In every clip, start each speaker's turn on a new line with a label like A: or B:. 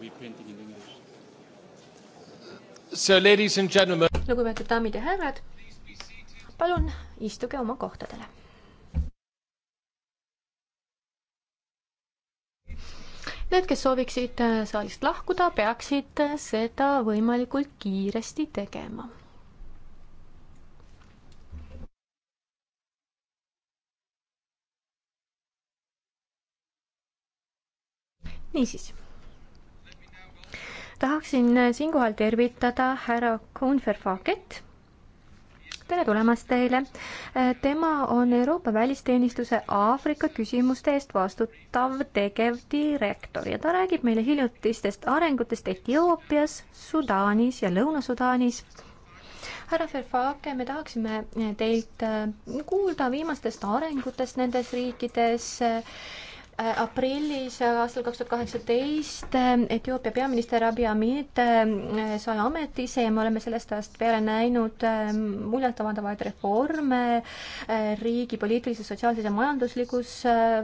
A: lugupeetud
B: daamid ja härrad, palun istuge oma kohtadele. Need, kes sooviksid äh, saalist lahkuda, peaksid äh, seda võimalikult kiiresti tegema niisiis tahaksin eh, siinkohal tervitada härra Kunferfaket tere tulemast teile. Eh, tema on Euroopa Välisteenistuse Aafrika küsimuste eest vastutav tegevdirektor ja ta räägib meile hiljutistest arengutest Etioopias, Sudaanis ja Lõuna-Sudaanis. härra Verfake, me tahaksime eh, teilt kuulda viimastest arengutest nendes riikides aprillis aastal kaks tuhat kaheksateist Etioopia peaminister Abiy Ahmed eh, sai ametisse ja me oleme sellest ajast peale näinud eh, muljetavandavaid reforme eh, riigi poliitilises, sotsiaalses ja majanduslikus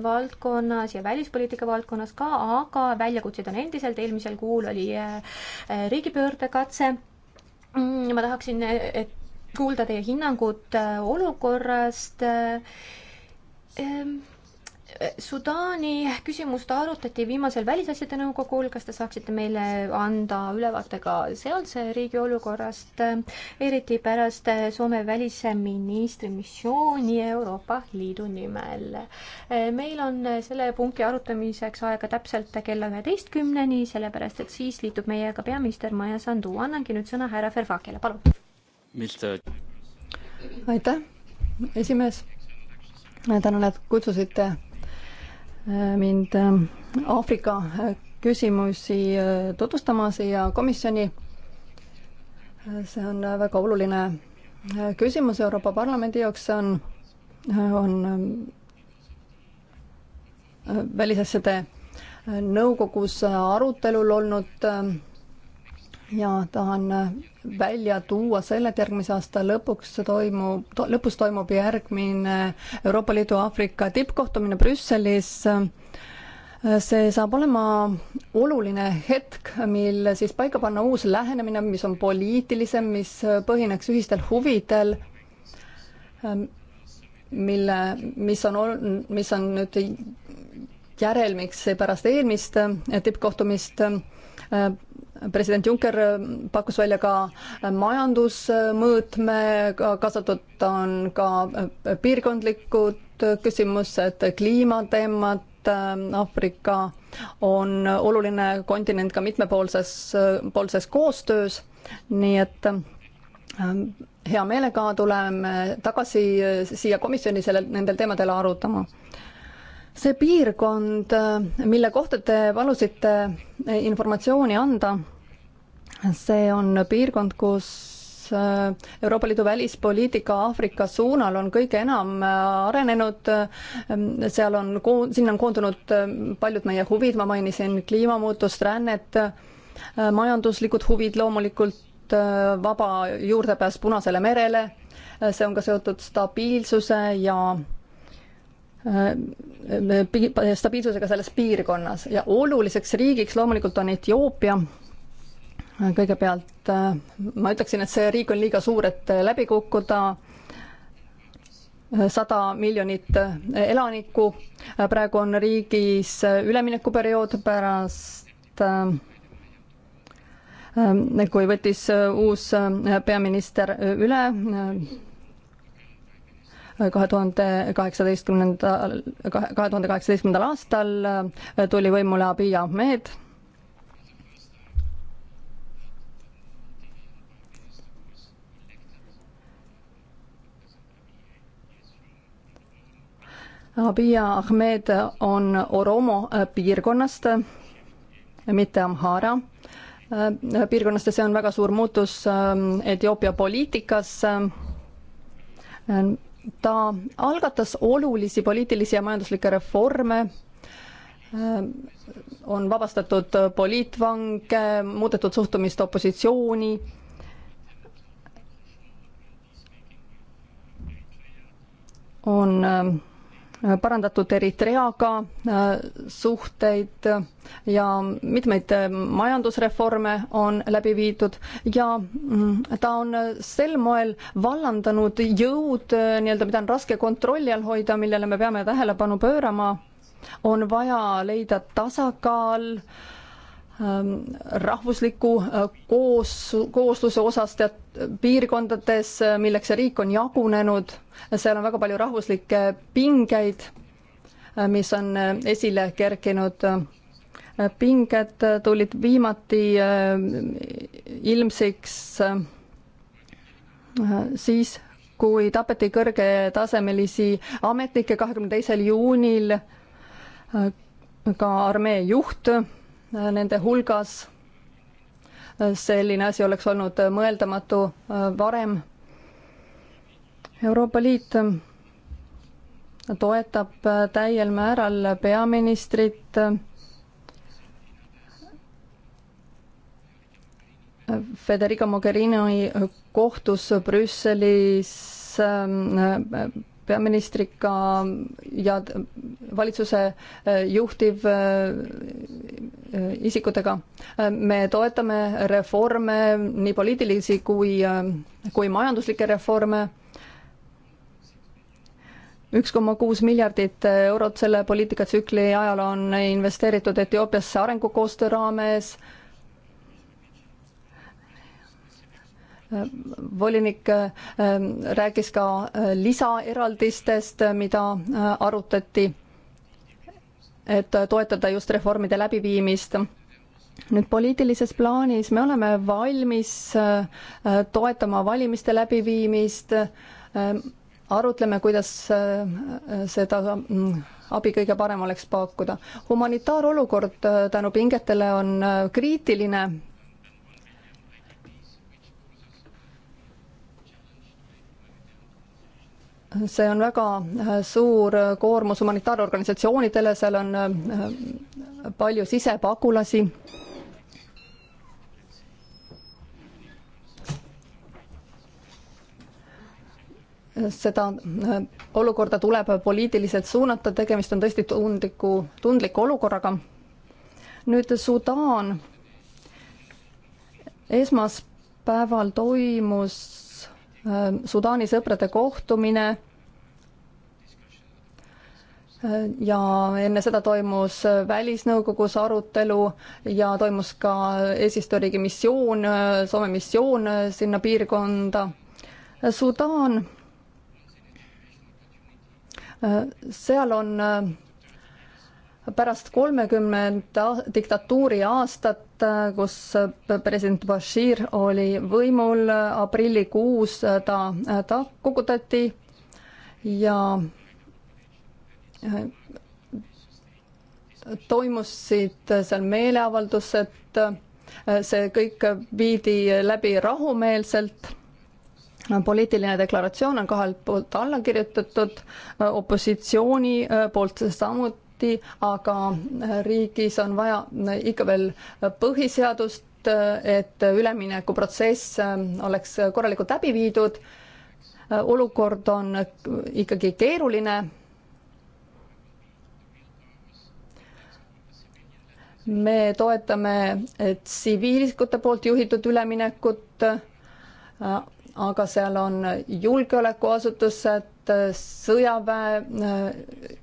B: valdkonnas ja välispoliitika valdkonnas ka, aga väljakutseid on endiselt, eelmisel kuul oli riigipöördekatse. Mm, ma tahaksin kuulda teie hinnangut olukorrast Sudaani küsimust arutati viimasel Välisasjade Nõukogul, kas te saaksite meile anda ülevaate ka sealse riigi olukorrast, eriti pärast Soome välisministri missiooni Euroopa Liidu nimel? meil on selle punkti arutamiseks aega täpselt kella üheteistkümneni, sellepärast et siis liitub meiega peaminister Maia Sandu. annangi nüüd sõna härra Verfakele, palun.
C: aitäh, esimees. tänan, et kutsusite mind äh, Aafrika äh, küsimusi äh, tutvustama siia komisjoni. see on väga oluline küsimus Euroopa Parlamendi jaoks, see on, on välisasjade nõukogus arutelul olnud ja tahan välja tuua selle, et järgmise aasta lõpuks toimub to,, lõpus toimub järgmine Euroopa Liidu Aafrika tippkohtumine Brüsselis. see saab olema oluline hetk, mil siis paika panna uus lähenemine, mis on poliitilisem, mis põhineks ühistel huvidel, mille, mis on, mis on nüüd järelmiks pärast eelmist tippkohtumist president Juncker pakkus välja ka majandusmõõtme, kaasatud on ka piirkondlikud küsimused, kliimateemad, Aafrika on oluline kontinent ka mitmepoolses, poolses koostöös, nii et ähm, hea meelega tuleme tagasi siia komisjoni selle, nendel teemadel arutama see piirkond, mille kohta te palusite informatsiooni anda, see on piirkond, kus äh, Euroopa Liidu välispoliitika Aafrika suunal on kõige enam äh, arenenud, seal on, sinna on koondunud äh, paljud meie huvid, ma mainisin kliimamuutust, rännet, majanduslikud huvid loomulikult, vaba juurdepääs Punasele merele, see on ka seotud stabiilsuse ja Äh, äh, stabiilsusega selles piirkonnas ja oluliseks riigiks loomulikult on Etioopia, äh, kõigepealt ma ütleksin, et see riik on liiga suur, et läbi kukkuda, sada miljonit elanikku, praegu on riigis üleminekuperiood pärast kui võttis uus peaminister üle kahe tuhande kaheksateistkümnendal, kahe tuhande kaheksateistkümnendal aastal äh, tuli võimule Abiy Ahmed Abiy Ahmed on Oromo äh, piirkonnast, äh, mitte Amhara piirkonnast ja see on väga suur muutus Etioopia poliitikas ta algatas olulisi poliitilisi ja majanduslikke reforme, on vabastatud poliitvange, muudetud suhtumist opositsiooni, on parandatud Eritreaga äh, suhteid ja mitmeid majandusreforme on läbi viidud ja mm, ta on sel moel vallandanud jõud äh, nii-öelda, mida on raske kontrolli all hoida, millele me peame tähelepanu pöörama, on vaja leida tasakaal äh, Ähm, rahvusliku äh, koos, koosluse osas tead piirkondades, äh, milleks see riik on jagunenud, seal on väga palju rahvuslikke pingeid, äh, mis on esile kerkinud. pinged tulid viimati ilmsiks siis, kui tapeti kõrgetasemelisi ametnikke kahekümne teisel juunil ka armee juht nende hulgas. selline asi oleks olnud mõeldamatu äh, varem. Euroopa Liit äh, toetab äh, täiel määral peaministrit Federica Mogherini kohtus Brüsselis peaministriga ja valitsuse eh, juhtiv eh, eh, isikutega. me toetame reforme, nii poliitilisi kui, kui majanduslikke reforme. üks koma kuus miljardit eurot selle poliitikatsükli ajal on investeeritud Etioopiasse arengukoostöö raames volinik ähm, rääkis ka äh, lisaeraldistest, äh, mida äh, arutati, et toetada just reformide läbiviimist nüüd poliitilises plaanis me oleme valmis toetama valimiste läbiviimist, ähm, arutleme, kuidas seda mm, abi kõige parem oleks pakkuda. humanitaarolukord tänu pingetele on kriitiline see on väga äh, suur äh, koormus humanitaarorganisatsioonidele, seal on äh, palju sisepagulasi. seda olukorda tuleb poliitiliselt suunata, tegemist on tõesti tundliku, tundliku olukorraga. nüüd Sudaan. esmaspäeval toimus Sudaani sõprade kohtumine ja enne seda toimus Välisnõukogus arutelu ja toimus ka eesistujariigi missioon, Soome missioon sinna piirkonda. Sudaan, seal on pärast kolmekümnenda diktatuuri aastat, kus president Bashir oli võimul, aprillikuus ta, ta kukutati ja toimusid seal meeleavaldused, see kõik viidi läbi rahumeelselt. poliitiline deklaratsioon on kahelt poolt alla kirjutatud, opositsiooni poolt samuti, aga riigis on vaja ikka veel põhiseadust, et üleminekuprotsess oleks korralikult läbi viidud. olukord on ikkagi keeruline me toetame tsiviilisikute poolt juhitud üleminekut, äh, aga seal on julgeolekuasutused, sõjaväe äh,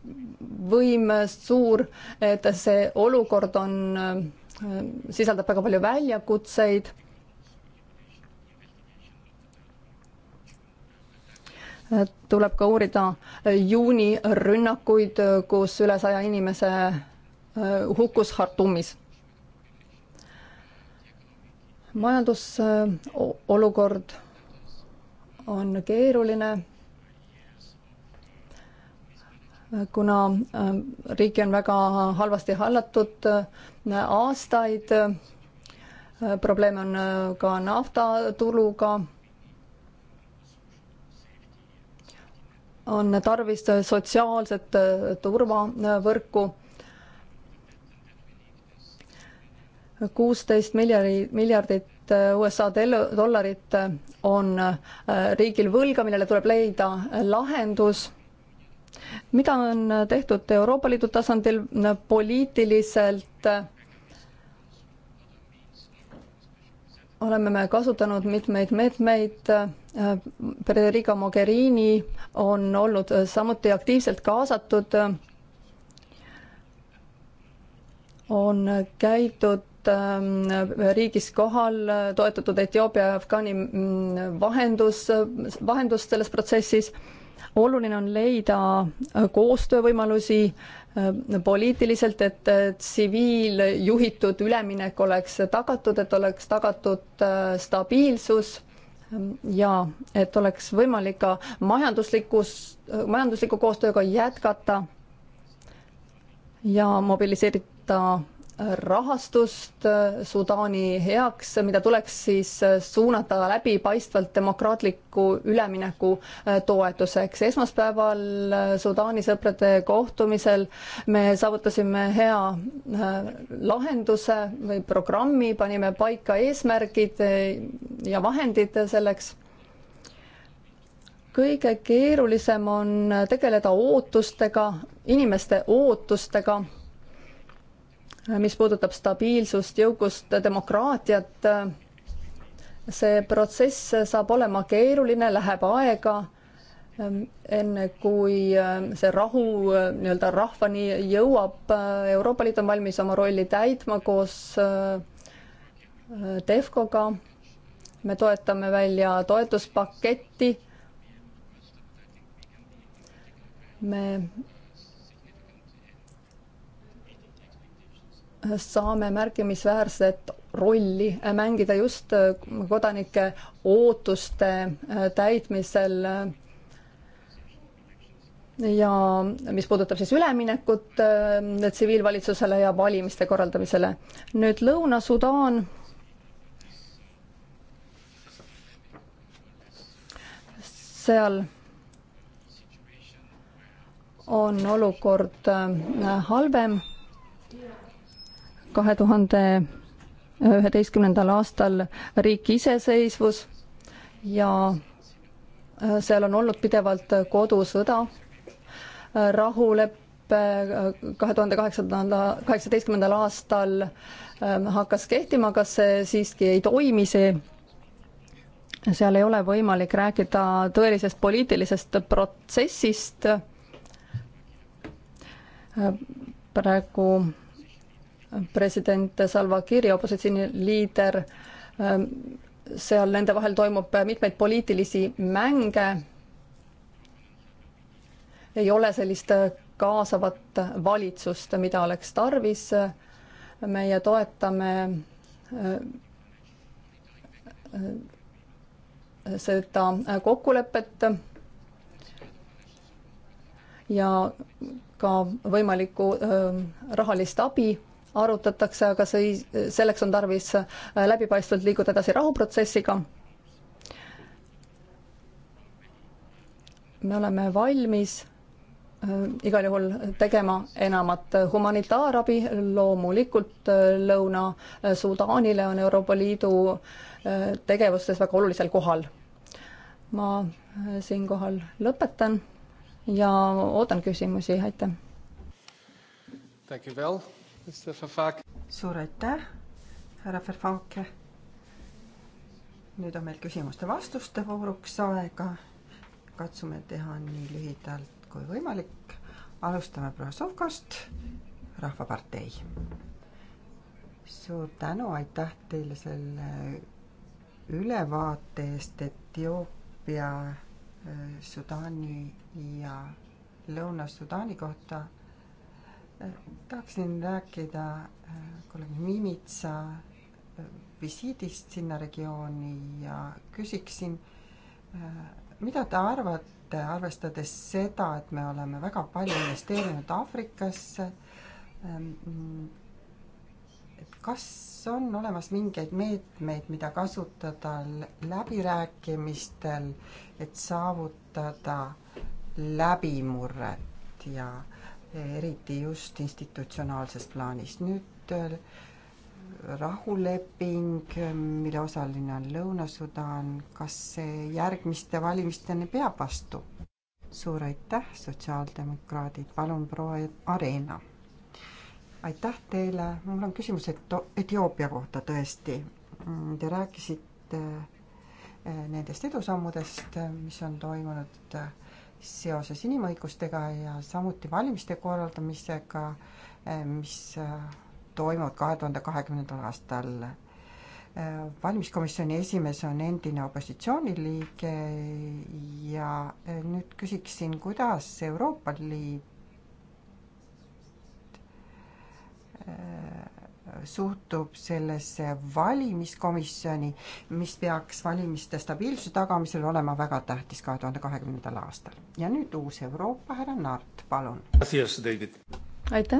C: võim suur, et see olukord on, äh, sisaldab väga palju väljakutseid tuleb ka uurida juuni rünnakuid, kus üle saja inimese Äh, hukkus Hartumis. majandusolukord on keeruline, kuna äh, riiki on väga halvasti hallatud äh, aastaid, probleeme on ka naftaturuga on tarvis sotsiaalset turvavõrku kuusteist miljardi, miljardit äh, USA dollarit äh, on äh, riigil võlga, millele tuleb leida lahendus. mida on tehtud Euroopa Liidu tasandil poliitiliselt? oleme me kasutanud mitmeid meetmeid. Federica Mogherini on olnud samuti aktiivselt kaasatud. on käidud tuhat ähm, riigis kohal, toetatud Etioopia ja Afgaani mm, vahendus, vahendust selles protsessis. oluline on leida koostöövõimalusi äh, poliitiliselt, et tsiviiljuhitud üleminek oleks tagatud, et oleks tagatud äh, stabiilsus ähm, ja et oleks võimalik ka majanduslikus, majandusliku koostööga jätkata ja mobiliseerida rahastust äh, Sudaani heaks, mida tuleks siis äh, suunata läbipaistvalt demokraatliku ülemineku äh, toetuseks. esmaspäeval Sudaani sõprade kohtumisel me saavutasime hea lahenduse või programmi, panime paika eesmärgid ja vahendid selleks kõige keerulisem on tegeleda ootustega, inimeste ootustega mis puudutab stabiilsust, jõukust, demokraatiat. see protsess saab olema keeruline, läheb aega, ähm, enne kui ähm, see rahu äh, nii-öelda rahvani jõuab. Äh, Euroopa Liit on valmis oma rolli täitma koos äh, Defcoga. me toetame välja toetuspaketti. me saame märkimisväärset rolli mängida just äh, kodanike ootuste äh, täitmisel ja mis puudutab siis üleminekut äh, tsiviilvalitsusele ja valimiste korraldamisele. nüüd Lõuna-Sudaan. seal on olukord halvem kahe tuhande üheteistkümnendal aastal riik iseseisvus ja äh, seal on olnud pidevalt kodusõda, äh, rahuleppe äh, kahe tuhande kaheksanda, kaheksateistkümnendal aastal ähm, hakkas kehtima, aga see siiski ei toimi, see seal ei ole võimalik rääkida tõelisest poliitilisest protsessist, praegu president Salva Kiir ja opositsiooniliider, ähm, seal nende vahel toimub mitmeid poliitilisi mänge, ei ole sellist kaasavat valitsust, mida oleks tarvis, meie toetame äh, seda kokkulepet ja ka võimalikku äh, rahalist abi arutatakse, aga see, selleks on tarvis äh, läbipaistvalt liikuda edasi rahuprotsessiga. me oleme valmis äh, igal juhul tegema enamat humanitaarabi, loomulikult äh, Lõuna-Sudaanile on Euroopa Liidu tegevustes väga olulisel kohal. ma siinkohal lõpetan ja ootan küsimusi,
D: aitäh!
A: suur
D: aitäh, härra Verfauke. nüüd on meil küsimuste-vastuste vooruks aega. katsume teha nii lühidalt kui võimalik. alustame proua Sovkast, Rahvapartei. suur tänu, aitäh teile selle ülevaate eest Etioopia, äh, Sudaani ja Lõuna-Sudaani kohta tahaksin rääkida äh, kolleeg Mimitsa äh, visiidist sinna regiooni ja küsiksin, äh, mida te arvate, arvestades seda, et me oleme väga palju investeerinud Aafrikasse, ähm, et kas on olemas mingeid meetmeid, mida kasutada läbirääkimistel, et saavutada läbimurret ja äh, eriti just institutsionaalses plaanis. nüüd äh, rahuleping, mille osaline on Lõuna-Sudaan, kas see järgmiste valimisteni peab vastu? suur aitäh, sotsiaaldemokraadid, palun proua Areena. aitäh teile, mul on küsimus Etioopia kohta tõesti. Mm, te rääkisite äh, nendest edusammudest, mis on toimunud äh, seoses inimõigustega ja samuti valimiste korraldamisega, eh, mis eh, toimuvad kahe tuhande kahekümnendal aastal. Eh, valimiskomisjoni esimees on endine opositsiooniliige ja nüüd küsiksin, kuidas Euroopa Liit suhtub sellesse valimiskomisjoni, mis peaks valimiste stabiilsuse tagamisel olema väga tähtis kahe tuhande kahekümnendal aastal. ja nüüd uus Euroopa, härra Naart, palun. aitäh.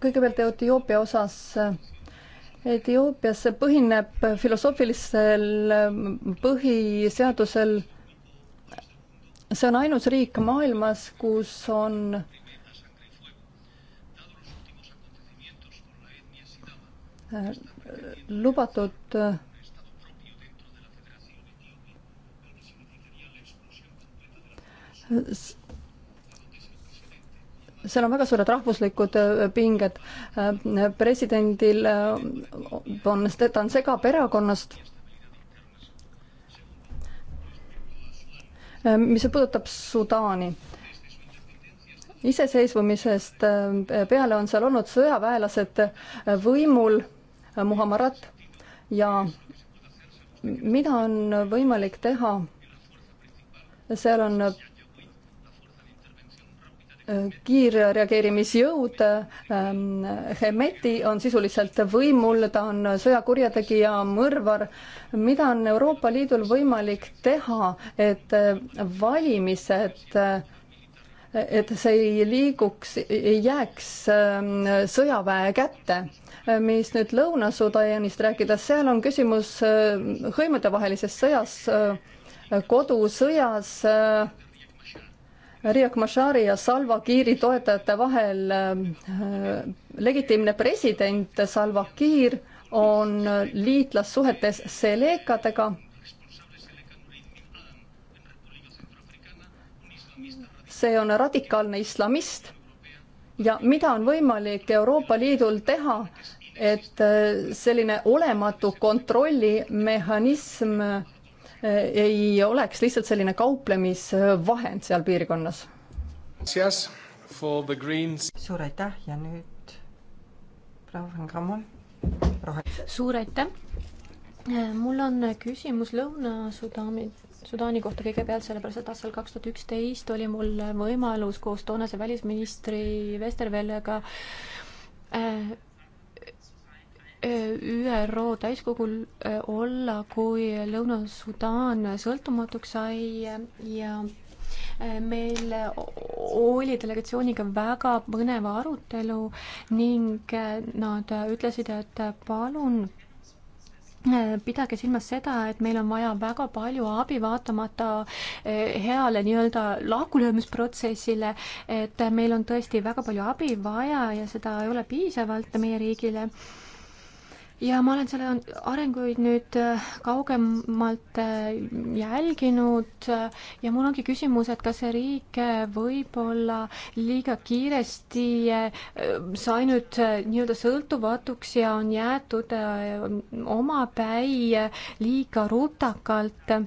D: kõigepealt
C: Etioopia osas. Etioopias see põhineb filosoofilisel põhiseadusel. see on ainus riik maailmas, kus on Äh, lubatud äh, seal on väga suured rahvuslikud äh, pinged. presidendil on, ta on segaperekonnast, mis puudutab Sudaani. iseseisvumisest peale on seal olnud sõjaväelased võimul Muhamarat ja mida on võimalik teha, seal on äh, kiirreageerimisjõud ähm,, Hemeti on sisuliselt võimul, ta on sõjakurjategija, mõrvar. mida on Euroopa Liidul võimalik teha, et äh, valimised äh, et see ei liiguks, ei jääks ähm, sõjaväe kätte. mis nüüd Lõuna-Sudaanist rääkida, seal on küsimus äh, hõimudevahelises sõjas, äh, kodusõjas äh, Riek Mašari ja Salva Kiiri toetajate vahel legitiimne president Salva Kiir on liitlassuhetes Selekadega see on radikaalne islamist ja mida on võimalik Euroopa Liidul teha, et äh, selline olematu kontrollimehhanism äh, ei oleks lihtsalt selline kauplemisvahend seal piirkonnas.
D: suur aitäh ja nüüd proua Van Kammel, rohe-. suur aitäh, äh, mul on
B: küsimus Lõuna-Sudaanilt Sudaani kohta kõigepealt, sellepärast et aastal kaks tuhat üksteist oli mul võimalus koos toonase välisministri Vestervellega äh, ÜRO täiskogul äh, olla, kui Lõuna-Sudaan sõltumatuks sai ja äh, meil oli delegatsiooniga väga põneva arutelu ning nad ütlesid, et palun pidage silmas seda, et meil on vaja väga palju abi, vaatamata eh, heale nii-öelda lahkulöömisprotsessile, et meil on tõesti väga palju abi vaja ja seda ei ole piisavalt meie riigile ja ma olen selle arenguid nüüd äh, kaugemalt äh, jälginud äh, ja mul ongi küsimus, et kas see riik võib-olla liiga kiiresti sai nüüd nii-öelda sõltuvatuks ja on jäetud omapäi liiga rutakalt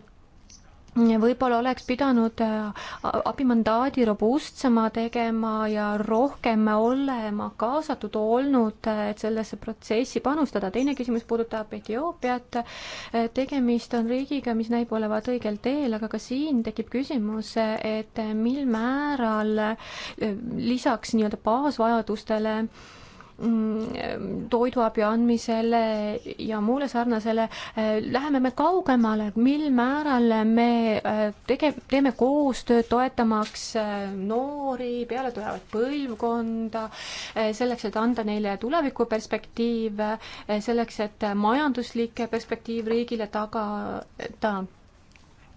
B: võib-olla oleks pidanud äh, abimandaadi robustsema tegema ja rohkem olema kaasatud olnud, et äh, sellesse protsessi panustada. teine küsimus puudutab Etioopiat. Äh, tegemist on riigiga, mis näib olevat õigel teel, aga ka siin tekib küsimus, et mil määral lisaks nii-öelda baasvajadustele äh, Mm, toiduabi andmisele ja muule sarnasele, läheme me kaugemale, mil määral me äh, tege-, teeme koostööd toetamaks äh, noori, pealetulevat põlvkonda, äh, selleks, et anda neile tulevikuperspektiiv, selleks, et majanduslik perspektiiv riigile tagada ta..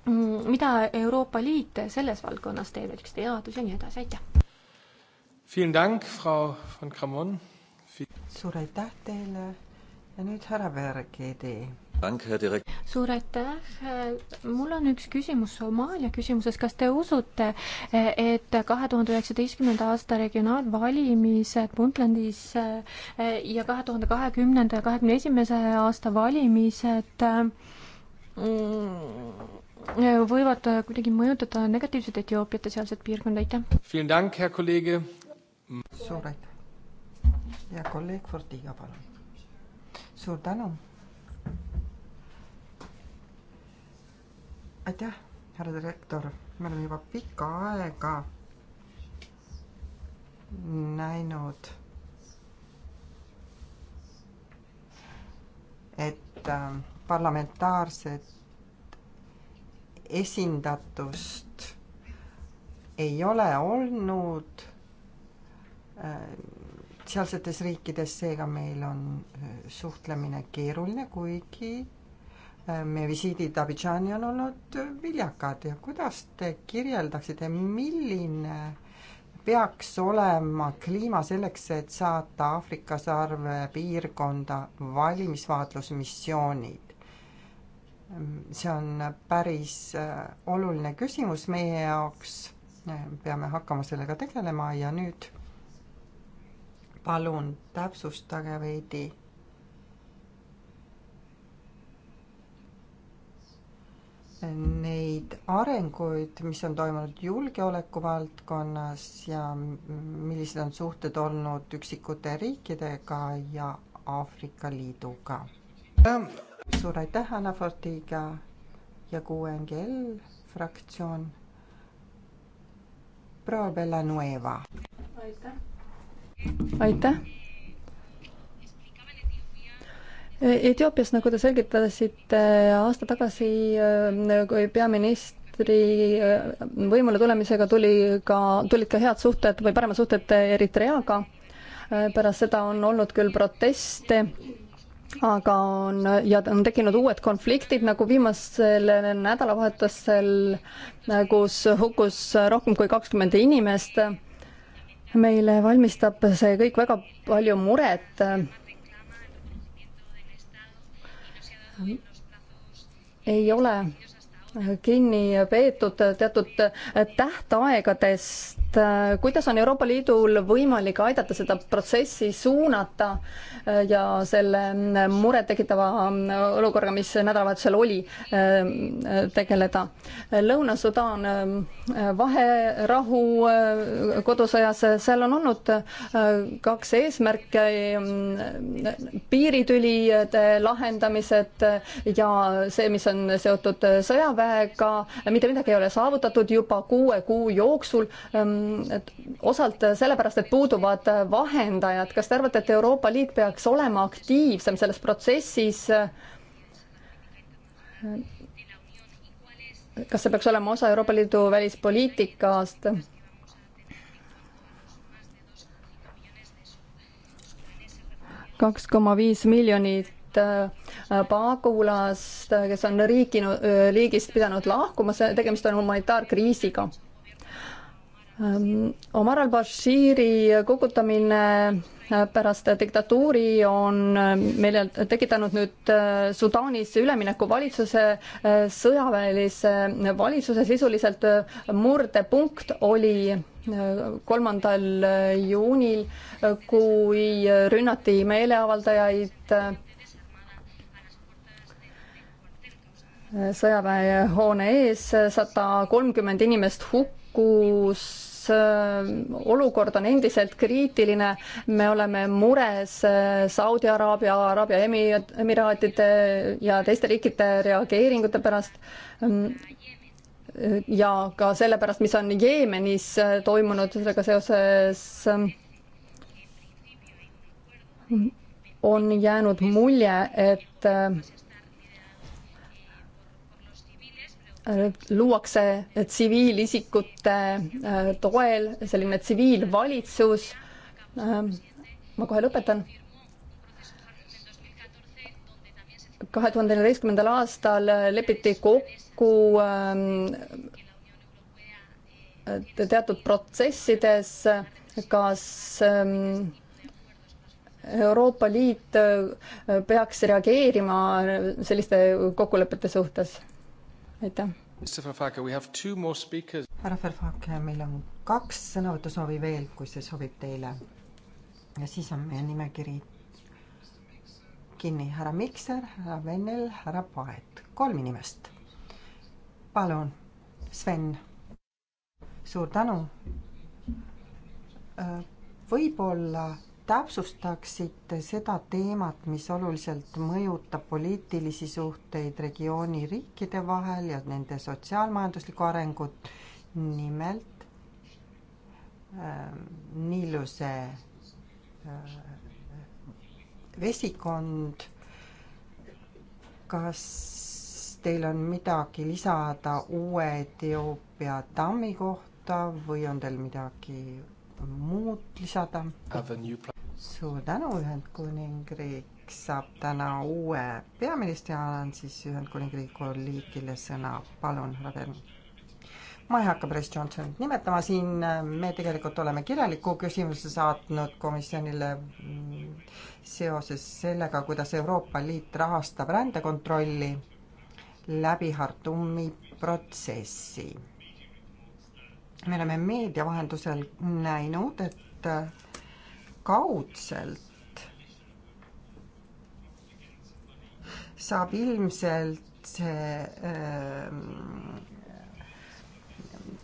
B: Mm, mida Euroopa Liit selles valdkonnas teeb, näiteks teadus ja nii edasi, aitäh!
D: Vielen Dank, Frau von Kramon suur aitäh teile ja nüüd härra Vergedi.
B: suur aitäh, mul on üks küsimus Somaalia küsimuses, kas te usute, et kahe tuhande üheksateistkümnenda aasta regionaalvalimised Puntlandis ja kahe tuhande kahekümnenda ja kahekümne esimese aasta valimised mm, võivad kuidagi mõjutada negatiivselt Etioopiat ja sealset piirkonda,
A: aitäh!
D: suur aitäh! ja kolleeg Fortiga, palun. suur tänu. aitäh, härra direktor, me oleme juba pikka aega näinud, et ähm, parlamentaarset esindatust ei ole olnud äh, sealsetes riikides, seega meil on äh, suhtlemine keeruline, kuigi äh, meie visiidid Abidžaani on olnud äh, viljakad ja kuidas te kirjeldaksite, milline peaks olema kliima selleks, et saata Aafrika sarve piirkonda valimisvaatlusmissioonid? see on päris oluline küsimus meie jaoks, peame hakkama sellega tegelema ja nüüd palun täpsustage veidi. Neid arenguid, mis on toimunud julgeoleku valdkonnas ja millised on suhted olnud üksikute riikidega ja Aafrika Liiduga. suur aitäh, Anna Fortiga ja QNGL fraktsioon. proua Bella Nueva. aitäh aitäh.
C: E, Etioopias, nagu te selgitasite aasta tagasi, e, kui peaministri e, võimule tulemisega tuli ka, tulid ka head suhted või paremad suhted Eritreaga. pärast seda on olnud küll proteste aga on ja on tekkinud uued konfliktid nagu viimasel nädalavahetusel, kus hukkus rohkem kui kakskümmend inimest meile valmistab see kõik väga palju muret. ei ole kinni peetud teatud tähtaegadest. kuidas on Euroopa Liidul võimalik aidata seda protsessi suunata ja selle murettekitava olukorraga, mis nädalavahetusel oli, tegeleda? Lõuna-Sudaan vaherahu kodusõjas, seal on olnud kaks eesmärki, piiritülide lahendamised ja see, mis on seotud sõjaväe sõjaväega, mitte midagi ei ole saavutatud juba kuue kuu jooksul. Ehm, osalt sellepärast, et puuduvad vahendajad. kas te arvate, et Euroopa Liit peaks olema aktiivsem selles protsessis? kas see peaks olema osa Euroopa Liidu välispoliitikast? kaks koma viis miljonit Äh, pagulast, äh, kes on riiki, äh, liigist pidanud lahkuma, see, tegemist on humanitaarkriisiga. Ähm, Omar al-Bashiri kukutamine pärast diktatuuri on meile tekitanud nüüd Sudaanis üleminekuvalitsuse, sõjaväelise valitsuse sisuliselt murdepunkt oli kolmandal juunil, kui rünnati meeleavaldajaid sõjaväehoone ees, sada kolmkümmend inimest hukkus, olukord on endiselt kriitiline, me oleme mures Saudi Araabia, Araabia emi-, emiraatide ja teiste riikide reageeringute pärast ja ka selle pärast, mis on Jeemenis toimunud, sellega seoses on jäänud mulje, et luuakse tsiviilisikute äh, toel selline tsiviilvalitsus. Ähm, ma kohe lõpetan. kahe tuhande neljateistkümnendal aastal lepiti kokku ähm, teatud protsessides, kas ähm, Euroopa Liit äh, peaks reageerima selliste kokkulepete suhtes
D: aitäh. härra Verfake, meil on kaks sõnavõtusoovi veel, kui see sobib teile. ja siis on meie nimekiri kinni, härra Mikser, härra Vennel, härra Paet, kolm inimest. palun, Sven. suur tänu. Äh, võib-olla täpsustaksite seda teemat, mis oluliselt mõjutab poliitilisi suhteid regiooni riikide vahel ja nende sotsiaalmajanduslikku arengut, nimelt äh, Niiluse äh, vesikond. kas teil on midagi lisada uue Etioopia tammi kohta või on teil midagi muud lisada? suur tänu, Ühendkuningriik saab täna uue peaministri, annan siis Ühendkuningriigi kolleegile sõna, palun, härra Pern. ma ei hakka Boris Johnsonit nimetama siin, me tegelikult oleme kirjaliku küsimuse saatnud komisjonile mm, seoses sellega, kuidas Euroopa Liit rahastab rändekontrolli läbi Hartumi protsessi. me oleme meedia vahendusel näinud, et kaudselt saab ilmselt see äh,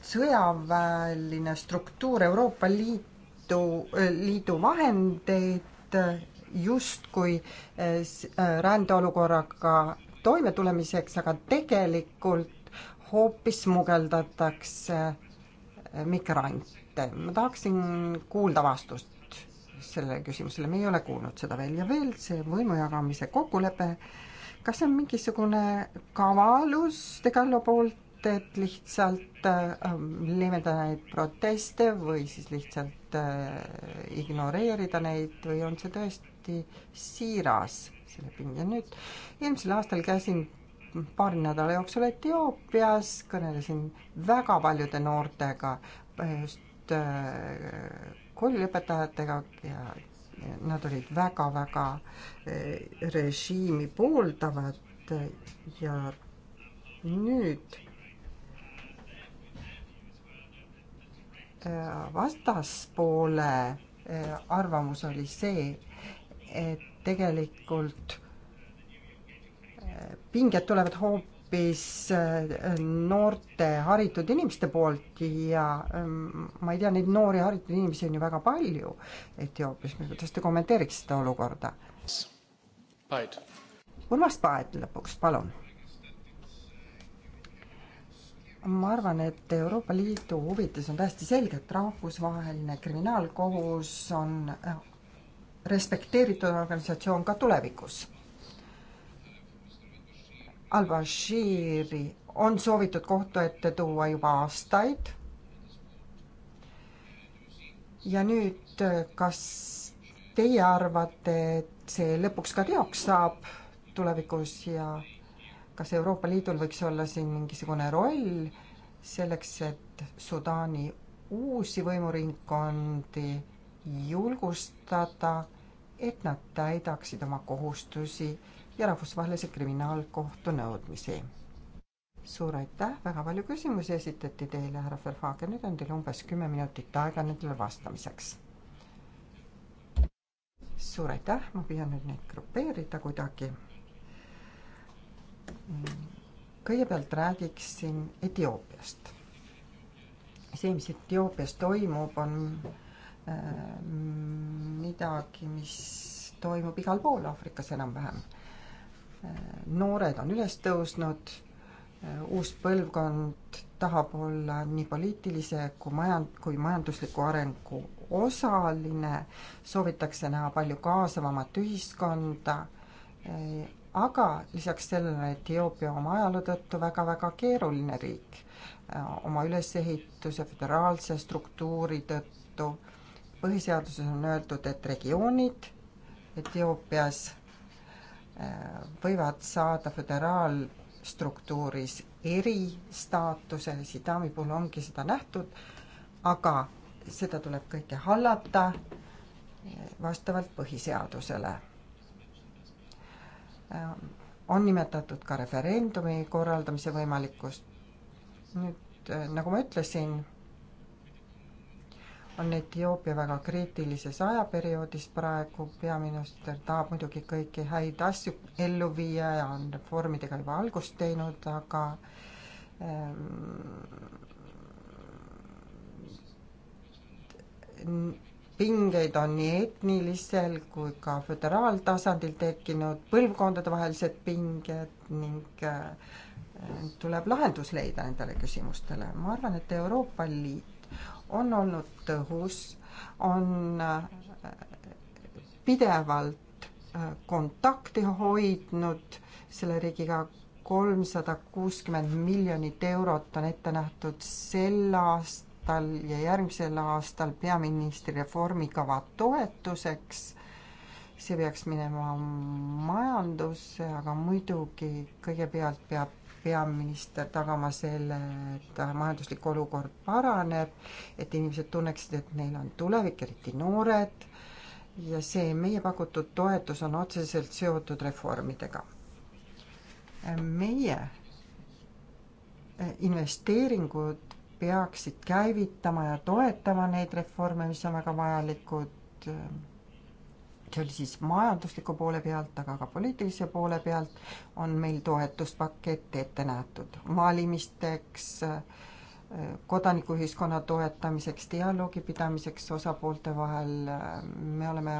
D: sõjaväeline struktuur Euroopa Liitu, äh, Liidu vahendeid äh, justkui äh, äh, rändeolukorraga toimetulemiseks, aga tegelikult hoopis smugeldatakse migrante. ma tahaksin kuulda vastust sellele küsimusele, me ei ole kuulnud seda veel ja veel see võimujagamise kokkulepe, kas see on mingisugune kavalus Degallo poolt, et lihtsalt äh, leevendada neid proteste või siis lihtsalt äh, ignoreerida neid või on see tõesti siiras, see leping ja nüüd eelmisel aastal käisin paari nädala jooksul Etioopias, kõnelesin väga paljude noortega just äh, koolilõpetajatega ja nad olid väga-väga eh, režiimi pooldavad ja nüüd eh, vastaspoole eh, arvamus oli see, et tegelikult pinged tulevad hoopis hoopis äh, noorte haritud inimeste poolt ja ähm, ma ei tea, neid noori haritud inimesi on ju väga palju Etioopias, kuidas te kommenteeriks seda olukorda? Urmas Paet lõpuks, palun. ma arvan, et Euroopa Liidu huvides on täiesti selge, et rahvusvaheline kriminaalkohus on äh, respekteeritud organisatsioon ka tulevikus al-Bashiri on soovitud kohtu ette tuua juba aastaid. ja nüüd, kas teie arvate, et see lõpuks ka teoks saab tulevikus ja kas Euroopa Liidul võiks olla siin mingisugune roll selleks, et Sudaani uusi võimuringkondi julgustada, et nad täidaksid oma kohustusi ja Rahvusvahelise Kriminaalkohtu nõudmisi. suur aitäh, väga palju küsimusi esitati teile, härra Verhagen, nüüd on teil umbes kümme minutit aega nendele vastamiseks. suur aitäh, ma püüan nüüd neid grupeerida kuidagi. kõigepealt räägiksin Etioopiast. see, mis Etioopias toimub, on äh, midagi, mis toimub igal pool Aafrikas enam-vähem noored on üles tõusnud, uus põlvkond tahab olla nii poliitilise kui majand-, kui majandusliku arengu osaline, soovitakse näha palju kaasavamat ühiskonda, aga lisaks sellele Etioopia oma ajaloo tõttu väga-väga keeruline riik oma ülesehituse, föderaalse struktuuri tõttu. põhiseaduses on öeldud, et regioonid Etioopias võivad saada föderaalstruktuuris eristaatuse, Sidami puhul ongi seda nähtud, aga seda tuleb kõike hallata vastavalt põhiseadusele. on nimetatud ka referendumi korraldamise võimalikkust. nüüd nagu ma ütlesin on Etioopia väga kriitilises ajaperioodis praegu, peaminister tahab muidugi kõiki häid asju ellu viia ja on reformidega juba algust teinud, aga ähm, pingeid on nii etnilisel kui ka föderaaltasandil tekkinud põlvkondadevahelised pinged ning ehm, tuleb lahendus leida nendele küsimustele. ma arvan, et Euroopa Liit on olnud tõhus, on äh, pidevalt äh, kontakti hoidnud selle riigiga, kolmsada kuuskümmend miljonit eurot on ette nähtud sel aastal ja järgmisel aastal peaministri reformikava toetuseks. see peaks minema majandusse, aga muidugi kõigepealt peab peaminister tagama selle, et majanduslik olukord paraneb, et inimesed tunneksid, et neil on tulevik, eriti noored, ja see meie pakutud toetus on otseselt seotud reformidega. meie eh, investeeringud peaksid käivitama ja toetama neid reforme, mis on väga vajalikud eh, see oli siis majandusliku poole pealt, aga ka poliitilise poole pealt on meil toetuspakett ette nähtud valimisteks, kodanikuühiskonna toetamiseks, dialoogi pidamiseks osapoolte vahel. me oleme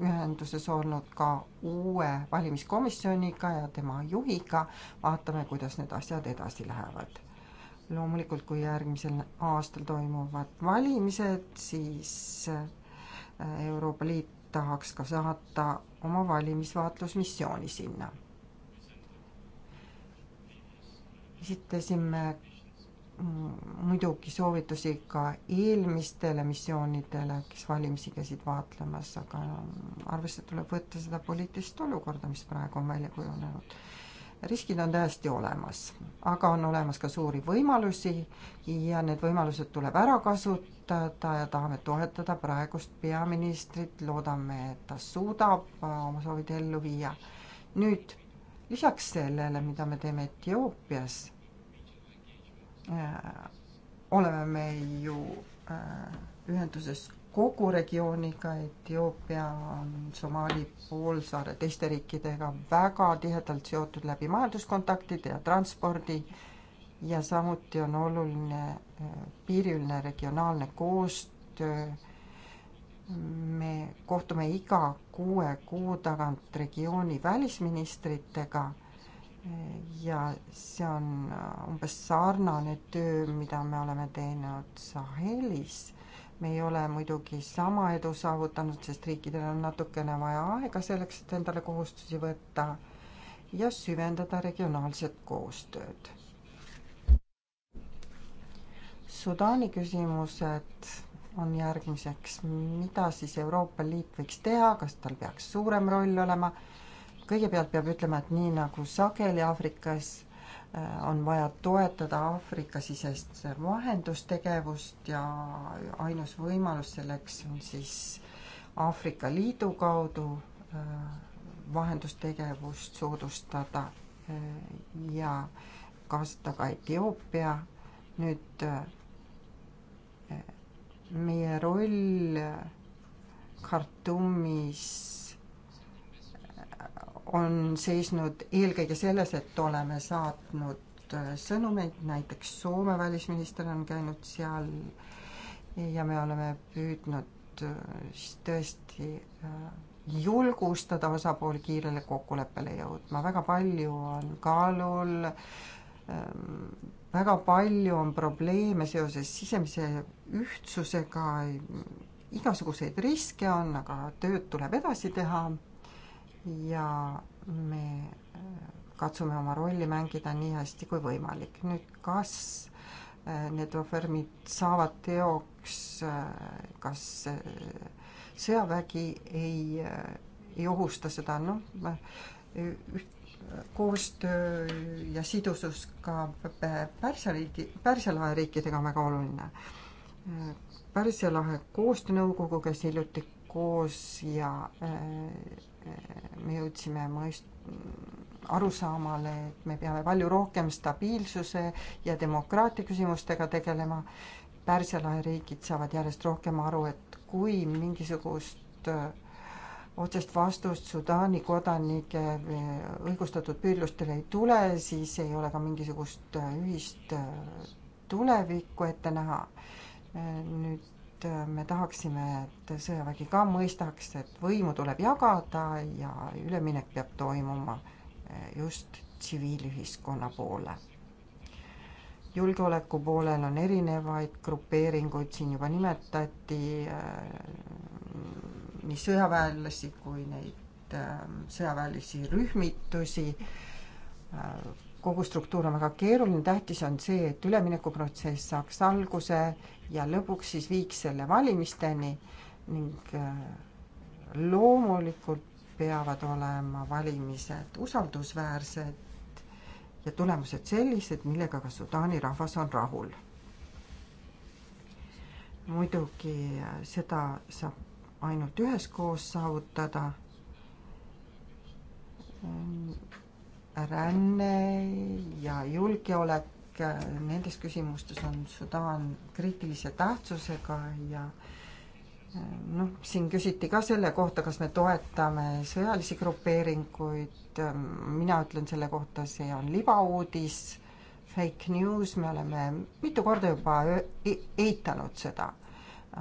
D: ühenduses olnud ka uue valimiskomisjoniga ja tema juhiga. vaatame, kuidas need asjad edasi lähevad. loomulikult, kui järgmisel aastal toimuvad valimised, siis Euroopa Liit tahaks ka saata oma valimisvaatlusmissiooni sinna. esitasime mm, muidugi soovitusi ka eelmistele missioonidele, kes valimisi käisid vaatlemas, aga arvesse tuleb võtta seda poliitilist olukorda, mis praegu on välja kujunenud riskid on täiesti olemas, aga on olemas ka suuri võimalusi ja need võimalused tuleb ära kasutada ja tahame toetada praegust peaministrit, loodame, et ta suudab äh, oma soovid ellu viia. nüüd lisaks sellele, mida me teeme Etioopias, äh, oleme me ju äh, ühenduses kogu regiooniga, Etioopia on Somaali poolsaare teiste riikidega väga tihedalt seotud läbi majanduskontaktide ja transpordi ja samuti on oluline eh, piiriline regionaalne koostöö. me kohtume iga kuue kuu tagant regiooni välisministritega eh, ja see on eh, umbes sarnane töö, mida me oleme teinud Sahelis me ei ole muidugi sama edu saavutanud, sest riikidel on natukene vaja aega selleks, et endale kohustusi võtta ja süvendada regionaalset koostööd. Sudaani küsimused on järgmiseks, mida siis Euroopa Liit võiks teha, kas tal peaks suurem roll olema? kõigepealt peab ütlema, et nii nagu sageli Aafrikas Äh, on vaja toetada Aafrika-sisest vahendustegevust ja ainus võimalus selleks on siis Aafrika Liidu kaudu äh, vahendustegevust soodustada äh, ja kaasata ka Etioopia. nüüd meie roll Khartoumis on seisnud eelkõige selles, et oleme saatnud äh, sõnumeid, näiteks Soome välisminister on käinud seal ja me oleme püüdnud siis äh, tõesti äh, julgustada osapooli kiirele kokkuleppele jõudma, väga palju on kaalul, ähm, väga palju on probleeme seoses sisemise ühtsusega, igasuguseid riske on, aga tööd tuleb edasi teha ja me äh, katsume oma rolli mängida nii hästi kui võimalik. nüüd kas äh, need ohvermid saavad teoks, äh, kas sõjavägi ei, ei ohusta seda, noh, koostöö ja sidusus ka Pärsia riigi, Pärsia lahe riikidega on väga oluline. Pärsia lahe koostöönõukogu käis hiljuti koos ja äh, me jõudsime mõist-, arusaamale, et me peame palju rohkem stabiilsuse ja demokraatia küsimustega tegelema. Pärsia lahe riigid saavad järjest rohkem aru, et kui mingisugust äh, otsest vastust Sudaani kodanike äh, õigustatud püüdlustele ei tule, siis ei ole ka mingisugust äh, ühist tulevikku ette näha. nüüd et äh, me tahaksime, et sõjavägi ka mõistaks, et võimu tuleb jagada ja üleminek peab toimuma äh, just tsiviilühiskonna poole. julgeoleku poolel on erinevaid grupeeringuid, siin juba nimetati äh, nii sõjaväelasi kui neid sõjaväelisi rühmitusi, kogu struktuur on väga keeruline, tähtis on see, et üleminekuprotsess saaks alguse ja lõpuks siis viiks selle valimisteni ning äh, loomulikult peavad olema valimised usaldusväärsed ja tulemused sellised, millega ka Sudaani rahvas on rahul. muidugi äh, seda saab ainult üheskoos saavutada äh, ränne ja julgeolek, nendes küsimustes on Sudaan kriitilise tähtsusega ja eh, noh, siin küsiti ka selle kohta, kas me toetame sõjalisi grupeeringuid, mina ütlen selle kohta, see on libauudis, fake news, me oleme mitu korda juba e-, eitanud seda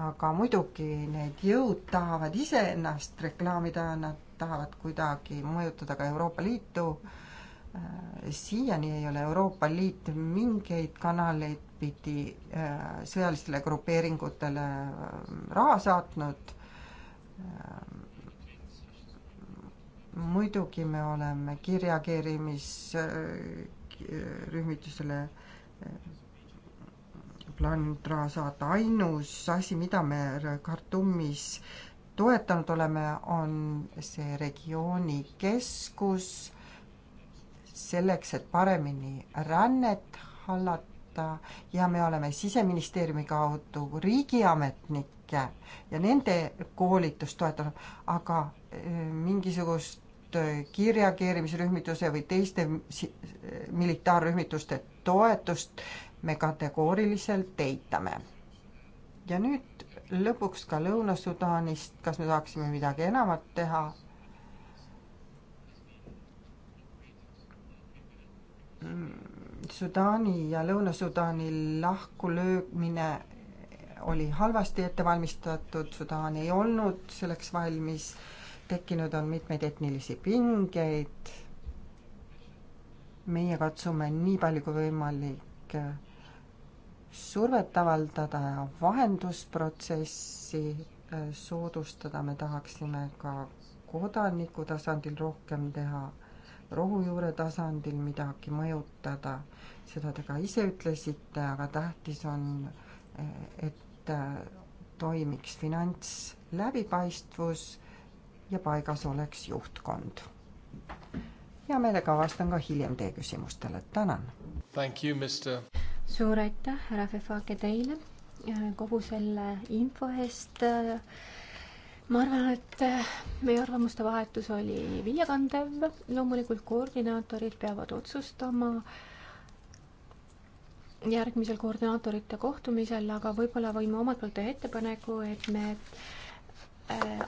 D: aga muidugi need jõud tahavad iseennast reklaamida, nad tahavad kuidagi mõjutada ka Euroopa Liitu äh, Äh, siiani ei ole Euroopa Liit mingeid kanaleid pidi äh, sõjalistele grupeeringutele äh, raha saatnud. muidugi me oleme kiirreageerimisrühmitusele plaaninud raha saata. ainus asi, mida me Khartoumis toetanud oleme, on see regioonikeskus selleks, et paremini rännet hallata ja me oleme Siseministeeriumi kaudu riigiametnikke ja nende koolitust toetanud, aga äh, mingisugust äh, kiirreageerimisrühmituse või teiste militaarrühmituste toetust me kategooriliselt eitame. ja nüüd lõpuks ka Lõuna-Sudaanist, kas me saaksime midagi enamat teha, Sudaani ja Lõuna-Sudaani lahkulöömine oli halvasti ette valmistatud, Sudaan ei olnud selleks valmis, tekkinud on mitmeid etnilisi pingeid. meie katsume nii palju kui võimalik äh, survet avaldada ja vahendusprotsessi äh, soodustada, me tahaksime ka kodaniku tasandil rohkem teha rohujuure tasandil midagi mõjutada, seda te ka ise ütlesite, aga tähtis on, et toimiks finantsläbipaistvus ja paigas oleks juhtkond. hea meelega vastan ka hiljem teie küsimustele, tänan.
B: suur aitäh, härra Fefake, teile kogu selle info eest ma arvan, et äh, meie arvamuste vahetus oli viljakandev, loomulikult koordinaatorid peavad otsustama järgmisel koordinaatorite kohtumisel, aga võib-olla võime omalt poolt teha ettepaneku, et me äh,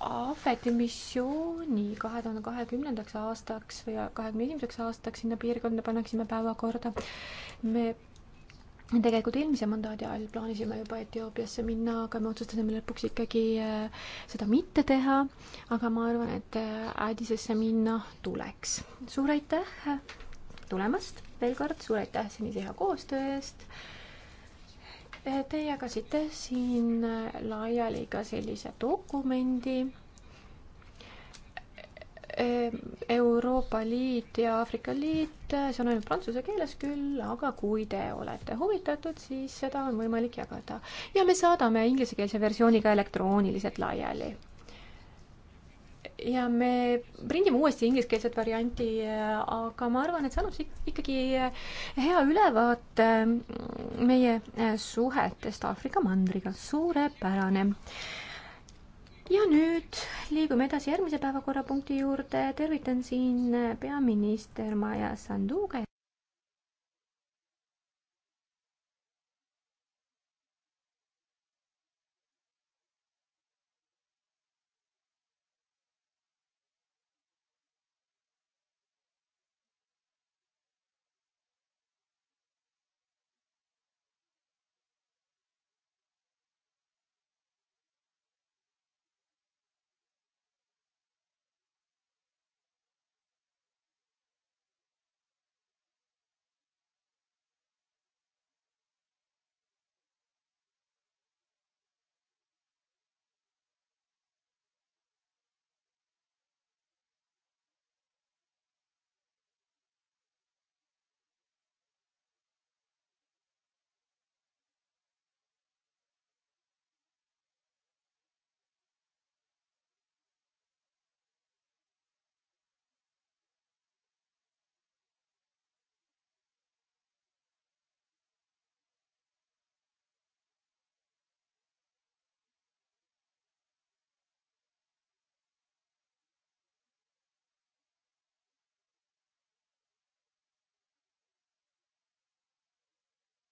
B: Ahveti missiooni kahe tuhande kahekümnendaks aastaks või kahekümne esimeseks aastaks sinna piirkonda paneksime päevakorda. me tegelikult eelmise mandaadi ajal plaanisime juba Etioopiasse minna, aga me otsustasime lõpuks ikkagi äh, seda mitte teha. aga ma arvan, et äh, Addisesse minna tuleks. suur aitäh äh, tulemast veel kord, suur aitäh senise hea koostöö eest. Te jagasite siin laiali ka sellise dokumendi Euroopa Liit ja Aafrika Liit, see on ainult prantsuse keeles küll, aga kui te olete huvitatud, siis seda on võimalik jagada. ja me saadame inglisekeelse versiooni ka elektrooniliselt laiali. ja me prindime uuesti ingliskeelset varianti, aga ma arvan, et see annab ikkagi hea ülevaate meie suhetest Aafrika mandriga, suurepärane ja nüüd liigume edasi järgmise päevakorrapunkti juurde. tervitan siin peaminister Maia Sanduga.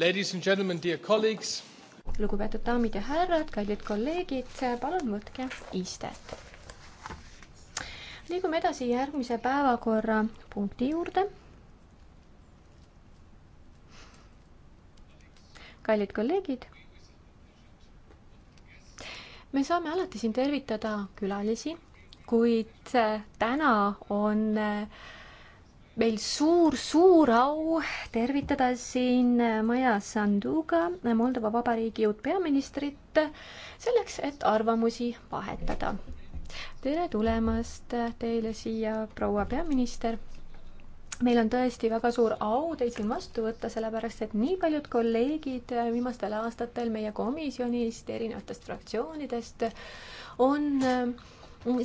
A: Ladies and gentlemen, dear colleagues.
B: lugupeetud daamid ja härrad, kallid kolleegid, palun võtke istet. liigume edasi järgmise päevakorrapunkti juurde. kallid kolleegid, me saame alati siin tervitada külalisi, kuid täna on äh, meil suur-suur au tervitada siin Maja Sanduga Moldova Vabariigi uut peaministrit selleks, et arvamusi vahetada. tere tulemast teile siia, proua peaminister meil on tõesti väga suur au teid siin vastu võtta, sellepärast et nii paljud kolleegid viimastel aastatel meie komisjonist, erinevatest fraktsioonidest on äh,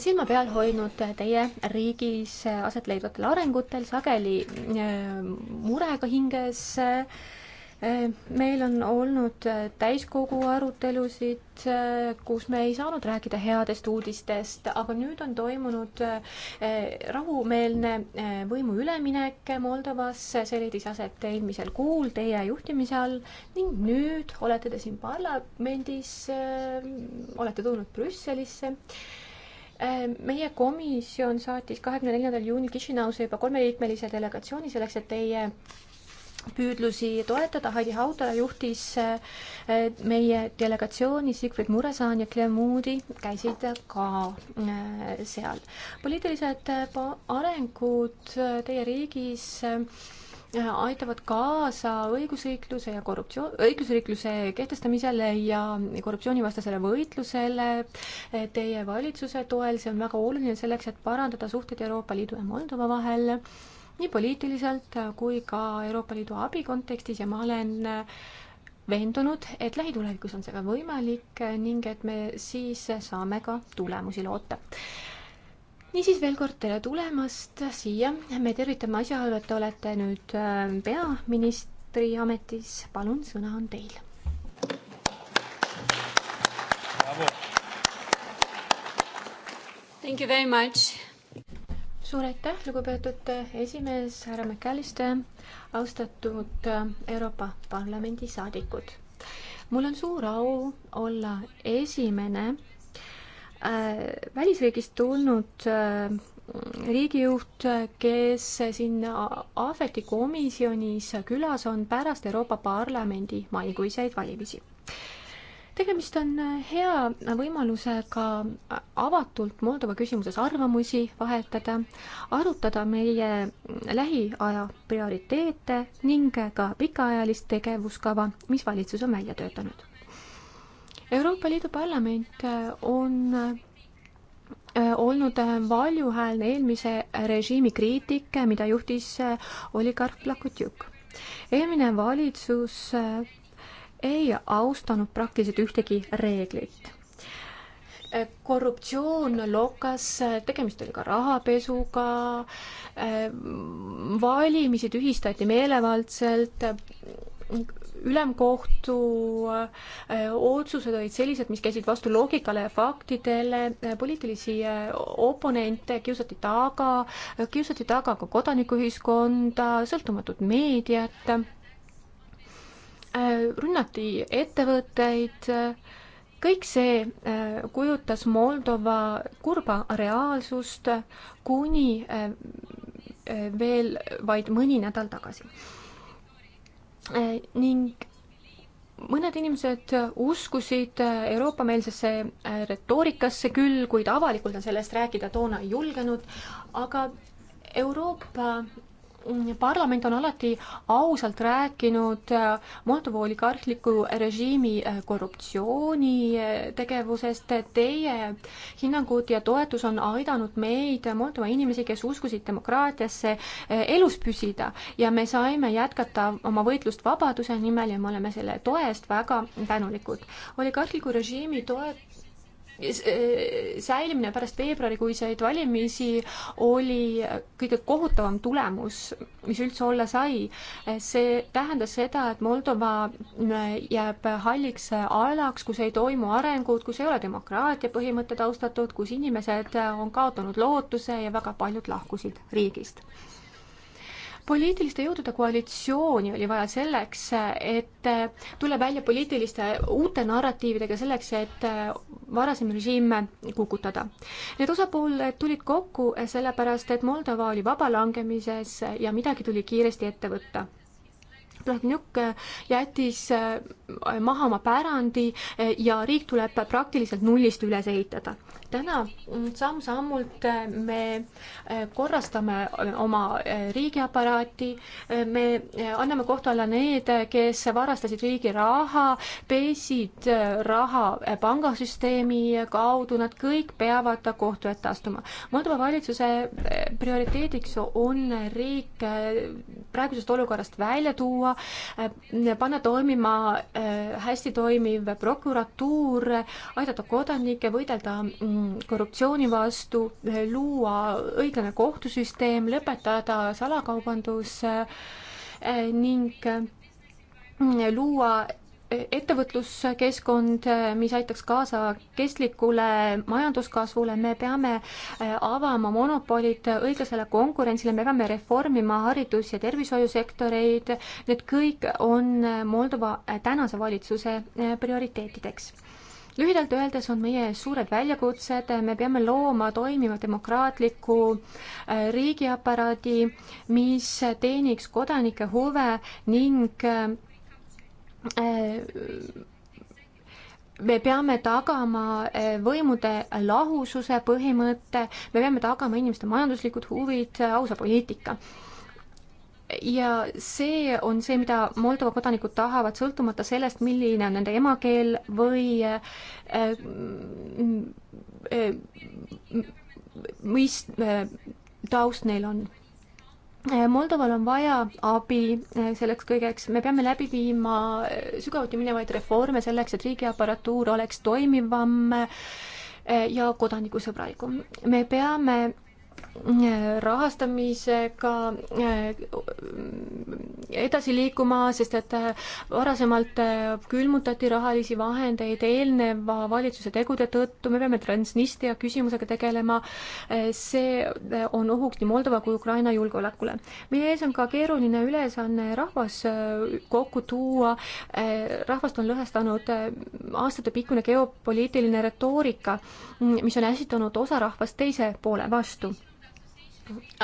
B: silma peal hoidnud teie riigis aset leidvatel arengutel, sageli äh, murega hinges. Äh, meil on olnud täiskogu arutelusid, äh, kus me ei saanud rääkida headest uudistest, aga nüüd on toimunud rahumeelne võimu üleminek Moldovas, see leidis aset eelmisel kuul teie juhtimise all ning nüüd olete te siin parlamendis, olete tulnud Brüsselisse Äh, meie komisjon saatis kahekümne neljandal juunil Kišinausse juba kolmeliikmelise delegatsiooni selleks, et teie püüdlusi toetada, Heidi Haudala juhtis äh, meie delegatsiooni, Sigrid Muresaan ja Claire Moody käisid ka äh, seal. poliitilised arengud teie riigis aitavad kaasa õigusriikluse ja korruptsioon, õigusriikluse kehtestamisele ja korruptsioonivastasele võitlusele teie valitsuse toel, see on väga oluline selleks, et parandada suhteid Euroopa Liidu ja Moldova vahel, nii poliitiliselt kui ka Euroopa Liidu abi kontekstis ja ma olen veendunud, et lähitulevikus on see ka võimalik ning et me siis saame ka tulemusi loota niisiis veel kord tere tulemast siia, me tervitame asjaolu, et te olete nüüd äh, peaministri ametis, palun, sõna on teil. Thank you very much. suur aitäh, lugupeetud esimees härra McAllister, austatud äh, Euroopa Parlamendi saadikud. mul on suur au olla esimene Äh, välisriigist tulnud äh, riigijuht, äh, kes siin Ahveti komisjonis külas on pärast Euroopa Parlamendi maikuiseid valimisi. tegemist on hea võimalusega avatult Moldova küsimuses arvamusi vahetada, arutada meie mm, lähiaja prioriteete ning ka pikaajalist tegevuskava, mis valitsus on välja töötanud Euroopa Liidu Parlament äh, on äh, olnud äh, valjuhäälne eelmise režiimi kriitik, mida juhtis oligarh Plakutjuk. eelmine valitsus ei austanud praktiliselt ühtegi reeglit korruptsioon lokas, tegemist oli ka rahapesuga, valimisi tühistati meelevaldselt, ülemkohtu äh, otsused olid sellised, mis käisid vastu loogikale ja faktidele, poliitilisi äh, oponente kiusati taga, kiusati taga ka kodanikuühiskonda, sõltumatut meediat, äh, rünnati ettevõtteid, kõik see kujutas Moldova kurba reaalsust kuni veel vaid mõni nädal tagasi Äh, ning mõned inimesed uskusid äh, Euroopa-meelsesse äh, retoorikasse küll, kuid avalikult nad sellest rääkida toona ei julgenud, aga Euroopa parlament on alati ausalt rääkinud äh, Moldova oligarhliku režiimi äh, korruptsioonitegevusest. Äh, Teie hinnangud ja toetus on aidanud meid, Moldova inimesi, kes uskusid demokraatiasse, elus püsida ja me saime jätkata oma võitlust vabaduse nimel ja me oleme selle toe eest väga tänulikud. oligarhliku režiimi toet-, Äh, säilimine pärast veebruarikuiseid valimisi oli kõige kohutavam tulemus, mis üldse olla sai. see tähendas seda, et Moldova äh, jääb halliks alaks, kus ei toimu arengut, kus ei ole demokraatia põhimõtted austatud, kus inimesed on kaotanud lootuse ja väga paljud lahkusid riigist poliitiliste jõudude koalitsiooni oli vaja selleks, et tulla välja poliitiliste uute narratiividega selleks, et varasem režiim kukutada. Need osapooled tulid kokku sellepärast, et Moldova oli vabalangemises ja midagi tuli kiiresti ette võtta Plahvnjuk jättis maha oma pärandi ja riik tuleb praktiliselt nullist üles ehitada täna samm-sammult äh, me äh, korrastame äh, oma riigiaparaati, me anname kohtu alla need, kes varastasid riigi raha, pesid raha pangasüsteemi kaudu, nad kõik peavad kohtu ette astuma. Moldova valitsuse prioriteediks on riik praegusest olukorrast välja tuua, panna toimima hästi toimiv prokuratuur, aidata kodanikke, võidelda mm, Mm, korruptsiooni vastu, luua õiglane kohtusüsteem, lõpetada salakaubandus eh, ning mm, luua ettevõtluskeskkond, mis aitaks kaasa kestlikule majanduskasvule, me peame eh, avama monopolid õiglasele konkurentsile, me peame reformima haridus- ja tervishoiusektoreid, need kõik on Moldova tänase valitsuse eh, prioriteetideks lühidalt öeldes on meie suured väljakutsed, me peame looma toimiva demokraatliku äh, riigiaparaadi, mis teeniks kodanike huve ning äh, me peame tagama äh, võimude lahususe põhimõtte, me peame tagama inimeste majanduslikud huvid, ausa poliitika ja see on see, mida Moldova kodanikud tahavad, sõltumata sellest, milline on nende emakeel või äh, äh, mis äh, taust neil on. Äh, Moldoval on vaja abi äh, selleks kõigeks, me peame läbi viima äh, sügavuti minevaid reforme selleks, et riigiaparatuur oleks toimivam ja kodanikusõbralikum. me peame rahastamisega eh, edasi liikuma, sest et eh, varasemalt eh, külmutati rahalisi vahendeid eelneva valitsuse tegude tõttu, me peame Transnistria küsimusega tegelema, see on ohuks nii Moldova kui Ukraina julgeolekule. meie ees on ka keeruline ülesanne rahvas kokku tuua, rahvast on lõhestanud aastatepikkune geopoliitiline retoorika, mm, mis on äsitanud osa rahvast teise poole vastu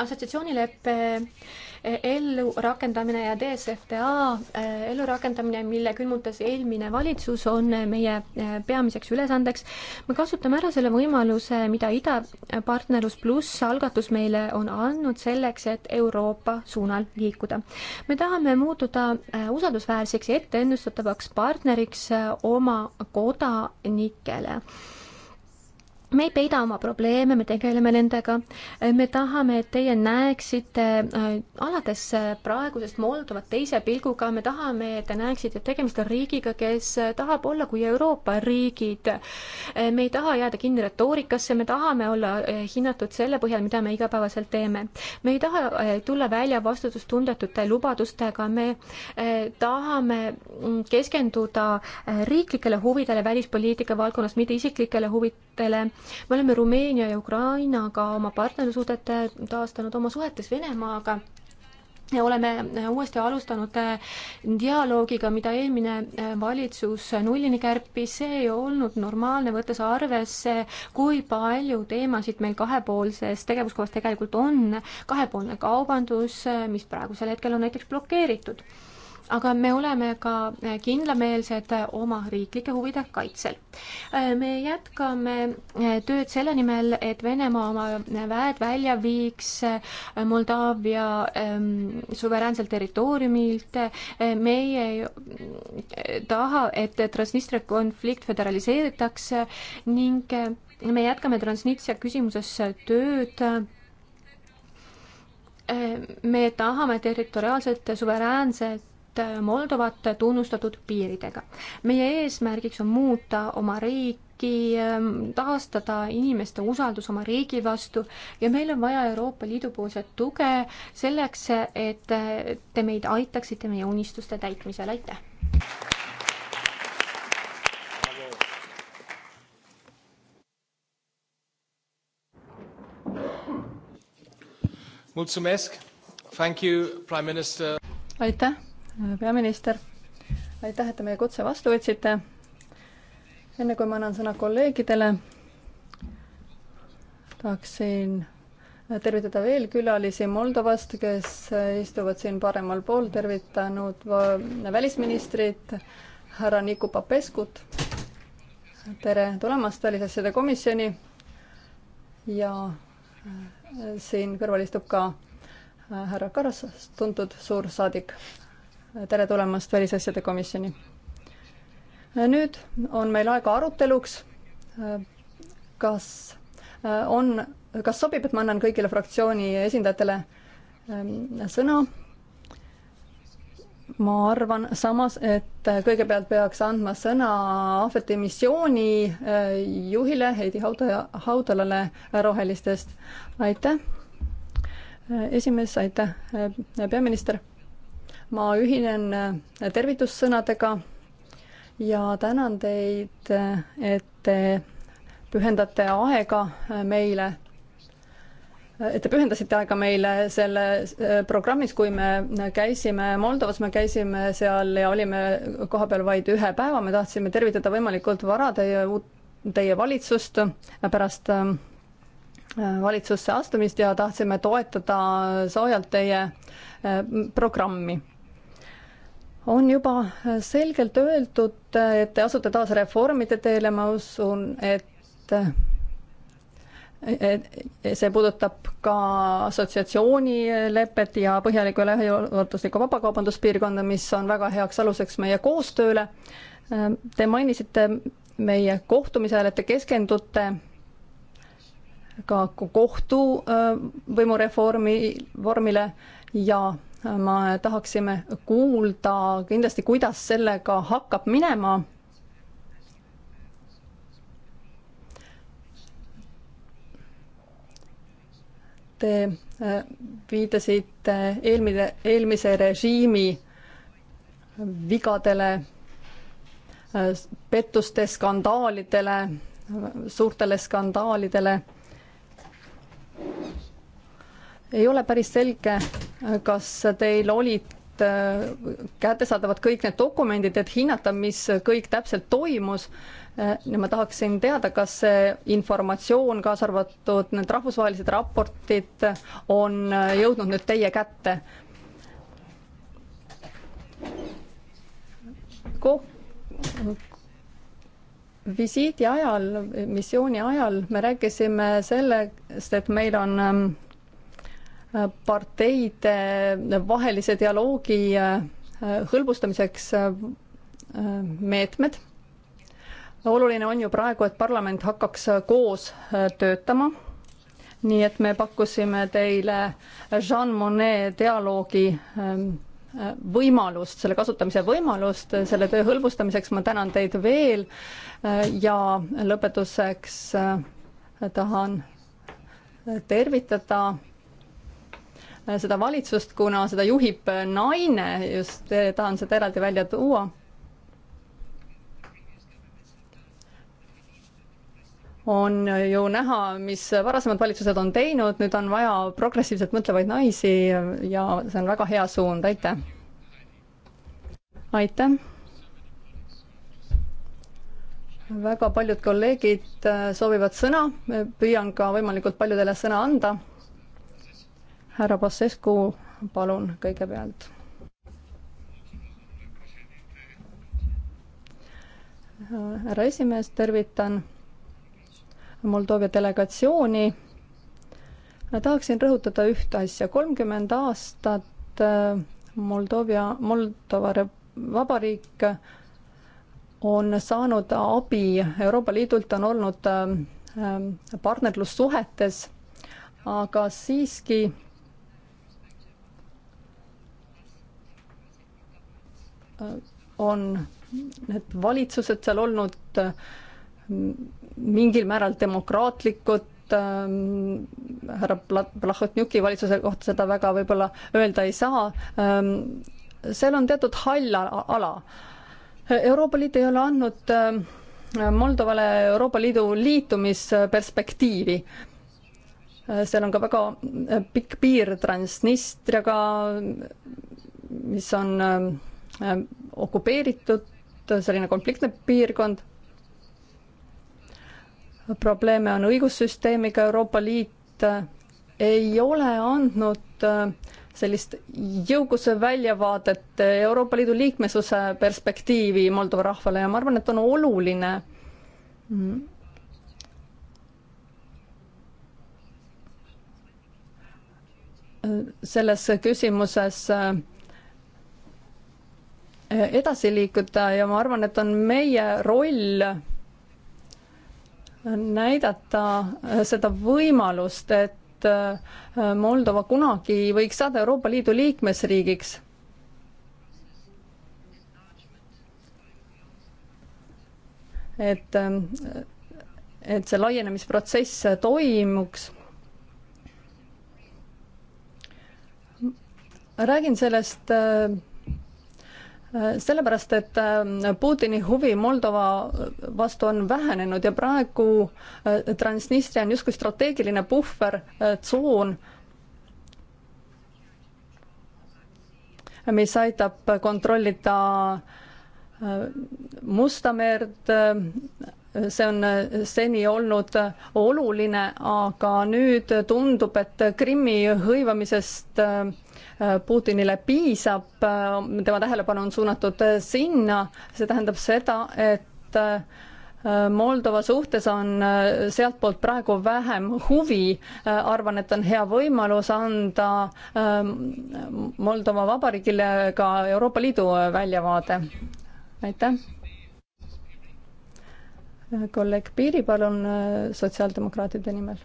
B: assotsiatsioonileppe eh, ellurakendamine ja DSFTA eh, ellurakendamine, mille külmutas eelmine valitsus, on eh, meie peamiseks ülesandeks. me kasutame ära selle võimaluse, mida idapartnerlus pluss algatus meile on andnud selleks, et Euroopa suunal liikuda. me tahame muutuda usaldusväärseks ja etteennustatavaks partneriks oma kodanikele me ei peida oma probleeme, me tegeleme nendega, me tahame, et teie näeksite äh, alates äh, praegusest Moldovat teise pilguga, me tahame, et te näeksite, et tegemist on riigiga, kes äh, tahab olla kui Euroopa riigid. me ei taha jääda kinni retoorikasse, me tahame olla hinnatud selle põhjal, mida me igapäevaselt teeme. me ei taha tulla välja vastutustundetute lubadustega, me tahame mm, keskenduda riiklikele huvidele välispoliitika valdkonnas, mitte isiklikele huvidele me oleme Rumeenia ja Ukrainaga oma partnerlussuhted taastanud oma suhetes Venemaaga ja oleme uuesti alustanud äh, dialoogiga, mida eelmine äh, valitsus nullini kärpis, see ei olnud normaalne, võttes arvesse, kui palju teemasid meil kahepoolses tegevuskohas tegelikult on, kahepoolne kaubandus, äh, mis praegusel hetkel on näiteks blokeeritud aga me oleme ka eh, kindlameelsed eh, oma riiklike huvide kaitsel. Eh, me jätkame tööd selle nimel, et Venemaa oma väed välja viiks Moldaavia ehm, suveräänselt territooriumilt. meie ei taha, et Transnistria konflikt föderaliseeritakse ning me jätkame Transnistria küsimuses tööd me tahame territoriaalset suveräänset Moldovat tunnustatud piiridega. meie eesmärgiks on muuta oma riiki, ähm, taastada inimeste usaldus oma riigi vastu ja meil on vaja Euroopa Liidu poolset tuge selleks, et te meid aitaksite meie unistuste täitmisel, aitäh!
A: mulțumesc, thank you, prime minister.
C: aitäh peaminister, aitäh, et te meie kutse vastu võtsite. enne kui ma annan sõna kolleegidele, tahaksin tervitada veel külalisi Moldovast, kes istuvad siin paremal pool, tervitanud välisministrit härra Niku Papeskut. tere tulemast Välisasjade komisjoni. ja siin kõrval istub ka härra Karas, tuntud suursaadik tere tulemast Välisasjade Komisjoni. nüüd on meil aega aruteluks. kas on, kas sobib, et ma annan kõigile fraktsiooni esindajatele ähm, sõna? ma arvan samas, et kõigepealt peaks andma sõna Ahveti missiooni äh, juhile Heidi Hauda, Haudalale Rohelistest. aitäh, äh, esimees, aitäh, äh, peaminister ma ühinen äh, tervitussõnadega ja tänan teid, äh, et te pühendate aega äh, meile, et te pühendasite aega meile selles programmis, kui me käisime Moldovas, me käisime seal ja olime kohapeal vaid ühe päeva, me tahtsime tervitada võimalikult vara teie uut, teie valitsust pärast valitsusse astumist ja tahtsime toetada soojalt teie programmi on juba selgelt öeldud, et te asute taas reformide teele, ma usun, et see puudutab ka assotsiatsioonilepet ja põhjalikku ja lähiulatuslikku vabakaubanduspiirkonda, mis on väga heaks aluseks meie koostööle. Te mainisite meie kohtumise ajal, et te keskendute ka kohtuvõimureformi äh, vormile ja ma tahaksime kuulda kindlasti, kuidas sellega hakkab minema. Te äh, viitasite eelmine, eelmise režiimi vigadele, äh, pettuste skandaalidele, suurtele skandaalidele. ei ole päris selge kas teil olid äh, kättesaadavad kõik need dokumendid, et hinnata, mis kõik täpselt toimus. ja äh, ma tahaksin teada, kas see informatsioon, kaasa arvatud need rahvusvahelised raportid, on äh, jõudnud nüüd teie kätte? Ko-, visiidi ajal, missiooni ajal me rääkisime sellest, et meil on ähm, parteide vahelise dialoogi äh, hõlbustamiseks äh, äh, meetmed. oluline on ju praegu, et parlament hakkaks koos töötama. nii et me pakkusime teile Jean Monnet dialoogi ähm, võimalust, selle kasutamise võimalust, selle töö hõlbustamiseks ma tänan teid veel ja lõpetuseks tahan tervitada Äh, seda valitsust, kuna seda juhib äh, naine, just äh, tahan seda eraldi välja tuua. on ju näha, mis varasemad valitsused on teinud, nüüd on vaja progressiivselt mõtlevaid naisi ja see on väga hea suund, aitäh! aitäh! väga paljud kolleegid soovivad sõna, püüan ka võimalikult paljudele sõna anda härra Basescu, palun kõigepealt. härra esimees, tervitan Moldoovia delegatsiooni. tahaksin rõhutada ühte asja, kolmkümmend aastat äh, Moldoovia, Moldova Vabariik on saanud abi Euroopa Liidult, on olnud äh, äh, partnerlussuhetes, aga siiski on need valitsused seal olnud mingil määral demokraatlikud, härra Plahotniuki valitsuse kohta seda väga võib-olla öelda ei saa, seal on teatud hall ala. Euroopa Liit ei ole andnud äh, Moldovale Euroopa Liidu liitumisperspektiivi seal on ka väga äh, pikk piir Transnistriaga, mis on äh, Äh, okupeeritud, selline konfliktne piirkond. probleeme on õigussüsteemiga, Euroopa Liit äh, ei ole andnud äh, sellist jõukuse väljavaadet Euroopa Liidu liikmesuse perspektiivi Moldova rahvale ja ma arvan, et on oluline mm, selles küsimuses edasi liikuda ja ma arvan, et on meie roll näidata seda võimalust, et äh, Moldova kunagi võiks saada Euroopa Liidu liikmesriigiks. et, äh, et see laienemisprotsess toimuks. räägin sellest äh, sellepärast, et äh, Putini huvi Moldova vastu on vähenenud ja praegu äh, Transnistria on justkui strateegiline puhvertsoon, äh, mis aitab kontrollida Musta merd, see on seni olnud oluline, aga nüüd tundub, et Krimmi hõivamisest äh, Äh, Putinile piisab, äh, tema tähelepanu on suunatud äh, sinna, see tähendab seda, et Moldova suhtes on sealtpoolt praegu vähem huvi, arvan, et on hea võimalus anda ähm, Moldova Vabariigile ka Euroopa Liidu väljavaade. aitäh. kolleeg Piiri, palun sotsiaaldemokraatide nimel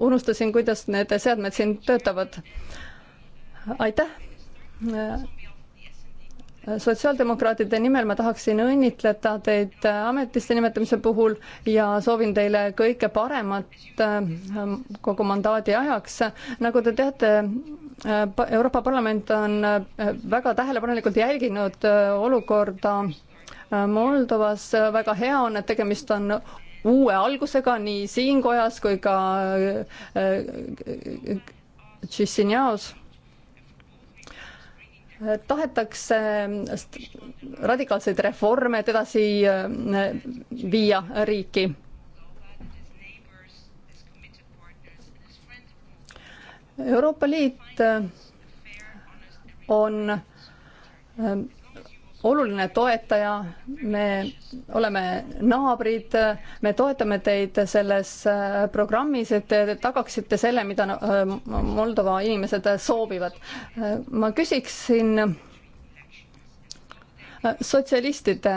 C: unustasin, kuidas need seadmed siin töötavad. aitäh. sotsiaaldemokraatide nimel ma tahaksin õnnitleda teid ametisse nimetamise puhul ja soovin teile kõike paremat ähm, kogu mandaadi ajaks. nagu te teate, äh, Euroopa Parlament on äh, väga tähelepanelikult jälginud äh, olukorda Moldovas väga hea on, et tegemist on uue algusega nii siin kojas kui ka äh, Chisinjaos tahetakse radikaalseid reforme, et edasi äh, viia riiki. Euroopa Liit äh, on oluline toetaja, me oleme naabrid, me toetame teid selles äh, programmis, et te tagaksite selle, mida äh, Moldova inimesed soovivad. Äh, ma küsiksin sotsialistide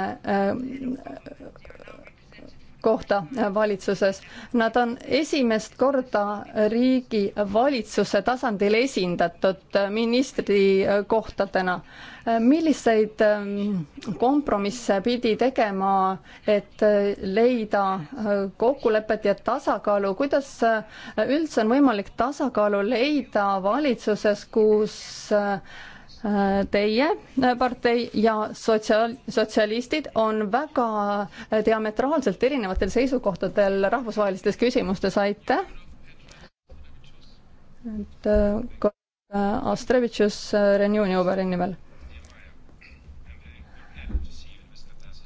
C: kohta äh, valitsuses. Nad on esimest korda riigi valitsuse tasandil esindatud äh, ministrikohtadena. Äh, milliseid ähm, kompromisse pidi tegema, et leida kokkulepet ja tasakaalu, kuidas üldse on võimalik tasakaalu leida valitsuses, kus Teie partei ja sotsiaal, sotsialistid on väga diametraalselt erinevatel seisukohtadel rahvusvahelistes küsimustes, aitäh. et äh, Astrevitšus äh, Renew New Uberi nimel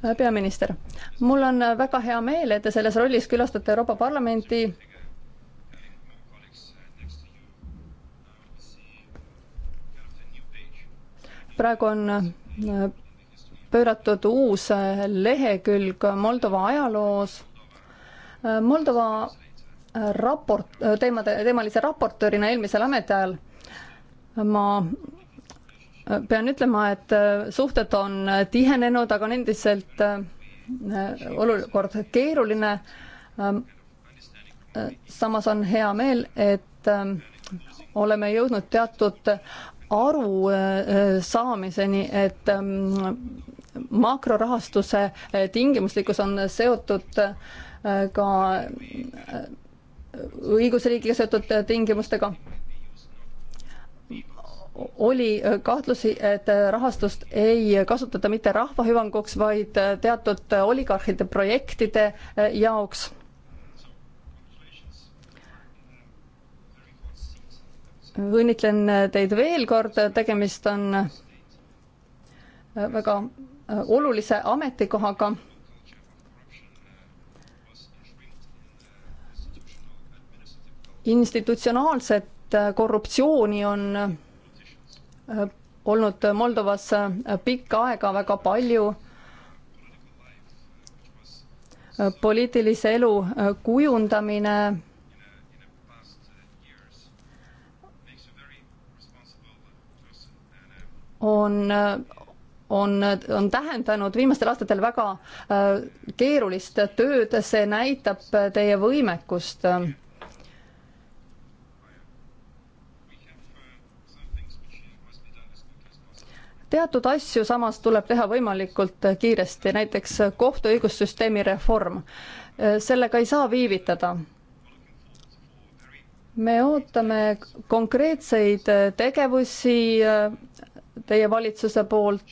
C: äh, peaminister, mul on väga hea meel, et te selles rollis külastate Euroopa Parlamenti praegu on äh, pööratud uus äh, lehekülg Moldova ajaloos. Äh, Moldova raport, teemade, teemalise raportöörina eelmisel ametiajal ma pean ütlema, et suhted on tihenenud, aga on endiselt olukord keeruline. Ähm, samas on hea meel, et oleme jõudnud teatud aru äh, äh, saamiseni, et ähm, makrorahastuse äh, tingimuslikkus on seotud ka õigusriigiga seotud tingimustega oli kahtlusi, et rahastust ei kasutata mitte rahva hüvanguks, vaid teatud oligarhide projektide jaoks. õnnitlen teid veel kord, tegemist on äh, väga äh, olulise ametikohaga. institutsionaalset äh, korruptsiooni on olnud Moldovas pikka aega väga palju. poliitilise elu kujundamine on on, on tähendanud viimastel aastatel väga äh, keerulist tööd, see näitab teie võimekust. teatud asju samas tuleb teha võimalikult kiiresti, näiteks kohtu õigussüsteemi reform. sellega ei saa viivitada me ootame konkreetseid tegevusi teie valitsuse poolt.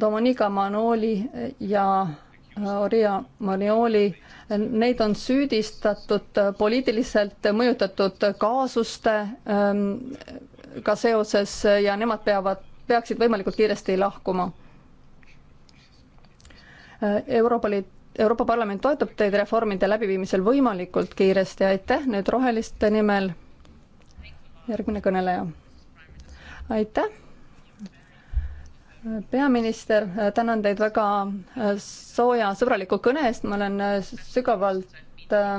C: Dominika Manoli ja äh, Oria Manioli, neid on süüdistatud äh, poliitiliselt mõjutatud kaasustega ähm, seoses äh, ja nemad peavad, peaksid võimalikult kiiresti lahkuma. Euroopa Liit Euroopa Parlament toetab teid reformide läbiviimisel võimalikult kiiresti, aitäh nüüd Roheliste nimel. järgmine kõneleja aitäh! peaminister, tänan teid väga äh, sooja sõbraliku kõne eest, ma olen äh, sügavalt äh,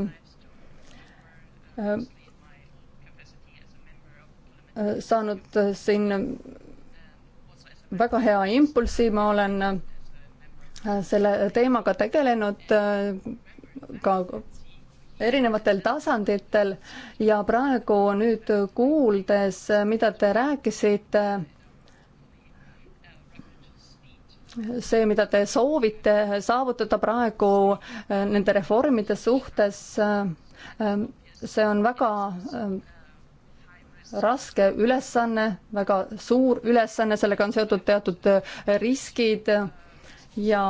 C: saanud siin väga hea impulsi, ma olen selle teemaga tegelenud ka erinevatel tasanditel ja praegu nüüd kuuldes, mida te rääkisite, see, mida te soovite saavutada praegu äh, nende reformide suhtes, äh, see on väga äh, raske ülesanne, väga suur ülesanne, sellega on seotud teatud riskid ja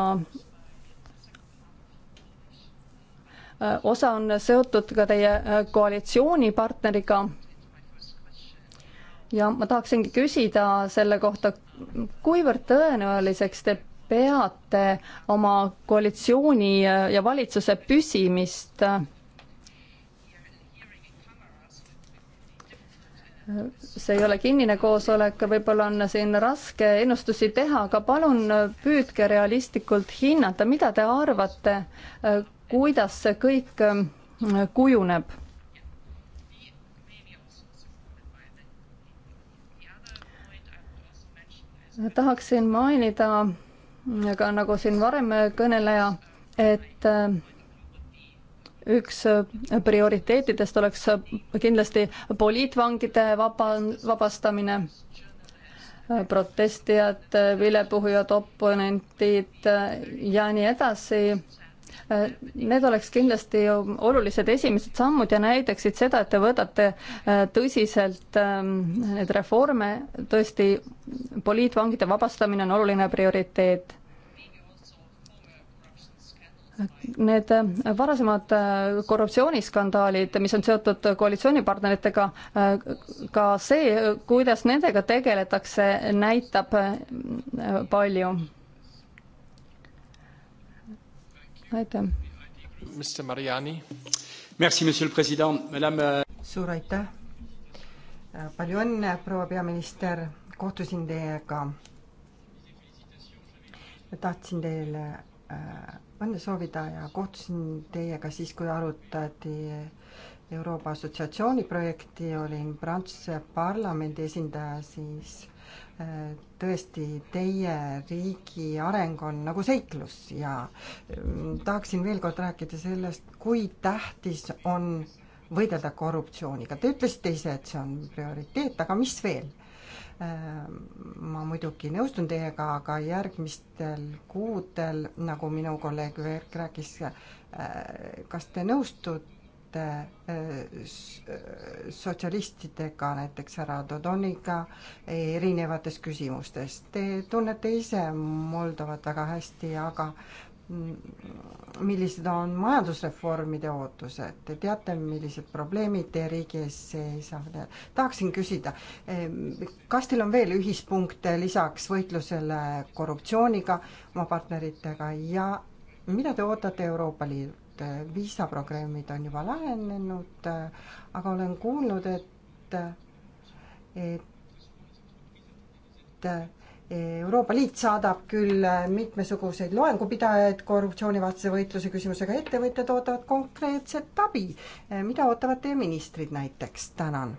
C: osa on seotud ka teie äh, koalitsioonipartneriga. ja ma tahaksingi küsida selle kohta, kuivõrd tõenäoliseks te peate oma koalitsiooni äh, ja valitsuse püsimist see ei ole kinnine koosolek, võib-olla on siin raske ennustusi teha, aga palun püüdke realistlikult hinnata, mida te arvate, kuidas see kõik ähm, kujuneb. tahaksin mainida, aga nagu siin varem kõneleja, et äh, üks äh, prioriteetidest oleks äh, kindlasti poliitvangide vaba, vabastamine, protestijad, vilepuhujad, oponentid ja nii edasi Äh, need oleks kindlasti olulised esimesed sammud ja näitaksid seda, et te võtate äh, tõsiselt ähm, neid reforme, tõesti poliitvangide vabastamine on oluline prioriteet. Need äh, varasemad korruptsiooniskandaalid, mis on seotud koalitsioonipartneritega, ka see, kuidas nendega tegeletakse, näitab palju aitäh.
A: Euh,
D: suur aitäh. Äh, palju õnne, proua peaminister, kohtusin teiega. tahtsin teile äh, õnne soovida ja kohtusin teiega siis, kui arutati Euroopa Assotsiatsiooni projekti, olin Prantsuse parlamendi esindaja siis tõesti, teie riigi areng on nagu seiklus ja mm, tahaksin veel kord rääkida sellest, kui tähtis on võidelda korruptsiooniga. Te ütlesite ise, et see on prioriteet, aga mis veel? Äh, ma muidugi nõustun teiega, aga järgmistel kuudel, nagu minu kolleeg Veerk rääkis, äh, kas te nõustute suhete sotsialistidega, näiteks härra Dodoniga, erinevates küsimustes. Te tunnete ise Moldovat väga hästi, aga millised on majandusreformide ootused, te teate, millised probleemid teie riigi ees seisavad ja tahaksin küsida, kas teil on veel ühispunkte lisaks võitlusele korruptsiooniga oma partneritega ja mida te ootate Euroopa Liidult? et äh, viisaprogrammid on juba lähenenud, äh, aga olen kuulnud, et, äh, et Euroopa Liit saadab küll mitmesuguseid loengupidajaid korruptsioonivastase võitluse küsimusega, ettevõtjad ootavad konkreetset abi. mida ootavad teie ministrid näiteks? tänan.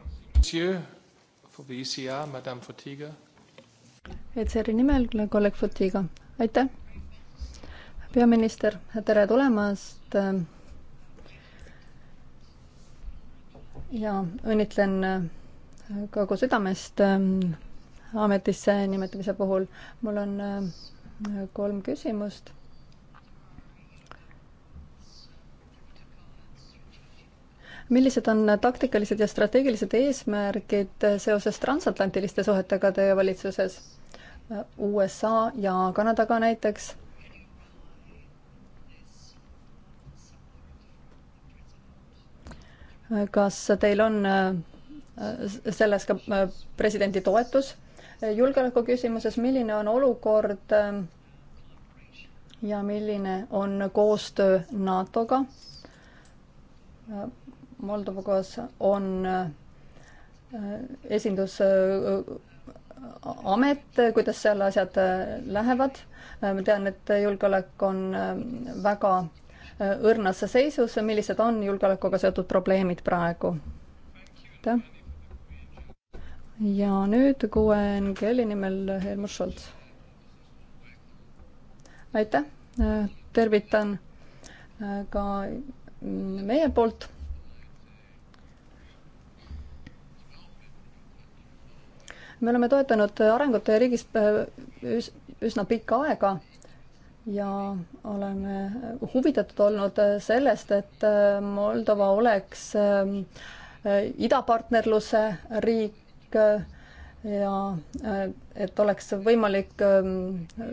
D: ECR-i e
C: nimel kolleeg Fotiga, aitäh! peaminister, tere tulemast eest. Äh, ja õnnitlen äh, kogu südamest äh, ametisse nimetamise puhul. mul on kolm küsimust millised on taktikalised ja strateegilised eesmärgid seoses transatlantiliste suhetega teie valitsuses? USA ja Kanadaga näiteks? kas teil on äh, selles ka äh, presidendi toetus? julgeoleku küsimuses, milline on olukord äh, ja milline on koostöö NATO-ga? Moldovas on esindusamet, kuidas seal asjad lähevad? ma tean, et julgeolek on väga Äh, õrnasse seisus, millised on julgeolekuga seotud probleemid praegu? aitäh. ja nüüd QNGL-i nimel Helmut Scholz. aitäh, äh, tervitan äh, ka meie poolt me oleme toetanud arengut teie riigis üsna pikka aega ja oleme huvitatud olnud sellest, et äh, Moldova oleks äh, idapartnerluse riik äh, ja et oleks võimalik ähm,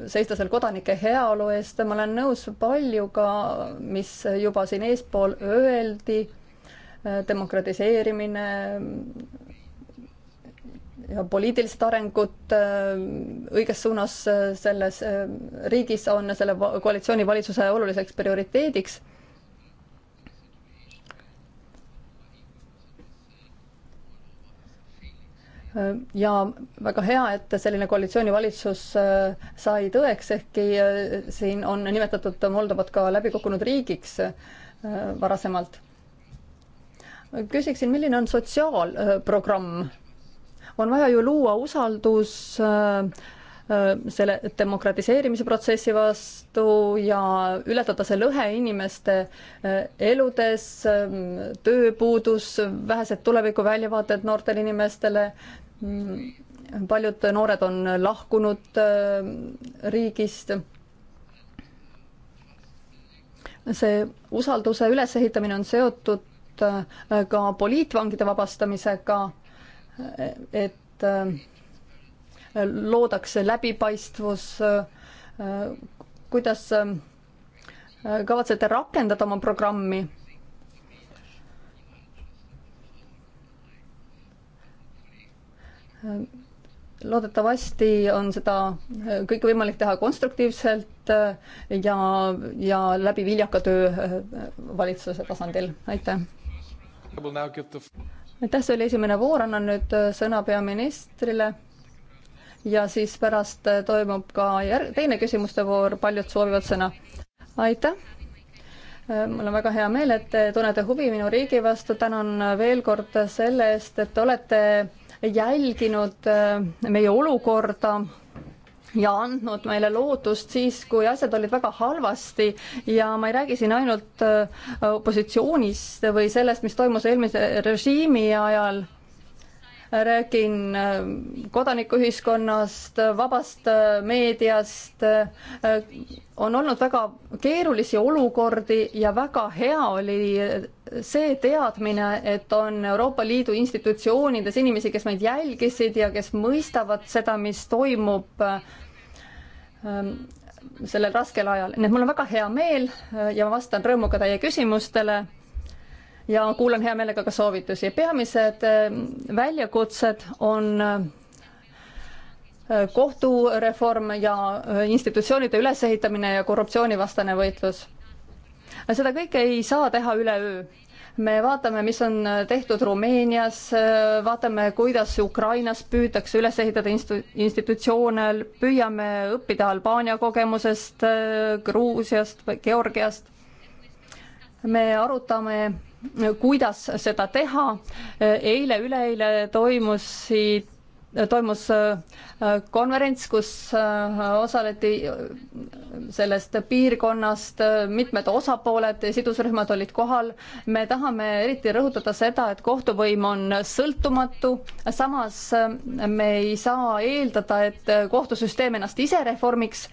C: seista seal kodanike heaolu eest. ma olen nõus paljuga, mis juba siin eespool öeldi, demokratiseerimine, poliitilised arengud äh, õiges suunas äh, selles äh, riigis on selle koalitsioonivalitsuse oluliseks prioriteediks. ja väga hea, et selline koalitsioonivalitsus sai tõeks, ehkki siin on nimetatud Moldovat ka läbikukkunud riigiks varasemalt. küsiksin, milline on sotsiaalprogramm on vaja ju luua usaldus äh, äh, selle demokratiseerimise protsessi vastu ja ületada see lõhe inimeste äh, eludes, tööpuudus, vähesed tulevikuväljavaated noortele inimestele, mm, paljud noored on lahkunud riigist see usalduse ülesehitamine on seotud ka poliitvangide vabastamisega et äh, loodakse läbipaistvus, äh, kuidas äh, kavatsete rakendada oma programmi? loodetavasti on seda kõike võimalik teha konstruktiivselt ja, ja läbi viljaka töö valitsuse tasandil, aitäh aitäh, see oli esimene voor, annan nüüd äh, sõna peaministrile. ja siis pärast äh, toimub ka järg-, teine küsimuste voor, paljud soovivad sõna. aitäh. Äh, mul on väga hea meel, et te tunnete huvi minu riigi vastu, tänan veel kord selle eest, et olete jälginud meie olukorda ja andnud meile lootust siis, kui asjad olid väga halvasti ja ma ei räägi siin ainult äh, opositsioonist või sellest, mis toimus eelmise režiimi ajal räägin äh, kodanikuühiskonnast, vabast äh, meediast. Äh, on olnud väga keerulisi olukordi ja väga hea oli see teadmine, et on Euroopa Liidu institutsioonides inimesi, kes meid jälgisid ja kes mõistavad seda, mis toimub sellel raskel ajal, nii et mul on väga hea meel ja ma vastan rõõmuga teie küsimustele ja kuulan hea meelega ka soovitusi. peamised eh, väljakutsed on eh, kohtureform ja eh, institutsioonide ülesehitamine ja korruptsioonivastane võitlus. seda kõike ei saa teha üleöö me vaatame, mis on tehtud Rumeenias, vaatame, kuidas Ukrainas püütakse üles ehitada instu-, institutsioone, püüame õppida Albaania kogemusest, Gruusiast, Georgiast. me arutame kuidas seda teha. eile-üleeile toimusid toimus äh, konverents, kus äh, osaleti sellest piirkonnast, äh, mitmed osapooled, sidusrühmad olid kohal. me tahame eriti rõhutada seda, et kohtuvõim on sõltumatu, samas me ei saa eeldada, et kohtusüsteem ennast ise reformiks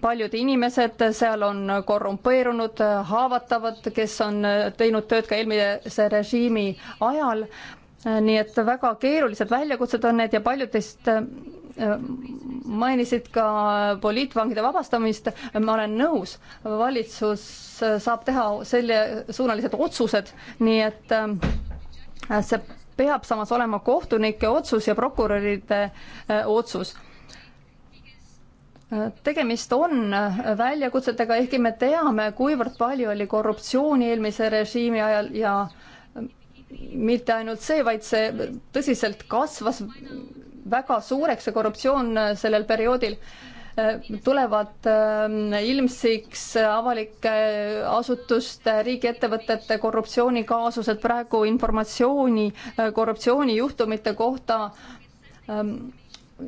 C: paljud inimesed seal on korrumpeerunud, haavatavad, kes on teinud tööd ka eelmise režiimi ajal. nii et väga keerulised väljakutsed on need ja paljud teist äh, mainisid ka poliitvangide vabastamist, ma olen nõus, valitsus saab teha sellesuunalised otsused, nii et äh, see peab samas olema kohtunike otsus ja prokuröride äh, otsus tegemist on äh, väljakutsetega, ehkki me teame, kuivõrd palju oli korruptsiooni eelmise režiimi ajal ja äh, mitte ainult see, vaid see tõsiselt kasvas väga suureks, see korruptsioon äh, sellel perioodil. tulevad ilmsiks avalike asutuste, riigiettevõtete korruptsioonikaasused, praegu informatsiooni korruptsioonijuhtumite kohta ähm,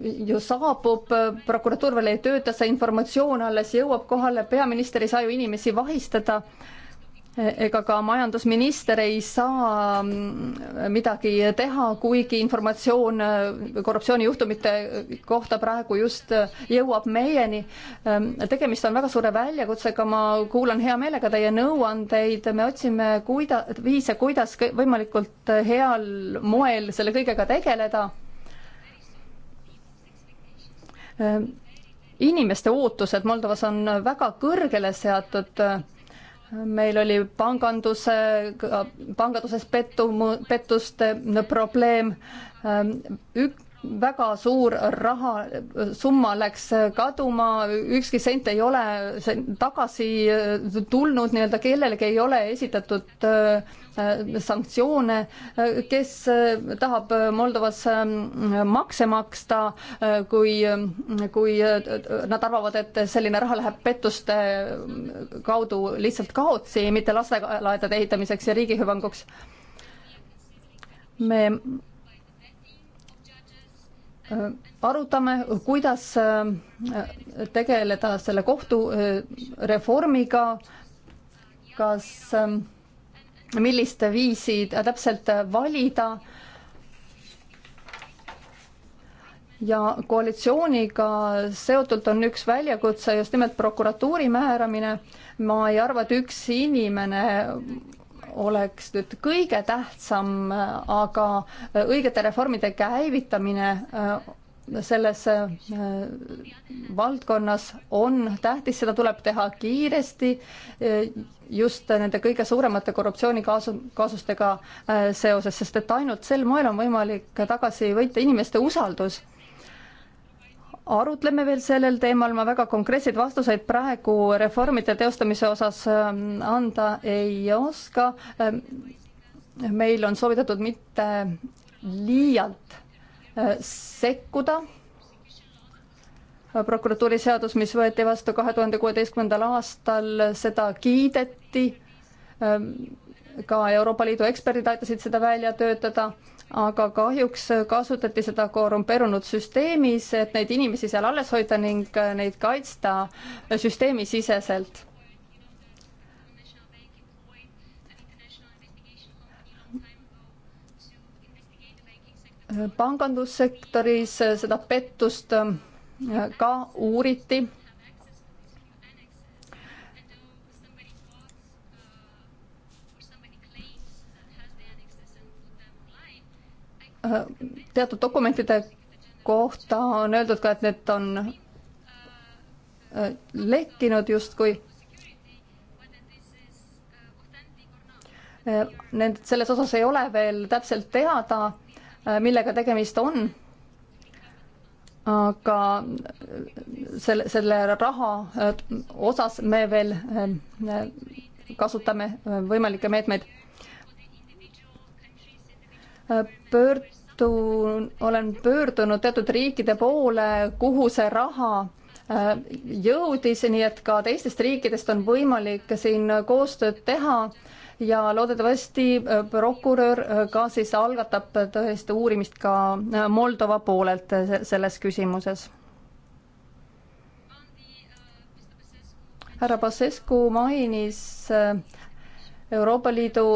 C: ju saabub, äh, prokuratuur veel ei tööta, see informatsioon alles jõuab kohale, peaminister ei saa ju inimesi vahistada e, ega ka majandusminister ei saa mm, midagi teha, kuigi informatsioon äh, korruptsioonijuhtumite kohta praegu just äh, jõuab meieni. Ähm, tegemist on väga suure väljakutsega, ma kuulan hea meelega teie nõuandeid, me otsime kuida-, viise, kuidas võimalikult heal moel selle kõigega tegeleda Ehm, inimeste ootused Moldovas on väga kõrgele seatud. meil oli panganduse, panganduses pettumu, pettuste probleem. Ehm, ük-, väga suur raha, summa läks kaduma, ükski sent ei ole tagasi äh, tulnud, nii-öelda kellelegi ei ole esitatud äh, sanktsioone, kes äh, tahab Moldovas makse maksta, kui, kui nad arvavad, et selline raha läheb pettuste kaudu lihtsalt kaotsi, mitte lastelaedade ehitamiseks ja riigi hüvanguks. me arutame, kuidas äh, tegeleda selle kohtureformiga, äh, kas, äh, millist viisi täpselt valida ja koalitsiooniga seotult on üks väljakutse just nimelt prokuratuuri määramine. ma ei arva, et üks inimene oleks nüüd kõige tähtsam, aga äh, õigete reformide käivitamine äh, selles äh, valdkonnas on tähtis, seda tuleb teha kiiresti, just nende kõige suuremate korruptsioonikaasu, kaasustega seoses, sest et ainult sel moel on võimalik tagasi võita inimeste usaldus arutleme veel sellel teemal, ma väga konkreetseid vastuseid praegu reformide teostamise osas ähm, anda ei oska. Ähm, meil on soovitatud mitte liialt äh, sekkuda prokuratuuriseadus, mis võeti vastu kahe tuhande kuueteistkümnendal aastal, seda kiideti, ähm, ka Euroopa Liidu eksperdid aitasid seda välja töötada aga kahjuks kasutati seda korrumpeerunud süsteemis, et neid inimesi seal alles hoida ning äh, neid kaitsta süsteemisiseselt. pangandussektoris seda pettust äh, ka uuriti teatud dokumentide kohta on öeldud ka, et need on äh, lekkinud justkui. Äh, Nende, selles osas ei ole veel täpselt teada, äh, millega tegemist on. aga selle, selle raha osas me veel kasutame võimalikke meetmeid pöördun, olen pöördunud teatud riikide poole, kuhu see raha äh, jõudis, nii et ka teistest riikidest on võimalik siin koostööd teha ja loodetavasti äh, prokurör äh, ka siis algatab tõesti uurimist ka Moldova poolelt selles küsimuses. härra Basescu mainis Euroopa Liidu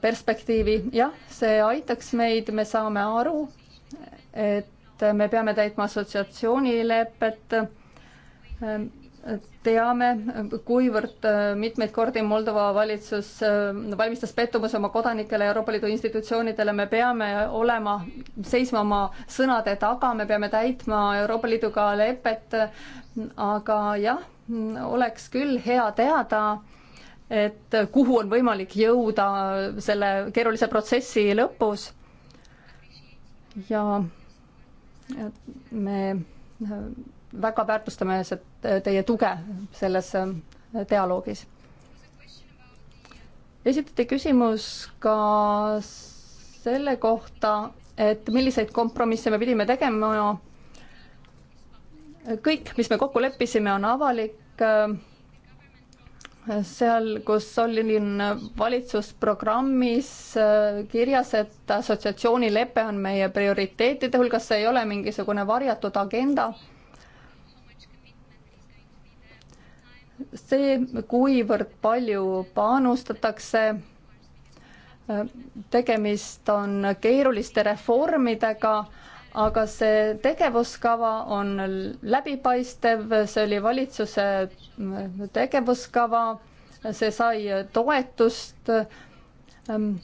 C: perspektiivi, jah, see aitaks meid, me saame aru, et me peame täitma assotsiatsioonilepet, teame, kuivõrd mitmeid kordi Moldova valitsus valmistas pettumuse oma kodanikele ja Euroopa Liidu institutsioonidele, me peame olema, seisma oma sõnade taga, me peame täitma Euroopa Liiduga lepet, aga jah, oleks küll hea teada, et kuhu on võimalik jõuda selle keerulise protsessi lõpus. ja me väga väärtustame teie tuge selles dialoogis. esitati küsimus ka selle kohta, et milliseid kompromisse me pidime tegema. kõik, mis me kokku leppisime, on avalik seal, kus oli valitsusprogrammis äh, kirjas, et assotsiatsioonilepe on meie prioriteetide hulgas, see ei ole mingisugune varjatud agenda. see, kuivõrd palju panustatakse, äh, tegemist on keeruliste reformidega aga see tegevuskava on läbipaistev, see oli valitsuse tegevuskava, see sai toetust ähm,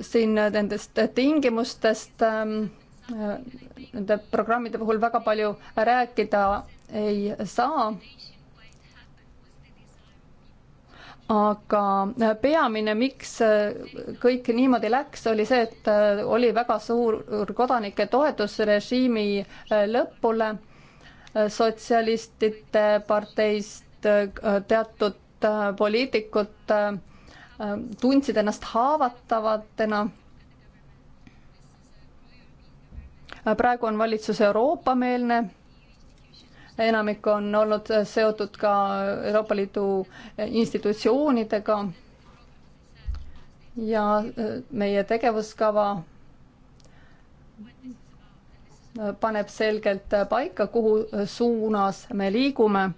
C: siin nendest tingimustest ähm, äh, nende programmide puhul väga palju rääkida ei saa aga äh, peamine, miks äh, kõik niimoodi läks, oli see, et äh, oli väga suur kodanike toetus režiimi lõpule, sotsialistide parteist teatud poliitikud tundsid ennast haavatavatena. praegu on valitsus Euroopa-meelne enamik on olnud seotud ka Euroopa Liidu institutsioonidega ja äh, meie tegevuskava äh, paneb selgelt paika, kuhu suunas me liigume.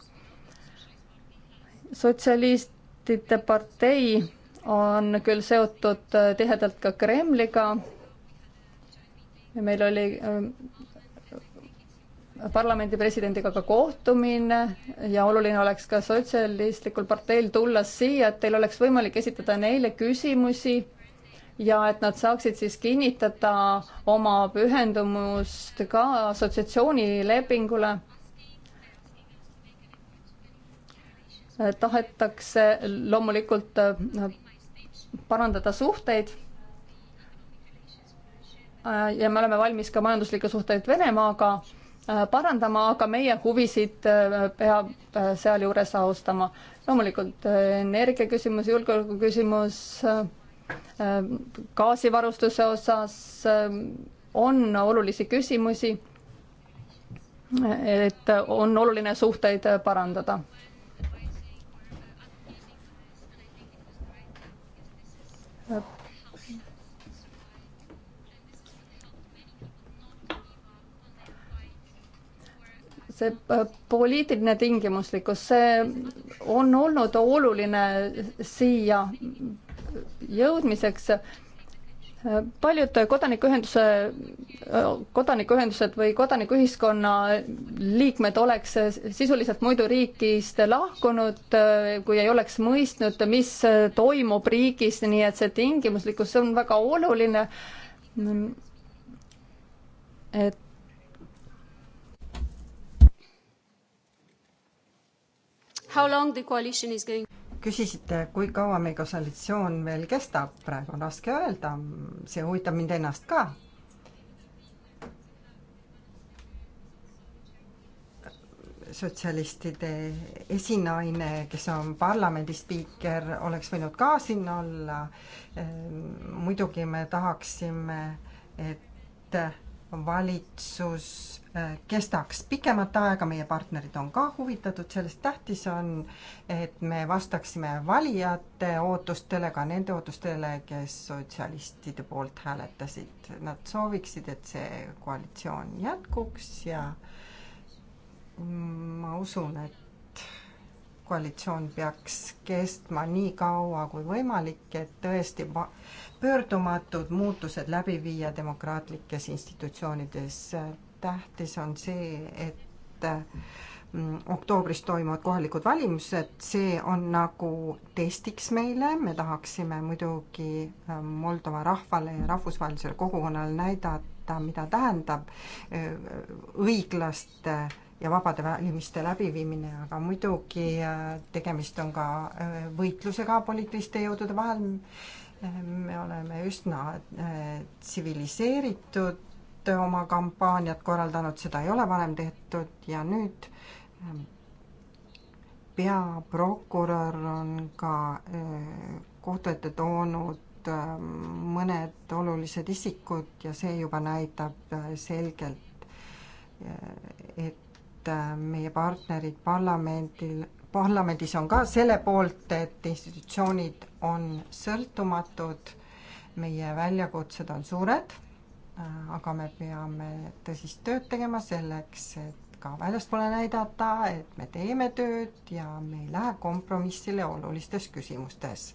C: sotsialistide partei on küll seotud äh, tihedalt ka Kremliga. meil oli parlamendi presidendiga ka kohtumine ja oluline oleks ka sotsialistlikul parteil tulla siia, et teil oleks võimalik esitada neile küsimusi ja et nad saaksid siis kinnitada oma pühendumust ka assotsiatsioonilepingule tahetakse loomulikult äh, parandada suhteid. Äh, ja me oleme valmis ka majanduslikke suhteid Venemaaga Äh, parandama, aga meie huvisid äh, peab äh, sealjuures austama. loomulikult energia küsimus, julgeoleku küsimus, gaasivarustuse osas on olulisi küsimusi, et on oluline suhteid parandada see äh, poliitiline tingimuslikkus, see on olnud oluline siia jõudmiseks. paljud kodanikuühenduse, kodanikuühendused või kodanikuühiskonna liikmed oleks sisuliselt muidu riigist lahkunud, kui ei oleks mõistnud, mis toimub riigis, nii et see tingimuslikkus on väga oluline. et
D: küsisite, kui kaua meie koalitsioon veel kestab, praegu on raske öelda, see huvitab mind ennast ka. sotsialistide esinaine, kes on parlamendi spiiker, oleks võinud ka siin olla. Ehm, muidugi me tahaksime, et valitsus kestaks pikemat aega, meie partnerid on ka huvitatud sellest, tähtis on, et me vastaksime valijate ootustele, ka nende ootustele, kes sotsialistide poolt hääletasid. Nad sooviksid, et see koalitsioon jätkuks ja ma usun, et koalitsioon peaks kestma nii kaua kui võimalik, et tõesti pöördumatud muutused läbi viia demokraatlikes institutsioonides tähtis on see, et mm, oktoobris toimuvad kohalikud valimised, see on nagu testiks meile, me tahaksime muidugi ähm, Moldova rahvale ja rahvusvahelisele kogukonnale näidata, mida tähendab äh, õiglaste ja vabade valimiste läbiviimine, aga muidugi äh, tegemist on ka äh, võitlusega poliitiliste jõudude vahel, me oleme üsna tsiviliseeritud olete oma kampaaniat korraldanud, seda ei ole varem tehtud ja nüüd ehm, peaprokurör on ka eh, kohtu ette toonud ehm, mõned olulised isikud ja see juba näitab eh, selgelt, eh, et meie partnerid parlamendil, parlamendis on ka selle poolt, et institutsioonid on sõltumatud, meie väljakutsed on suured Äh, aga me peame tõsist tööd tegema selleks, et ka väljaspoole näidata, et me teeme tööd ja me ei lähe kompromissile olulistes küsimustes.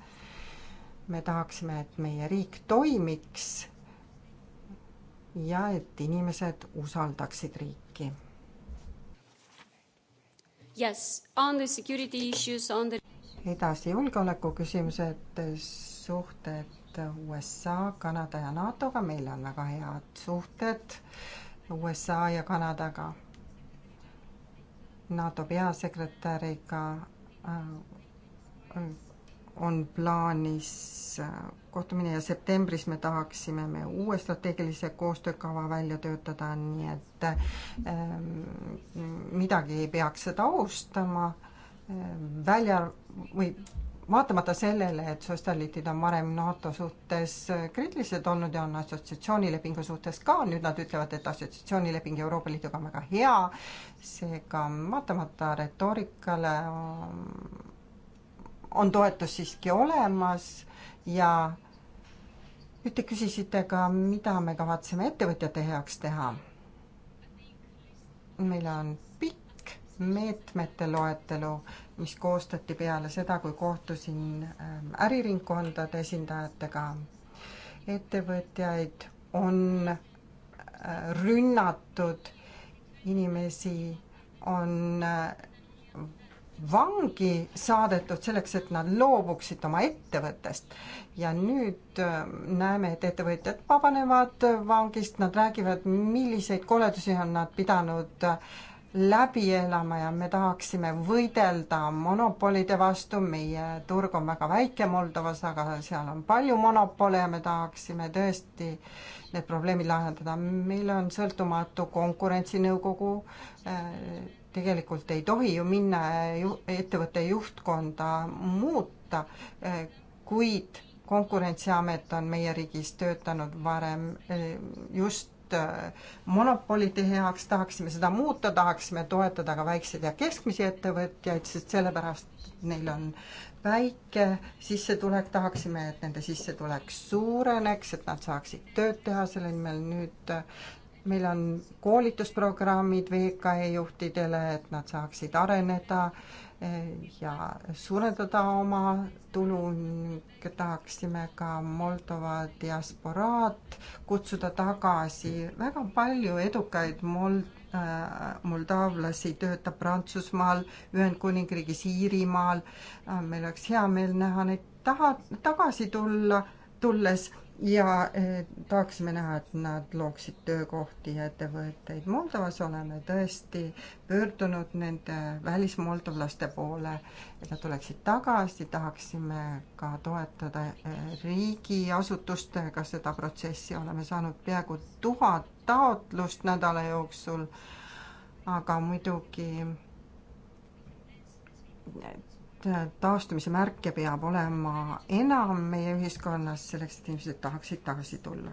D: me tahaksime, et meie riik toimiks ja et inimesed usaldaksid riiki.
B: Yes, on the security issues on the
D: edasi julgeoleku küsimused, suhted USA, Kanada ja NATO-ga, meil on väga head suhted USA ja Kanadaga. NATO peasekretäriga äh, on plaanis äh, kohtumine ja septembris me tahaksime me uue strateegilise koostöökava välja töötada, nii et ähm, midagi ei peaks seda ohustama, äh, välja või vaatamata sellele, et sotsialistid on varem NATO suhtes kriitilised olnud ja on assotsiatsioonilepingu suhtes ka, nüüd nad ütlevad, et assotsiatsioonileping Euroopa Liiduga on väga hea, seega vaatamata retoorikale on toetus siiski olemas ja nüüd te küsisite ka, mida me kavatseme ettevõtjate heaks teha. meil on pikk meetmete loetelu mis koostati peale seda, kui kohtusin ähm, äriringkondade esindajatega. ettevõtjaid on äh, rünnatud, inimesi on äh, vangi saadetud selleks, et nad loobuksid oma ettevõttest. ja nüüd ähm, näeme, et ettevõtjad vabanevad vangist, nad räägivad, milliseid koledusi on nad pidanud äh, läbi elama ja me tahaksime võidelda monopolide vastu, meie turg on väga väike Moldovas, aga seal on palju monopole ja me tahaksime tõesti need probleemid lahendada. meil on sõltumatu konkurentsinõukogu, tegelikult ei tohi ju minna ju, ettevõtte juhtkonda muuta, kuid Konkurentsiamet on meie riigis töötanud varem eh, just Äh, monopolide heaks, tahaksime seda muuta, tahaksime toetada ka väikseid ja keskmisi ettevõtjaid, sest sellepärast neil on väike sissetulek, tahaksime, et nende sissetulek suureneks, et nad saaksid tööd teha selle nimel nüüd äh, meil on koolitusprogrammid VKE juhtidele, et nad saaksid areneda äh, ja suurendada oma tulu, tahaksime ka Moldova diasporaat kutsuda tagasi, väga palju edukaid mol-, äh, moldaavlasi töötab Prantsusmaal, Ühendkuningriigis, Iirimaal, äh, meil oleks hea meel näha neid taha, tagasi tulla, tulles ja eh, tahaksime näha, et nad looksid töökohti ja ettevõtteid. Moldovas oleme tõesti pöördunud nende välismoldovlaste poole, et nad tuleksid tagasi, tahaksime ka toetada eh, riigiasutustega seda protsessi, oleme saanud peaaegu tuhat taotlust nädala jooksul, aga muidugi taastumise märke peab olema enam meie ühiskonnas, selleks et inimesed tahaksid tagasi tulla.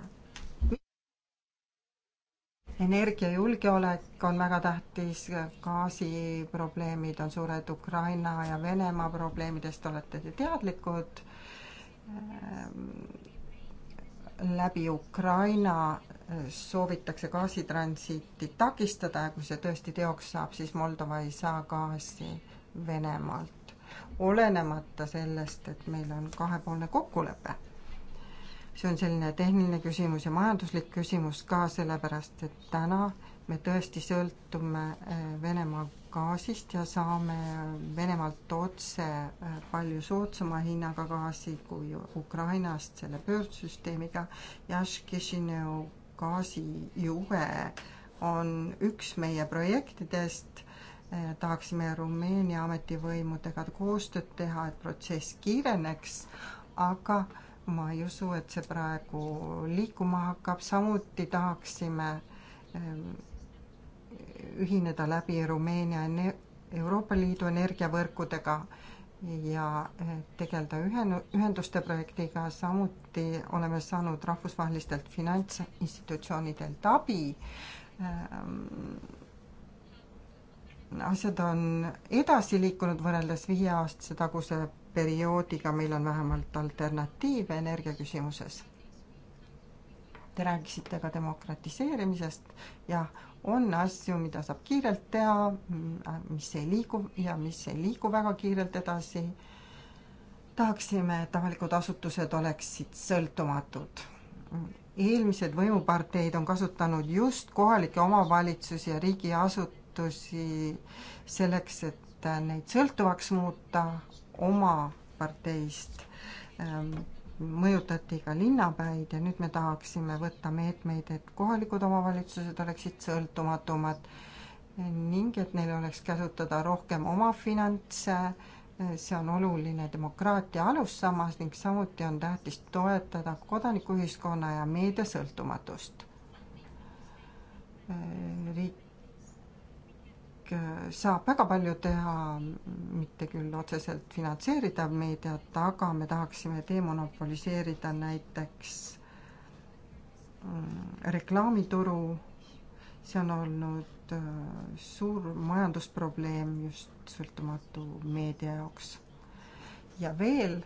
D: energiajulgeolek on väga tähtis, gaasiprobleemid on suured, Ukraina ja Venemaa probleemidest olete te teadlikud. Ehm, läbi Ukraina eh, soovitakse gaasitransiiti takistada ja kui see tõesti teoks saab, siis Moldova ei saa gaasi Venemaalt olenemata sellest, et meil on kahepoolne kokkulepe. see on selline tehniline küsimus ja majanduslik küsimus ka, sellepärast et täna me tõesti sõltume eh, Venemaa gaasist ja saame Venemaalt otse eh, palju soodsama hinnaga gaasi kui Ukrainast selle börssüsteemiga. Jaškišinev gaasijuhe on üks meie projektidest Äh, tahaksime Rumeenia ametivõimudega koostööd teha, et protsess kiireneks, aga ma ei usu, et see praegu liikuma hakkab, samuti tahaksime äh, ühineda läbi Rumeenia Euroopa Liidu energiavõrkudega ja äh, tegeleda ühen-, ühenduste projektiga, samuti oleme saanud rahvusvahelistelt finantsinstitutsioonidelt abi ähm, asjad on edasi liikunud võrreldes viie aastase taguse perioodiga, meil on vähemalt alternatiive energiaküsimuses. Te rääkisite ka demokratiseerimisest, jah, on asju, mida saab kiirelt teha, mis ei liigu ja mis ei liigu väga kiirelt edasi. tahaksime, et avalikud asutused oleksid sõltumatud eelmised võimuparteid on kasutanud just kohalikke omavalitsusi ja riigiasut-, algatusi selleks, et neid sõltuvaks muuta oma parteist. Ähm, mõjutati ka linnapäid ja nüüd me tahaksime võtta meetmeid, et kohalikud omavalitsused oleksid sõltumatumad ning et neil oleks käsutada rohkem oma finantse, see on oluline demokraatia alussammas ning samuti on tähtis toetada kodanikuühiskonna ja meedia sõltumatust. Äh, riik Äh, saab väga palju teha, mitte küll otseselt finantseerida meediat, aga me tahaksime demonopoliseerida näiteks mm, reklaamituru, see on olnud äh, suur majandusprobleem just sõltumatu meedia jaoks. ja veel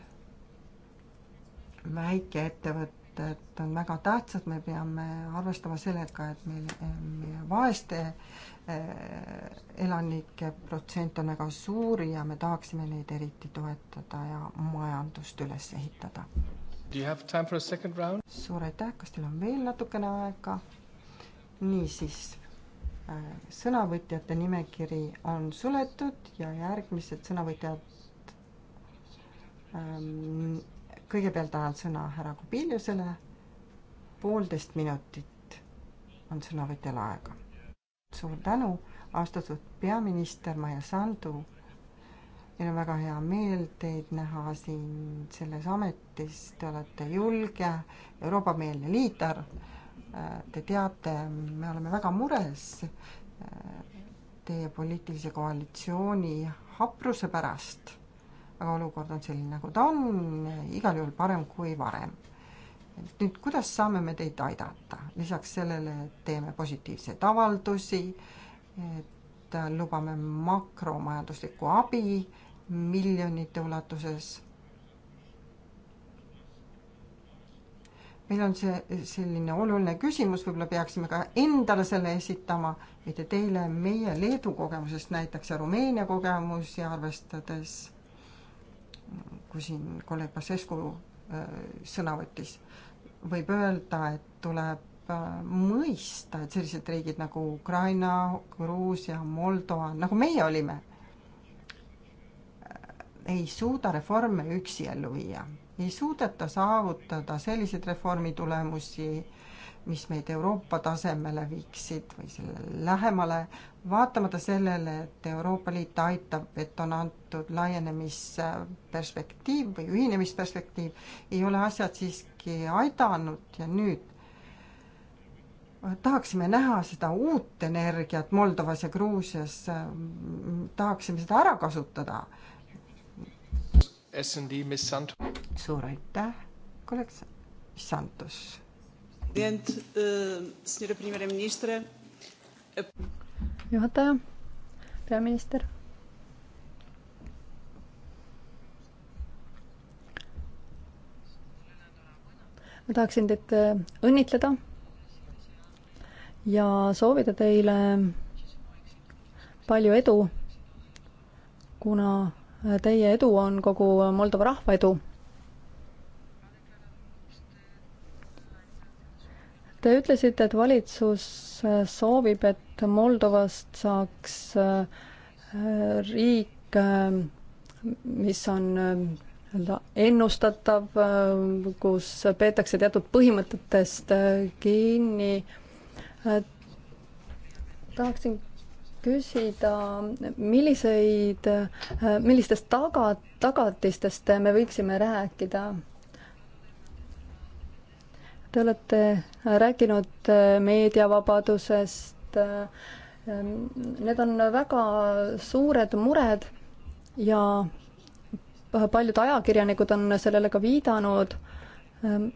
D: väikeettevõtted on väga tähtsad, me peame arvestama sellega, et meil, meie vaeste Äh, elanike protsent on väga suur ja me tahaksime neid eriti toetada ja majandust üles ehitada. suur aitäh, kas teil on veel natukene aega? niisiis, äh, sõnavõtjate nimekiri on suletud ja järgmised sõnavõtjad ähm, kõigepealt annan sõna härra Kubiliusele, poolteist minutit on sõnavõtjal aega suur tänu, austatud peaminister Maia Sandu. meil on väga hea meel teid näha siin selles ametis, te olete julge Euroopa-meelne liider. Te teate, me oleme väga mures eh, teie poliitilise koalitsiooni hapruse pärast. aga olukord on selline, nagu ta on, igal juhul parem kui varem nüüd kuidas saame me teid aidata, lisaks sellele, et teeme positiivseid avaldusi, et lubame makromajanduslikku abi miljonite ulatuses. meil on see selline oluline küsimus, võib-olla peaksime ka endale selle esitama, mitte teile, meie Leedu kogemusest näiteks ja Rumeenia kogemusi arvestades, kui siin kolleeg Basescu äh, sõna võttis võib öelda, et tuleb äh, mõista, et sellised riigid nagu Ukraina, Gruusia, Moldova, nagu meie olime, äh, ei suuda reforme üksi ellu viia. ei suudeta saavutada selliseid reformi tulemusi, mis meid Euroopa tasemele viiksid või sellele lähemale, vaatamata sellele, et Euroopa Liit aitab, et on antud laienemisperspektiiv või ühinemisperspektiiv, ei ole asjad siiski aidanud ja nüüd tahaksime näha seda uut energiat Moldovas ja Gruusias, tahaksime seda ära kasutada. suur aitäh, kolleeg Santos Eh,
C: juhataja, peaminister. ma tahaksin teid eh, õnnitleda ja soovida teile palju edu, kuna eh, teie edu on kogu Moldova rahva edu Te ütlesite, et valitsus äh, soovib, et Moldovast saaks äh, riik, äh, mis on nii-öelda ennustatav, kus peetakse teatud põhimõtetest kinni. tahaksin küsida, milliseid, millistest taga, tagatistest me võiksime rääkida? Te olete rääkinud äh, meediavabadusest. Äh, need on väga suured mured ja paljud ajakirjanikud on sellele ka viidanud. Ähm,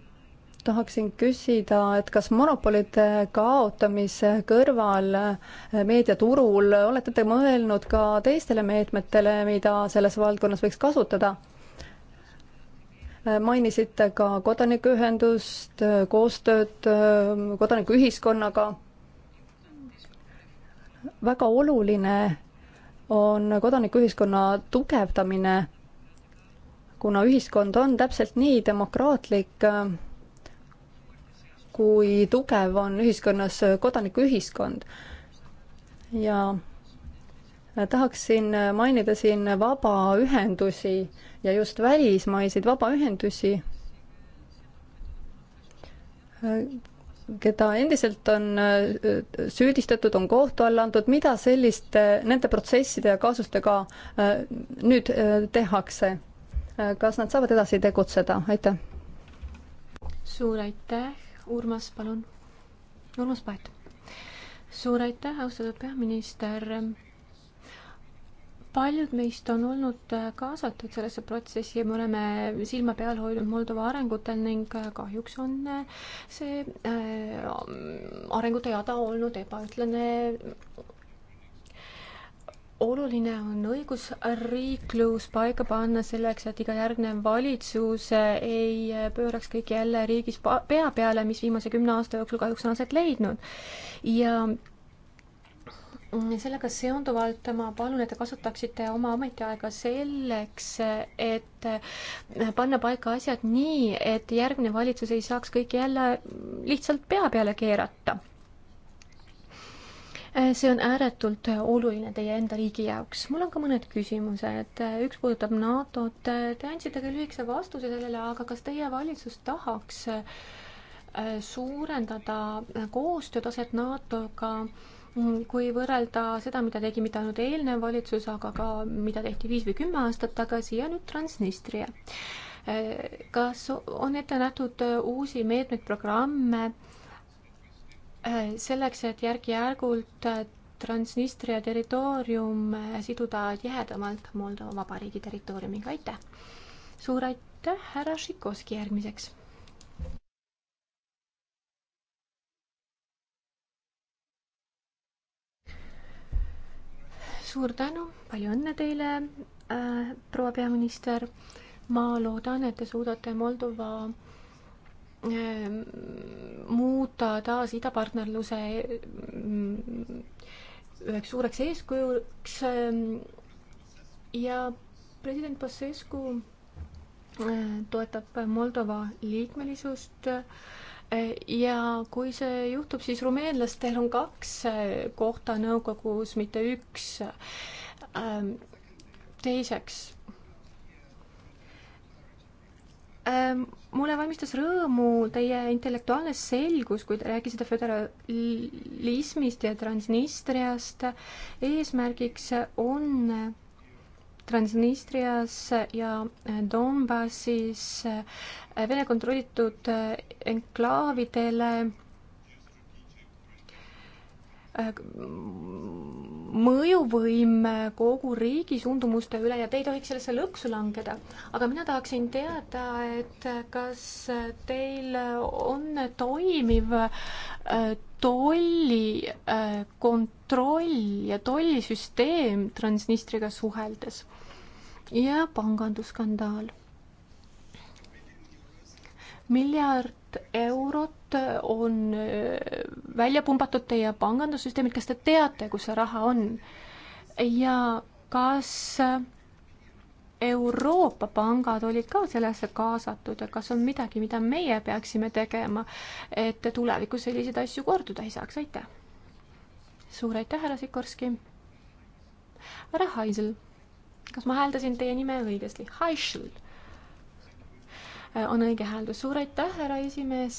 C: tahaksin küsida, et kas monopolide kaotamise kõrval äh, meediaturul olete te mõelnud ka teistele meetmetele, mida selles valdkonnas võiks kasutada? mainisite ka kodanikuühendust, koostööd ähm, kodanikuühiskonnaga. väga oluline on kodanikuühiskonna tugevdamine, kuna ühiskond on täpselt nii demokraatlik, ähm, kui tugev on ühiskonnas kodanikuühiskond ja tahaksin mainida siin vabaühendusi ja just välismaiseid vabaühendusi, keda endiselt on äh, süüdistatud, on kohtu alla antud, mida selliste, nende protsesside ja kaasustega äh, nüüd äh, tehakse? kas nad saavad edasi tegutseda, aitäh!
B: suur aitäh, Urmas, palun! Urmas Paet. suur aitäh, austatud peaminister paljud meist on olnud äh, kaasatud sellesse protsessi ja me oleme silma peal hoidnud Moldova arengutel ning äh, kahjuks on äh, see arengute jada olnud ebaühtlane. oluline on õigusriiklus paika panna selleks, et iga järgnev valitsus ei pööraks kõik jälle riigis pea peale, mis viimase kümne aasta jooksul kahjuks on aset leidnud ja sellega seonduvalt ma palun, et te kasutaksite oma ametiaega selleks, et panna paika asjad nii, et järgmine valitsus ei saaks kõiki jälle lihtsalt pea peale keerata. see on ääretult oluline teie enda riigi jaoks. mul on ka mõned küsimused, üks puudutab NATO-t, te andsite küll lühikese vastuse sellele, aga kas teie valitsus tahaks suurendada koostöötaset NATO-ga ka Mm, kui võrrelda seda, mida tegi mitte ainult eelnev valitsus, aga ka mida tehti viis või kümme aastat tagasi ja nüüd Transnistria. Eh, kas on ette nähtud eh, uusi meetmeid, programme eh, selleks, et järk-järgult Transnistria territoorium siduda tihedamalt Moldova Vabariigi territooriumiga, aitäh! suur aitäh, härra Šikovski järgmiseks! suur tänu, palju õnne teile äh,, proua peaminister. ma loodan, et te suudate Moldova äh, muuta taas idapartnerluse äh, üheks suureks eeskujuks äh, ja president Basescu äh, toetab Moldova liikmelisust äh, ja kui see juhtub, siis rumeenlastel on kaks äh, kohta nõukogus, mitte üks. Ähm, teiseks ähm, mulle valmistas rõõmu teie intellektuaalne selgus, kui te rääkisite föderalismist ja Transnistriast. eesmärgiks on Transnistrias ja Donbassis eh, Vene kontrollitud eh, enklaavidele eh, mõjuvõim kogu riigi suundumuste üle ja te ei tohiks sellesse lõksu langeda. aga mina tahaksin teada, et kas teil on toimiv tollikontroll ja tollisüsteem Transnistriga suheldes? ja pangandusskandaal. miljard eurot on äh, välja pumbatud teie pangandussüsteemid, kas te teate, kus see raha on? ja kas äh, Euroopa pangad olid ka sellesse kaasatud ja kas on midagi, mida meie peaksime tegema, et tulevikus selliseid asju korduda ei saaks, aitäh! suur aitäh, härra Sikorski! härra Haisel kas ma hääldasin teie nime õigesti? Heischl on õige hääldus. suur aitäh, härra esimees.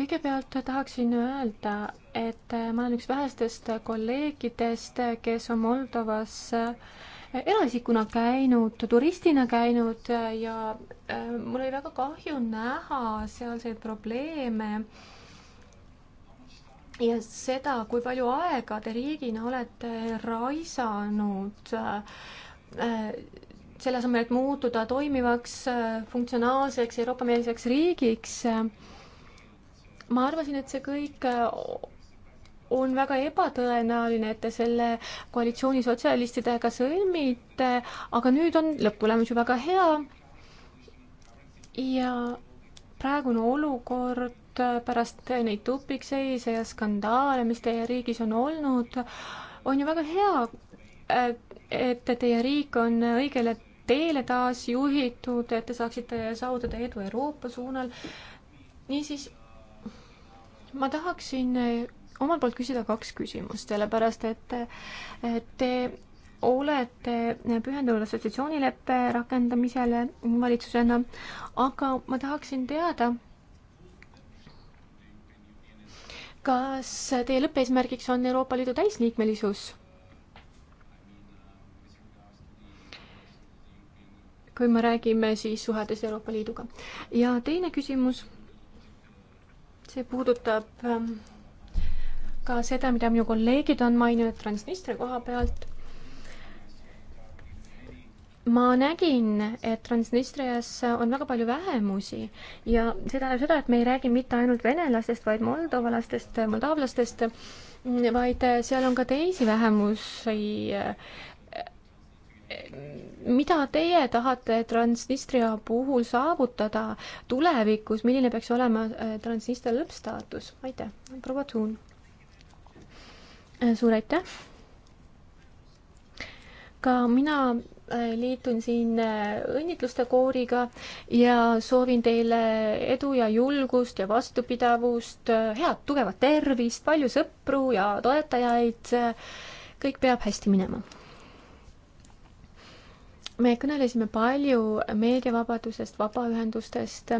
B: kõigepealt tahaksin öelda, et ma olen üks vähestest kolleegidest, kes on Moldovas eraisikuna käinud, turistina käinud ja äh, mul oli väga kahju näha sealseid probleeme ja seda, kui palju aega te riigina olete raisanud äh, selle asemel, et muutuda toimivaks, äh, funktsionaalseks, Euroopa-meelseks riigiks. Äh, ma arvasin, et see kõik on väga ebatõenäoline, et te selle koalitsiooni sotsialistidega sõlmite, aga nüüd on lõpptulemus ju väga hea. ja praegune olukord olnud äh, pärast neid tupikseise ja skandaale, mis teie riigis on olnud, on ju väga hea, äh, et teie riik on õigele teele taas juhitud, et te saaksite saavutada edu Euroopa suunal. niisiis, ma tahaksin äh, omalt poolt küsida kaks küsimust, sellepärast et te olete pühendunud assotsiatsioonileppe rakendamisele valitsusena, aga ma tahaksin teada, kas teie lõppeesmärgiks on Euroopa Liidu täisliikmelisus? kui me räägime siis suhetes Euroopa Liiduga. ja teine küsimus, see puudutab ähm, ka seda, mida minu kolleegid on maininud Transnistria koha pealt ma nägin, et Transnistrias on väga palju vähemusi ja see tähendab seda, et me ei räägi mitte ainult venelastest, vaid moldovalastest, moldaavlastest, vaid seal on ka teisi vähemusi. mida teie tahate Transnistria puhul saavutada tulevikus, milline peaks olema äh, Transnistria lõppstaatus? aitäh, proua Tuun. Äh, suur aitäh. ka mina Äh, liitun siin äh, õnnitluste kooriga ja soovin teile edu ja julgust ja vastupidavust, äh, head tugevat tervist, palju sõpru ja toetajaid. kõik peab hästi minema. me kõnelesime palju meediavabadusest, vabaühendustest.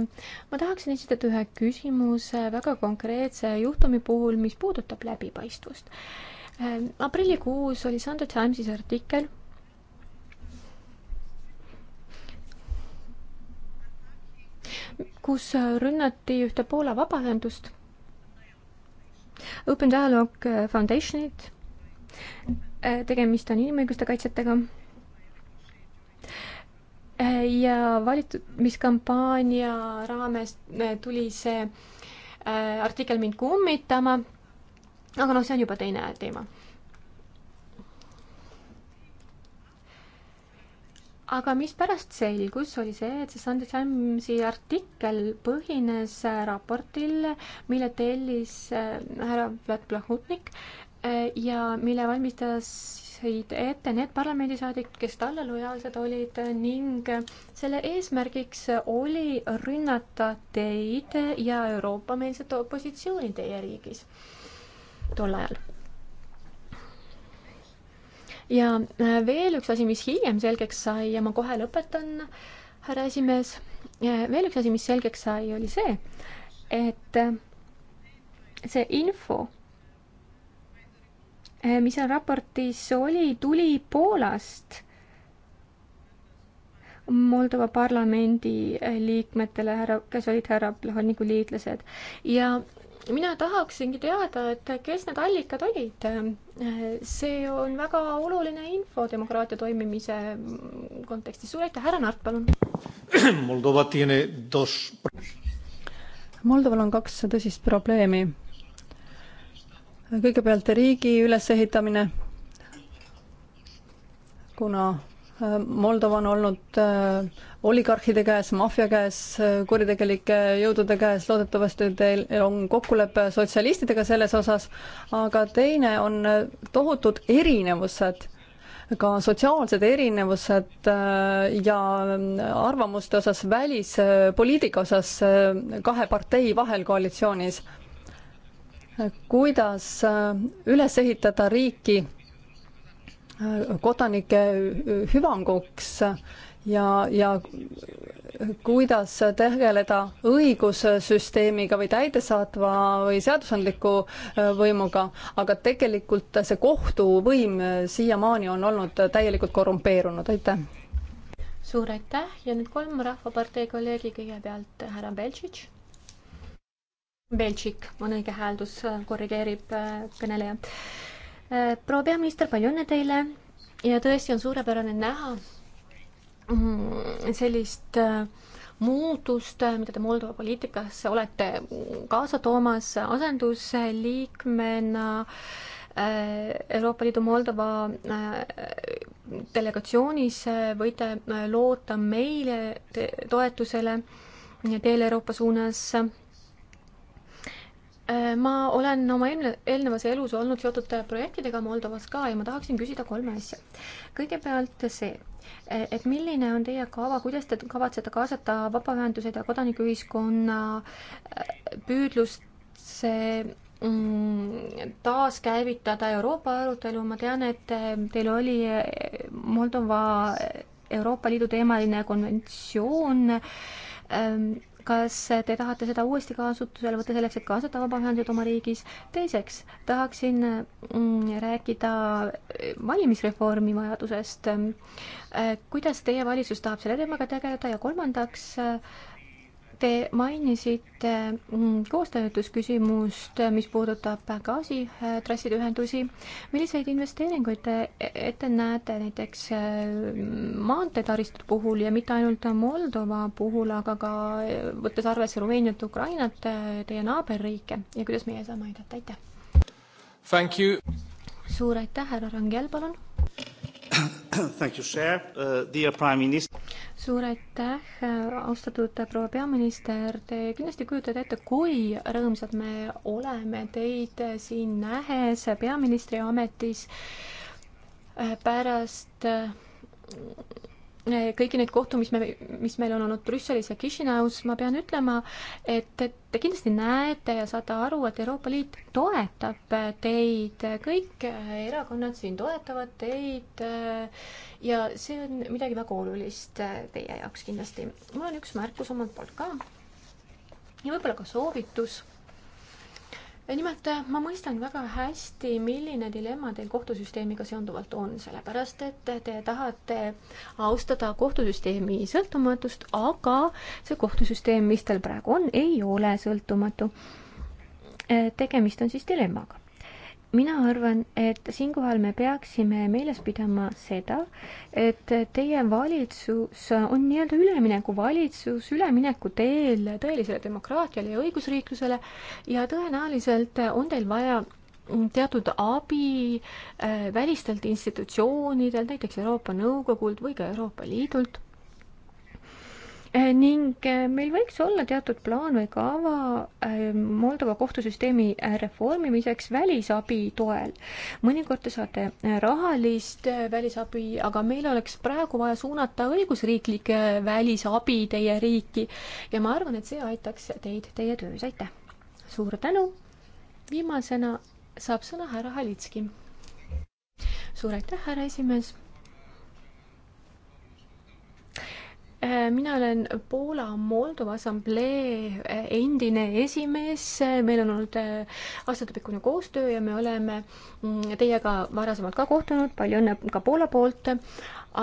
B: ma tahaksin esitada ühe küsimuse väga konkreetse juhtumi puhul, mis puudutab läbipaistvust aprillikuus oli Sunday Timesis artikkel kus rünnati ühte Poola vabaühendust, Open Dialog Foundationit, tegemist on inimõiguste kaitsjatega, ja valitumiskampaania raames eh, tuli see eh, artikkel mind kummitama, aga noh, see on juba teine teema aga mispärast selgus, oli see, et see Sunday Timesi artikkel põhines raportil, mille tellis äh, härra Vlad-Plahutnik äh, ja mille valmistasid ette need parlamendisaadikud, kes talle lojaalsed olid ning selle eesmärgiks oli rünnata teid ja Euroopa-meelset opositsiooni teie riigis tol ajal ja äh, veel üks asi, mis hiljem selgeks sai ja ma kohe lõpetan, härra esimees, veel üks asi, mis selgeks sai, oli see, et äh, see info, äh, mis seal raportis oli, tuli Poolast Moldova parlamendi liikmetele, härra, kes olid härra Plahoniku liitlased ja mina tahaksingi teada, et kes need allikad olid. see on väga oluline info demokraatia toimimise
C: kontekstis. suur aitäh, härra Nart, palun.
A: Moldova tiene dos.
C: Moldoval on kaks tõsist probleemi. kõigepealt riigi ülesehitamine, kuna Moldova on olnud äh, oligarhide käes, maffia käes, äh, kuritegelike jõudude käes, loodetavasti teil on kokkulepe sotsialistidega selles osas, aga teine on äh, tohutud erinevused, ka sotsiaalsed erinevused ja arvamuste osas, välispoliitika osas kahe partei vahel koalitsioonis. kuidas üles ehitada riiki, kodanike hüvanguks ja, ja kuidas tegeleda õigussüsteemiga või täidesaatva või seadusandliku võimuga, aga tegelikult see kohtuvõim siiamaani on olnud täielikult korrumpeerunud, aitäh!
B: suur aitäh ja nüüd kolm Rahvapartei kolleegi, kõigepealt härra Beltšitš. Beltšik on õige hääldus, korrigeerib äh, kõneleja Eh, proua peaminister, palju õnne teile ja tõesti on suurepärane näha mm, sellist eh, muutust, eh, mida te Moldova poliitikasse olete kaasa toomas asendusliikmena Euroopa Liidu Moldova delegatsioonis võite loota meile toetusele teel Euroopa suunas Äh, ma olen oma eelne, eelnevas elus olnud seotud äh, projektidega Moldovas ka ja ma tahaksin küsida kolme asja. kõigepealt see, äh, et milline on teie kava, kuidas te kavatsete kaasata vabaühendused ja kodanikuühiskonna püüdlusse mm, taaskäivitada Euroopa arutelu, ma tean, et teil oli Moldova Euroopa Liidu teemaline konventsioon ähm, kas te tahate seda uuesti kasutusele võtta selleks, et kaasata vabaühendused oma riigis? teiseks tahaksin mm, rääkida eh, valimisreformi vajadusest. Eh, kuidas teie valitsus tahab selle teemaga tegeleda ja kolmandaks äh, Te mainisite mm, koostööõnnetusküsimust, mis puudutab gaasitrasside ühendusi. milliseid investeeringuid te e-, ette näete näiteks mm, maanteetaristute puhul ja mitte ainult Moldova puhul, aga ka võttes arvesse Rumeeniat, Ukrainat, teie naaberriike ja kuidas meie saame aidata,
A: aitäh!
B: suur aitäh, härra Rangel, palun!
A: Thank you, Chair uh,, dear Prime Minister
B: suur aitäh, austatud proua peaminister, te kindlasti kujutate ette, kui rõõmsad me oleme teid siin nähes peaministri ametis pärast kõiki neid kohtumisi, mis meil on olnud Brüsselis ja Kišineus, ma pean ütlema, et te kindlasti näete ja saate aru, et Euroopa Liit toetab teid, kõik äh, erakonnad siin toetavad teid äh, ja see on midagi väga olulist äh, teie jaoks kindlasti. mul on üks märkus omalt poolt ka ja võib-olla ka soovitus nimelt äh, ma mõistan väga hästi, milline dilemma teil kohtusüsteemiga seonduvalt on, sellepärast et te tahate austada kohtusüsteemi sõltumatust, aga see kohtusüsteem, mis teil praegu on, ei ole sõltumatu. Äh, tegemist on siis dilemmaga mina arvan, et siinkohal me peaksime meeles pidama seda, et teie valitsus on nii-öelda üleminekuvalitsus, ülemineku teel tõelisele demokraatiale ja õigusriiklusele ja tõenäoliselt on teil vaja teatud abi äh, välistelt institutsioonidelt, näiteks Euroopa Nõukogult või ka Euroopa Liidult Äh, ning äh, meil võiks olla teatud plaan või kava äh, Moldova kohtusüsteemi reformimiseks välisabi toel. mõnikord te saate rahalist välisabi, aga meil oleks praegu vaja suunata õigusriiklik välisabi teie riiki ja ma arvan, et see aitaks teid teie töös, aitäh! suur tänu! viimasena saab sõna härra Halitski. suur aitäh, härra esimees! Äh, mina olen Poola Moldova Assamblee äh, endine esimees, meil on olnud äh, aastatepikkune koostöö ja me oleme mm, teiega varasemalt ka kohtunud, palju õnne ka Poola poolt,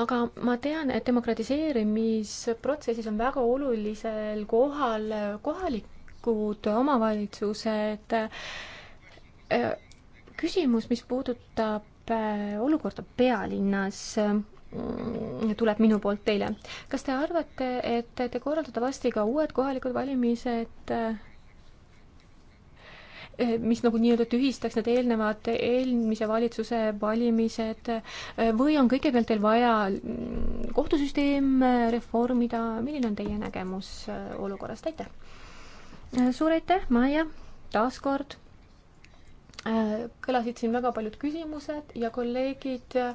B: aga ma tean, et demokratiseerimisprotsessis on väga olulisel kohal kohalikud omavalitsused. küsimus, mis puudutab olukorda pealinnas Mm, tuleb minu poolt teile. kas te arvate, et te korraldatavasti ka uued kohalikud valimised eh, eh, mis nagu nii-öelda tühistaks need eelnevad, eelmise valitsuse valimised eh, või on kõigepealt teil vaja mm, kohtusüsteem reformida, milline on teie nägemus olukorrast, aitäh! suur aitäh, Maia, taas kord! kõlasid siin väga paljud küsimused ja kolleegid äh,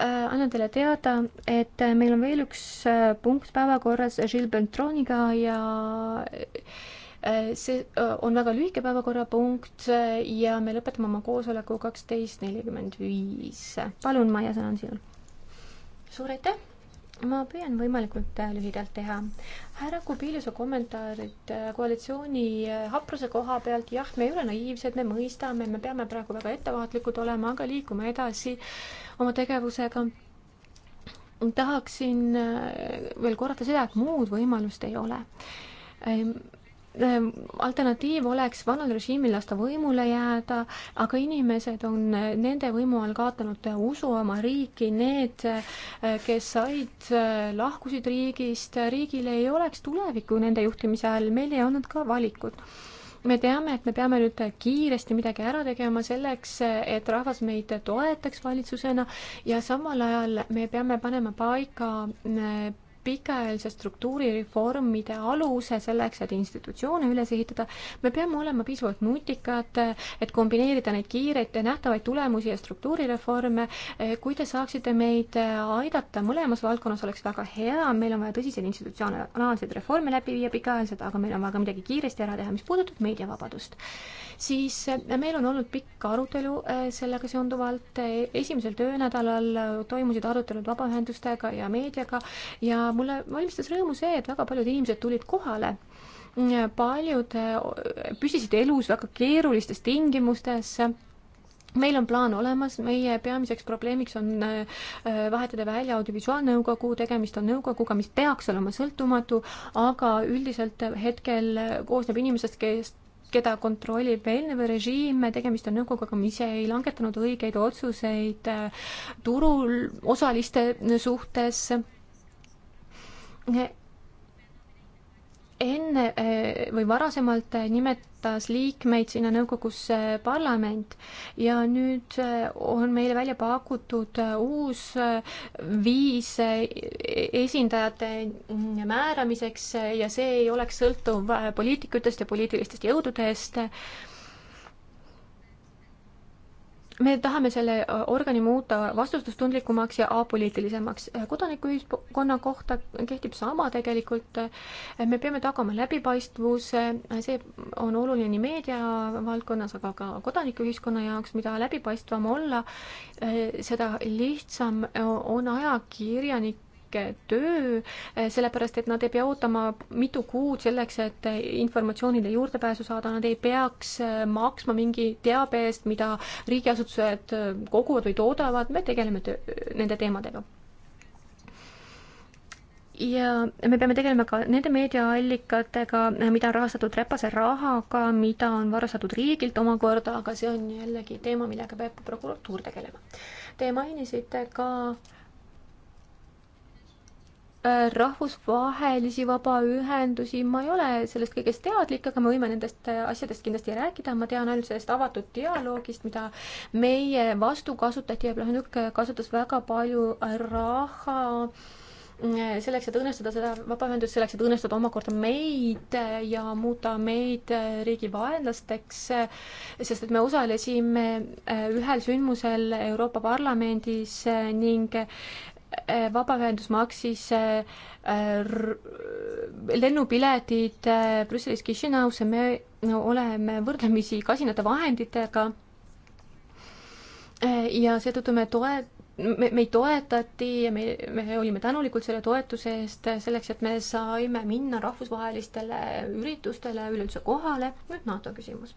B: Äh, annan teile teada, et äh, meil on veel üks äh, punkt päevakorras Gilles Beltroniga ja see on väga lühike päevakorrapunkt ja me lõpetame oma koosoleku kaksteist nelikümmend viis. palun, Maia, sõna on sinul. suur aitäh! ma püüan võimalikult lühidalt teha. härra Kubiliuse kommentaarid koalitsiooni hapruse koha pealt, jah, me ei ole naiivsed, me mõistame, me peame praegu väga ettevaatlikud olema, aga liikume edasi oma tegevusega. tahaksin äh, veel korrata seda, et muud võimalust ei ole ehm, ehm, alternatiiv oleks vanal režiimil lasta võimule jääda, aga inimesed on äh, nende võimu all kaotanud äh, usu oma riiki, need, kes said, lahkusid riigist, riigil ei oleks tulevikku nende juhtimise all, meil ei olnud ka valikut me teame, et me peame nüüd kiiresti midagi ära tegema selleks, et rahvas meid toetaks valitsusena ja samal ajal me peame panema paika äh, pikaajalise struktuurireformide aluse selleks, et institutsioone üles ehitada. me peame olema piisavalt nutikad, et kombineerida neid kiireid ja nähtavaid tulemusi ja struktuurireforme. kui te saaksite meid aidata mõlemas valdkonnas, oleks väga hea, meil on vaja tõsiseid institutsionaalseid reforme läbi viia pikaajaliselt, aga meil on vaja ka midagi kiiresti ära teha, mis puudutab meediavabadust. siis äh, meil on olnud pikk arutelu äh, sellega seonduvalt, esimesel töönädalal toimusid arutelud vabaühendustega ja meediaga ja mulle valmistas rõõmu see, et väga paljud inimesed tulid kohale. paljud eh, püsisid elus väga keerulistes tingimustes meil on plaan olemas, meie peamiseks probleemiks on eh, vahetada välja audiovisuaalnõukogu, tegemist on nõukoguga, mis peaks olema sõltumatu, aga üldiselt hetkel koosneb inimesest, kes keda kontrollib eelnev režiim, tegemist on nõukoguga, mis ei langetanud õigeid otsuseid eh, turul osaliste suhtes enne eh, või varasemalt nimetas liikmeid sinna nõukogusse parlament ja nüüd eh, on meile välja pakutud eh, uus viis esindajate mm, määramiseks ja see ei oleks sõltuv poliitikutest ja poliitilistest jõududest me tahame selle organi muuta vastutustundlikumaks ja apoliitilisemaks. kodanikuühiskonna kohta kehtib sama tegelikult. me peame tagama läbipaistvuse, see on oluline nii meediavaldkonnas, aga ka kodanikuühiskonna jaoks, mida läbipaistvam olla, seda lihtsam on ajakirjanik pikk töö, eh, sellepärast et nad ei pea ootama mitu kuud selleks, et informatsioonile juurdepääsu saada, nad ei peaks eh, maksma mingi teabe eest, mida riigiasutused eh, koguvad või toodavad, me tegeleme töö, nende teemadega ja me peame tegelema ka nende meediaallikatega, mida on rahastatud räpase rahaga, mida on varastatud riigilt omakorda, aga see on jällegi teema, millega peab prokuratuur tegelema. Te mainisite ka äh, rahvusvahelisi vabaühendusi, ma ei ole sellest kõigest teadlik, aga me võime nendest äh, asjadest kindlasti rääkida, ma tean ainult sellest avatud dialoogist, mida meie vastu kasutati ja Plahnuk kasutas väga palju raha äh, selleks, et õnnestuda seda vabaühendust, selleks, et õnnestuda omakorda meid äh, ja muuta meid riigi vaenlasteks, sest et me osalesime ühel sündmusel Euroopa Parlamendis ning Äh, vabaühendus maksis äh, äh, lennupiletid Brüsselis Kišinausse, me oleme võrdlemisi kasinate vahenditega ja seetõttu me toe-, me, meid toetati ja me, me olime tänulikud selle toetuse eest, selleks et me saime minna rahvusvahelistele üritustele üleüldse kohale, nüüd NATO küsimus.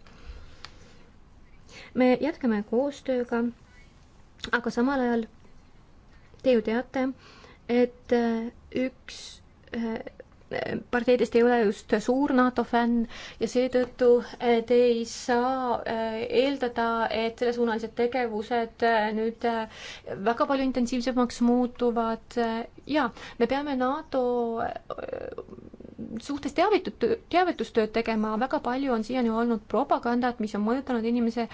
B: me jätkame koostööga, aga samal ajal Te ju teate, et äh, üks äh, parteidest ei ole just suur NATO fänn ja seetõttu äh, te ei saa eeldada, et sellesuunalised tegevused nüüd väga palju intensiivsemaks muutuvad. jaa, me peame NATO suhtes teavitud, teavitustööd tegema, väga palju on siiani olnud propagandat, mis on mõjutanud inimese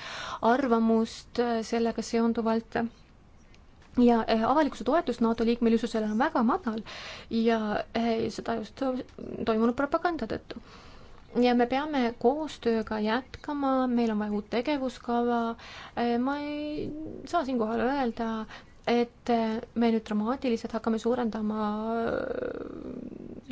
B: arvamust sellega seonduvalt ja eh, avalikkuse toetus NATO liikmelisusele on väga madal ja eh, seda just toimunud propaganda tõttu. ja me peame koostööga jätkama, meil on vaja uut tegevuskava, eh, ma ei saa siinkohal öelda, et me nüüd dramaatiliselt hakkame suurendama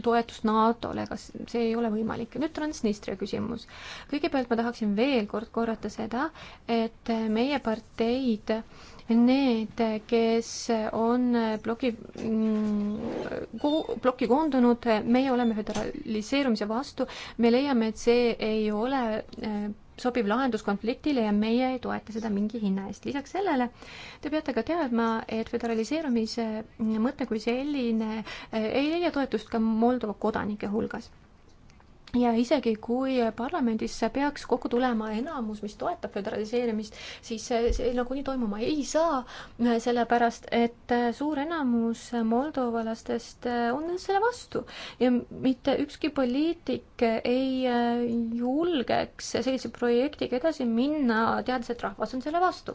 B: toetust NATO-le, kas see ei ole võimalik? nüüd Transnistria küsimus. kõigepealt ma tahaksin veel kord korrata seda, et meie parteid äh, Need, kes on ploki, mm, plokki koondunud, meie oleme föderaliseerumise vastu, me leiame, et see ei ole äh, sobiv lahendus konfliktile ja meie ei toeta seda mingi hinna eest. lisaks sellele te peate ka teadma, et föderaliseerumise mõte kui selline äh, ei leia toetust ka Moldova kodanike hulgas ja isegi, kui parlamendis peaks kokku tulema enamus, mis toetab föderaliseerimist, siis see nagunii toimuma ei saa, sellepärast et suur enamus moldovalastest on selle vastu. ja mitte ükski poliitik ei julgeks sellise projektiga edasi minna, teades, et rahvas on selle vastu.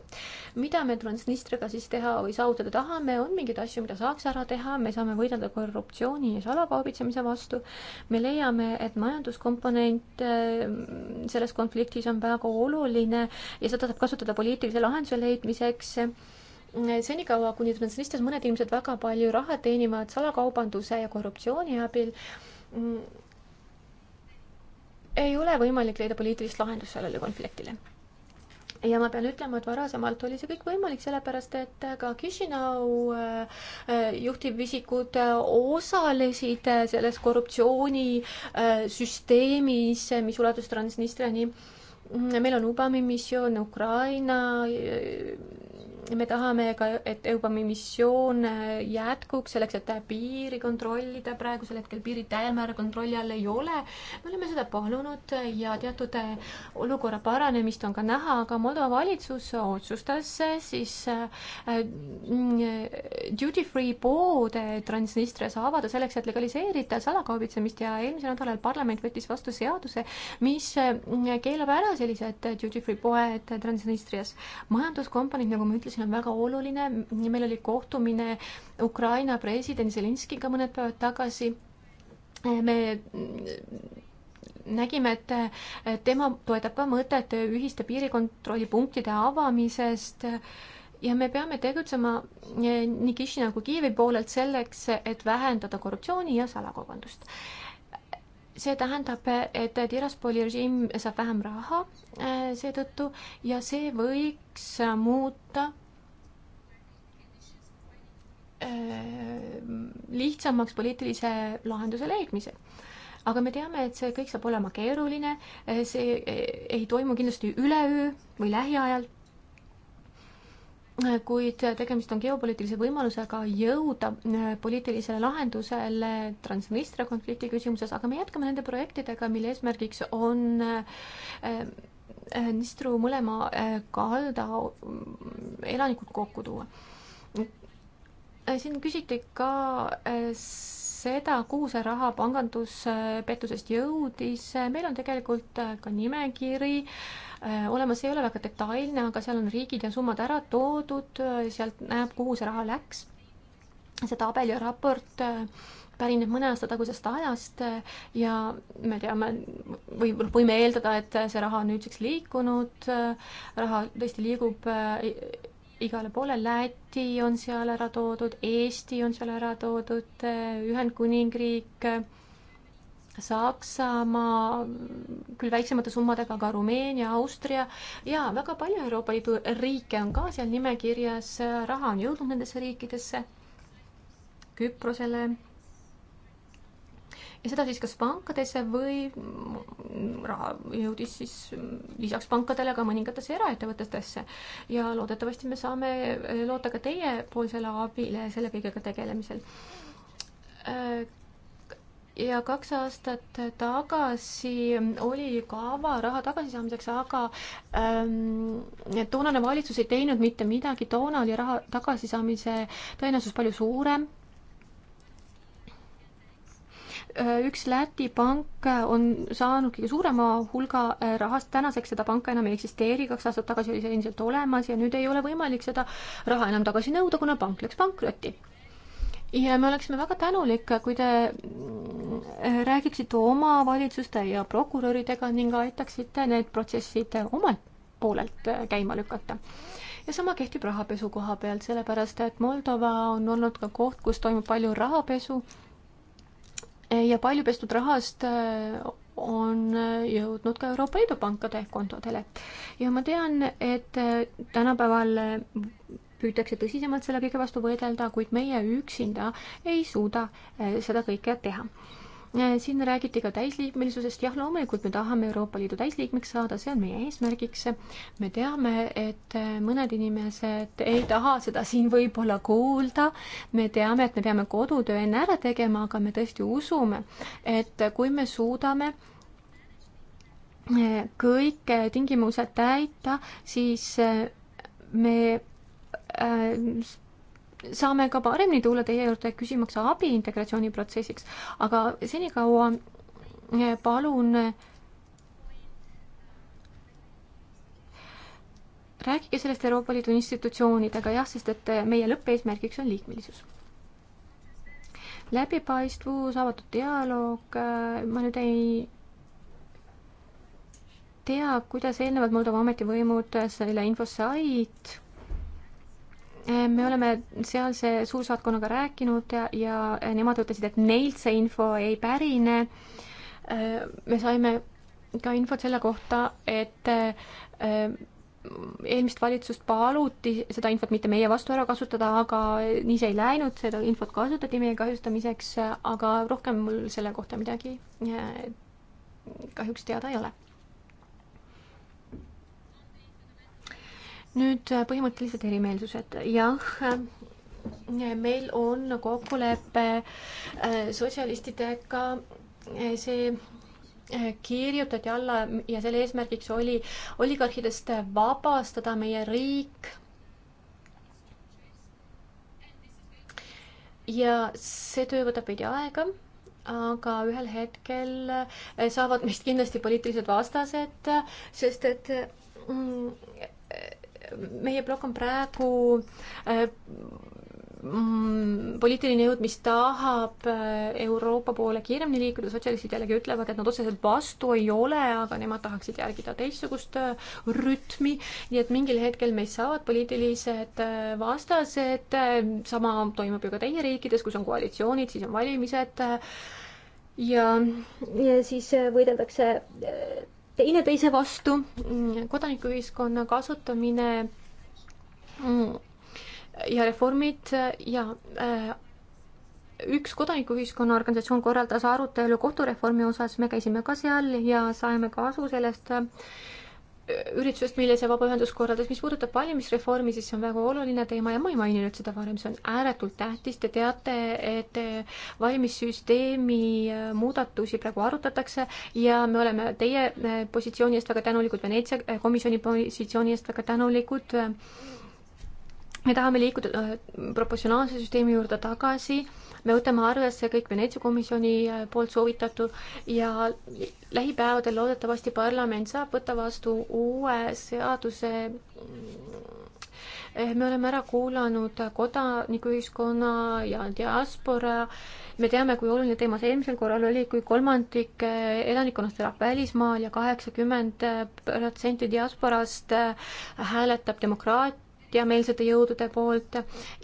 B: mida me Transnistriaga siis teha või saavutada tahame, on mingeid asju, mida saaks ära teha, me saame võidelda korruptsiooni ja salakaubitsemise vastu, me leiame, et majandus majanduskomponent ehm, selles konfliktis on väga oluline ja seda saab kasutada poliitilise lahenduse leidmiseks senikaua, kuni Transnistrias mõned inimesed väga palju raha teenivad salakaubanduse ja korruptsiooni abil, mm, ei ole võimalik leida poliitilist lahendust sellele konfliktile ja ma pean ütlema, et varasemalt oli see kõik võimalik, sellepärast et ka Kišinau äh, äh, juhtivisikud äh, osalesid selles korruptsioonisüsteemis, mis ulatus Transnistriani. Mm, meil on Ubami missioon Ukraina me tahame ka, et EUBAM-i missioon äh, jätkuks selleks, et piiri kontrollida, praegusel hetkel piiri täiemäära kontrolli all ei ole. me oleme seda palunud ja teatud äh, olukorra paranemist on ka näha, aga Moldova valitsus otsustas äh, siis mm, duty free poode Transnistrias avada selleks, et legaliseerida salakaubitsemist ja eelmisel nädalal parlament võttis vastu seaduse, mis keelab ära sellised duty free poed Transnistrias. majanduskompaniid, nagu ma ütlesin, see on väga oluline. meil oli kohtumine Ukraina presidendi Zelinskiga mõned päevad tagasi. me nägime, et tema toetab ka mõtet ühiste piirikontrollipunktide avamisest ja me peame tegutsema eh, nii Kišina nagu kui Kiievi poolelt selleks, et vähendada korruptsiooni ja salakaubandust see tähendab, et Tiraspoli režiim saab vähem raha eh, seetõttu ja see võiks muuta Äh, lihtsamaks poliitilise lahenduse leidmise aga me teame, et see kõik saab olema keeruline, äh, see äh, ei toimu kindlasti üleöö või lähiajal. kuid tegemist on geopoliitilise võimalusega jõuda poliitilisele lahendusele Transnistria konflikti küsimuses, aga me jätkame nende projektidega, mille eesmärgiks on Nistru mõlema kalda elanikud kokku tuua Äh, siin küsiti ka äh, seda, kuhu see raha panganduspettusest jõudis. Äh, meil on tegelikult ka nimekiri olemas, ei ole väga detailne, aga seal on riigid ja summad ära toodud, sealt näeb, kuhu see raha läks. see tabel ja raport pärineb mõne aasta tagusest ajast ja me teame või noh, võime eeldada, et see raha on nüüdseks liikunud, raha tõesti liigub igale poole, Läti on seal ära toodud, Eesti on seal ära toodud, Ühendkuningriik, Saksamaa, küll väiksemate summadega, aga Rumeenia, Austria ja väga palju Euroopa Liidu riike on ka seal nimekirjas, raha on jõudnud nendesse riikidesse, Küprosele ja seda siis kas pankadesse või raha jõudis siis lisaks pankadele ka mõningatesse eraettevõtetesse. ja loodetavasti me saame eh, loota ka teiepoolsele abile selle kõigega tegelemisel äh, ja kaks aastat tagasi oli kava raha tagasisaamiseks, aga ähm, toonane valitsus ei teinud mitte midagi, toona oli raha tagasisaamise tõenäosus palju suurem Äh, üks Läti pank äh, on saanud kõige suurema hulga äh, rahast, tänaseks seda panka enam ei eksisteeri, kaks aastat tagasi oli see endiselt olemas ja nüüd ei ole võimalik seda raha enam tagasi nõuda, kuna pank läks pankrotti. ja me oleksime väga tänulik, kui te räägiksite oma valitsuste ja prokuröridega ning aitaksite need protsessid omalt poolelt käima lükata ja sama kehtib rahapesu koha pealt, sellepärast et Moldova on olnud ka koht, kus toimub palju rahapesu ja palju pestud rahast äh, on äh, jõudnud ka Euroopa Liidu pankade kontodele. ja ma tean, et äh, tänapäeval püütakse tõsisemalt selle kõige vastu võidelda, kuid meie üksinda ei suuda seda kõike teha Eh, siin räägiti ka täisliikmelisusest, jah, loomulikult me tahame Euroopa Liidu täisliikmeks saada, see on meie eesmärgiks. me teame, et eh, mõned inimesed ei taha seda siin võib-olla kuulda, me teame, et me peame kodutöö enne ära tegema, aga me tõesti usume, et kui me suudame eh, kõik tingimused täita, siis me saame ka paremini tulla teie juurde küsimaks abi integratsiooniprotsessiks, aga senikaua eh, palun rääkige sellest Euroopa Liidu institutsioonidega jah, sest et eh, meie lõppeesmärgiks on liikmelisus. läbipaistvus, avatud dialoog, eh, ma nüüd ei tea, kuidas eelnevalt Moldova ametivõimud selle info said me oleme sealse suursaatkonnaga rääkinud ja, ja nemad ütlesid, et neilt see info ei pärine. me saime ka infot selle kohta, et eh, eelmist valitsust paluti seda infot mitte meie vastu ära kasutada, aga nii see ei läinud, seda infot kasutati meie kahjustamiseks, aga rohkem mul selle kohta midagi eh, kahjuks teada ei ole nüüd äh, põhimõtteliselt erimeelsused, jah, äh, meil on kokkulepe äh, sotsialistidega, see kirjutati alla ja selle eesmärgiks oli oligarhidest vabastada meie riik. ja see töö võtab veidi aega aga ühel hetkel saavad meist kindlasti poliitilised vastased, sest et mm, meie plokk on praegu äh, mm, poliitiline jõud, mis tahab äh, Euroopa poole kiiremini liikuda, sotsialistid jällegi ütlevad, et nad otseselt vastu ei ole, aga nemad tahaksid järgida teistsugust äh, rütmi, nii et mingil hetkel meist saavad poliitilised äh, vastased, sama toimub ju ka teie riikides, kus on koalitsioonid, siis on valimised ja, ja siis võideldakse teine teise vastu, mm, kodanikuühiskonna kasutamine mm, ja reformid ja äh, üks kodanikuühiskonna organisatsioon korraldas arutelu kohtureformi osas, me käisime ka seal ja saime kasu sellest üritusest, mille see vabaühendus korraldas, mis puudutab valimisreformi, siis see on väga oluline teema ja ma ei maininud seda varem, see on ääretult tähtis, te teate, et valimissüsteemi äh, muudatusi praegu arutatakse ja me oleme teie äh, positsiooni eest väga tänulikud, Veneetsia äh, komisjoni positsiooni eest väga tänulikud. me tahame liikuda proportsionaalse süsteemi juurde tagasi me võtame arvesse kõik Veneetsia komisjoni äh, poolt soovitatu ja lähipäevadel loodetavasti parlament saab võtta vastu uue seaduse mm, eh, me oleme ära kuulanud kodanikuühiskonna ja diaspora. me teame, kui oluline teema see eelmisel korral oli, kui kolmandik eh, elanikkonnast elab välismaal ja kaheksakümmend äh, protsenti diasporast äh, hääletab demokraatia heameelsete jõudude poolt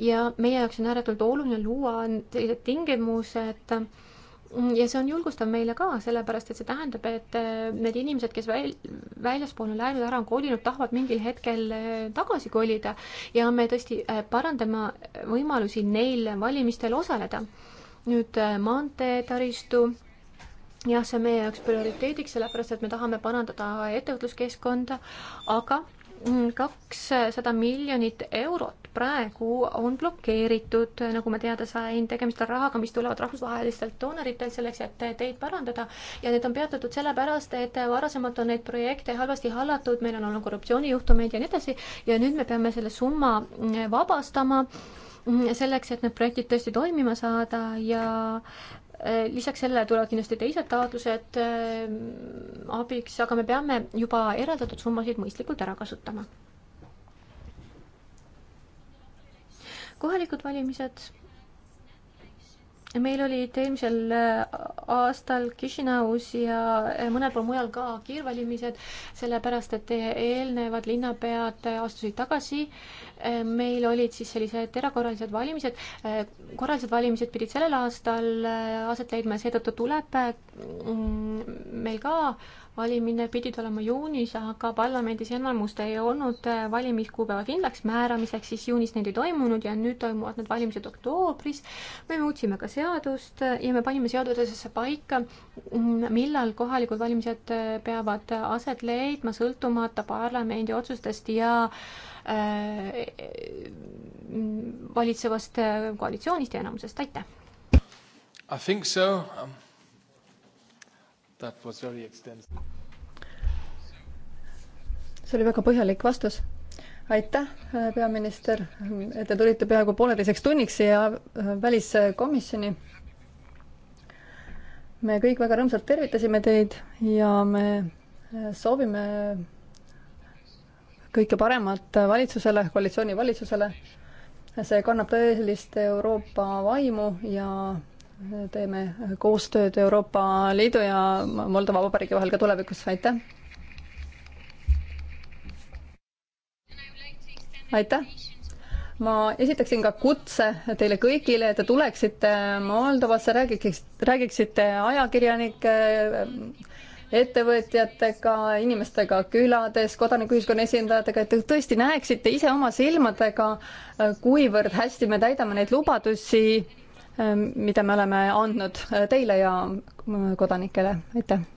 B: ja meie jaoks on ääretult oluline luua sellised tingimused, ja see on julgustav meile ka, sellepärast et see tähendab, et äh, need inimesed, kes väl-, väljaspool on läinud, ära on kolinud, tahavad mingil hetkel äh, tagasi kolida ja me tõesti äh, parandame võimalusi neil valimistel osaleda. nüüd maanteetaristu, jah, see on meie jaoks prioriteediks, sellepärast et me tahame parandada ettevõtluskeskkonda, aga kakssada miljonit eurot praegu on blokeeritud, nagu ma teada sain, tegemist on rahaga, mis tulevad rahvusvahelistelt doonoritelt selleks, et teid parandada ja need on peatatud sellepärast, et varasemalt on neid projekte halvasti hallatud, meil on olnud korruptsioonijuhtumeid ja nii edasi ja nüüd me peame selle summa vabastama selleks, et need projektid tõesti toimima saada ja Äh, lisaks sellele tulevad kindlasti teised taotlused äh, abiks, aga me peame juba eraldatud summasid mõistlikult ära kasutama. kohalikud valimised. meil olid eelmisel äh, aastal Kišinaus ja mõnel pool mujal ka kiirvalimised, sellepärast et eelnevad linnapead astusid tagasi äh, meil olid siis sellised erakorralised valimised, korralised valimised pidid sellel aastal äh, aset leidma ja seetõttu tuleb mm, meil ka valimine pidid olema juunis, aga parlamendis enamust ei olnud äh, valimiskuupäeva kindlaks määramiseks, siis juunis neid ei toimunud ja nüüd toimuvad need valimised oktoobris. me muutsime ka seadust äh, ja me panime seadusesse paika, mm, millal kohalikud valimised peavad aset leidma, sõltumata parlamendi otsustest ja äh, Äh, valitsevast äh, koalitsioonist ja enamusest, aitäh!
A: I think so um,. That was very extensive.
C: see oli väga põhjalik vastus aitäh, äh, peaminister, et te tulite peaaegu pooleteiseks tunniks siia väliskomisjoni. me kõik väga rõõmsalt tervitasime teid ja me soovime kõike paremat valitsusele, koalitsioonivalitsusele. see kannab tõelist Euroopa vaimu ja teeme koostööd Euroopa Liidu ja Moldova Vabariigi vahel ka tulevikus, aitäh! aitäh! ma esitaksin ka kutse teile kõigile, et te tuleksite Moldovasse, räägiks, räägiksite ajakirjanike äh, ettevõtjatega, inimestega külades, kodanikuühiskonna esindajatega, et te tõesti näeksite ise oma silmadega, äh, kuivõrd hästi me täidame neid lubadusi, äh, mida me oleme andnud äh, teile ja kodanikele, aitäh!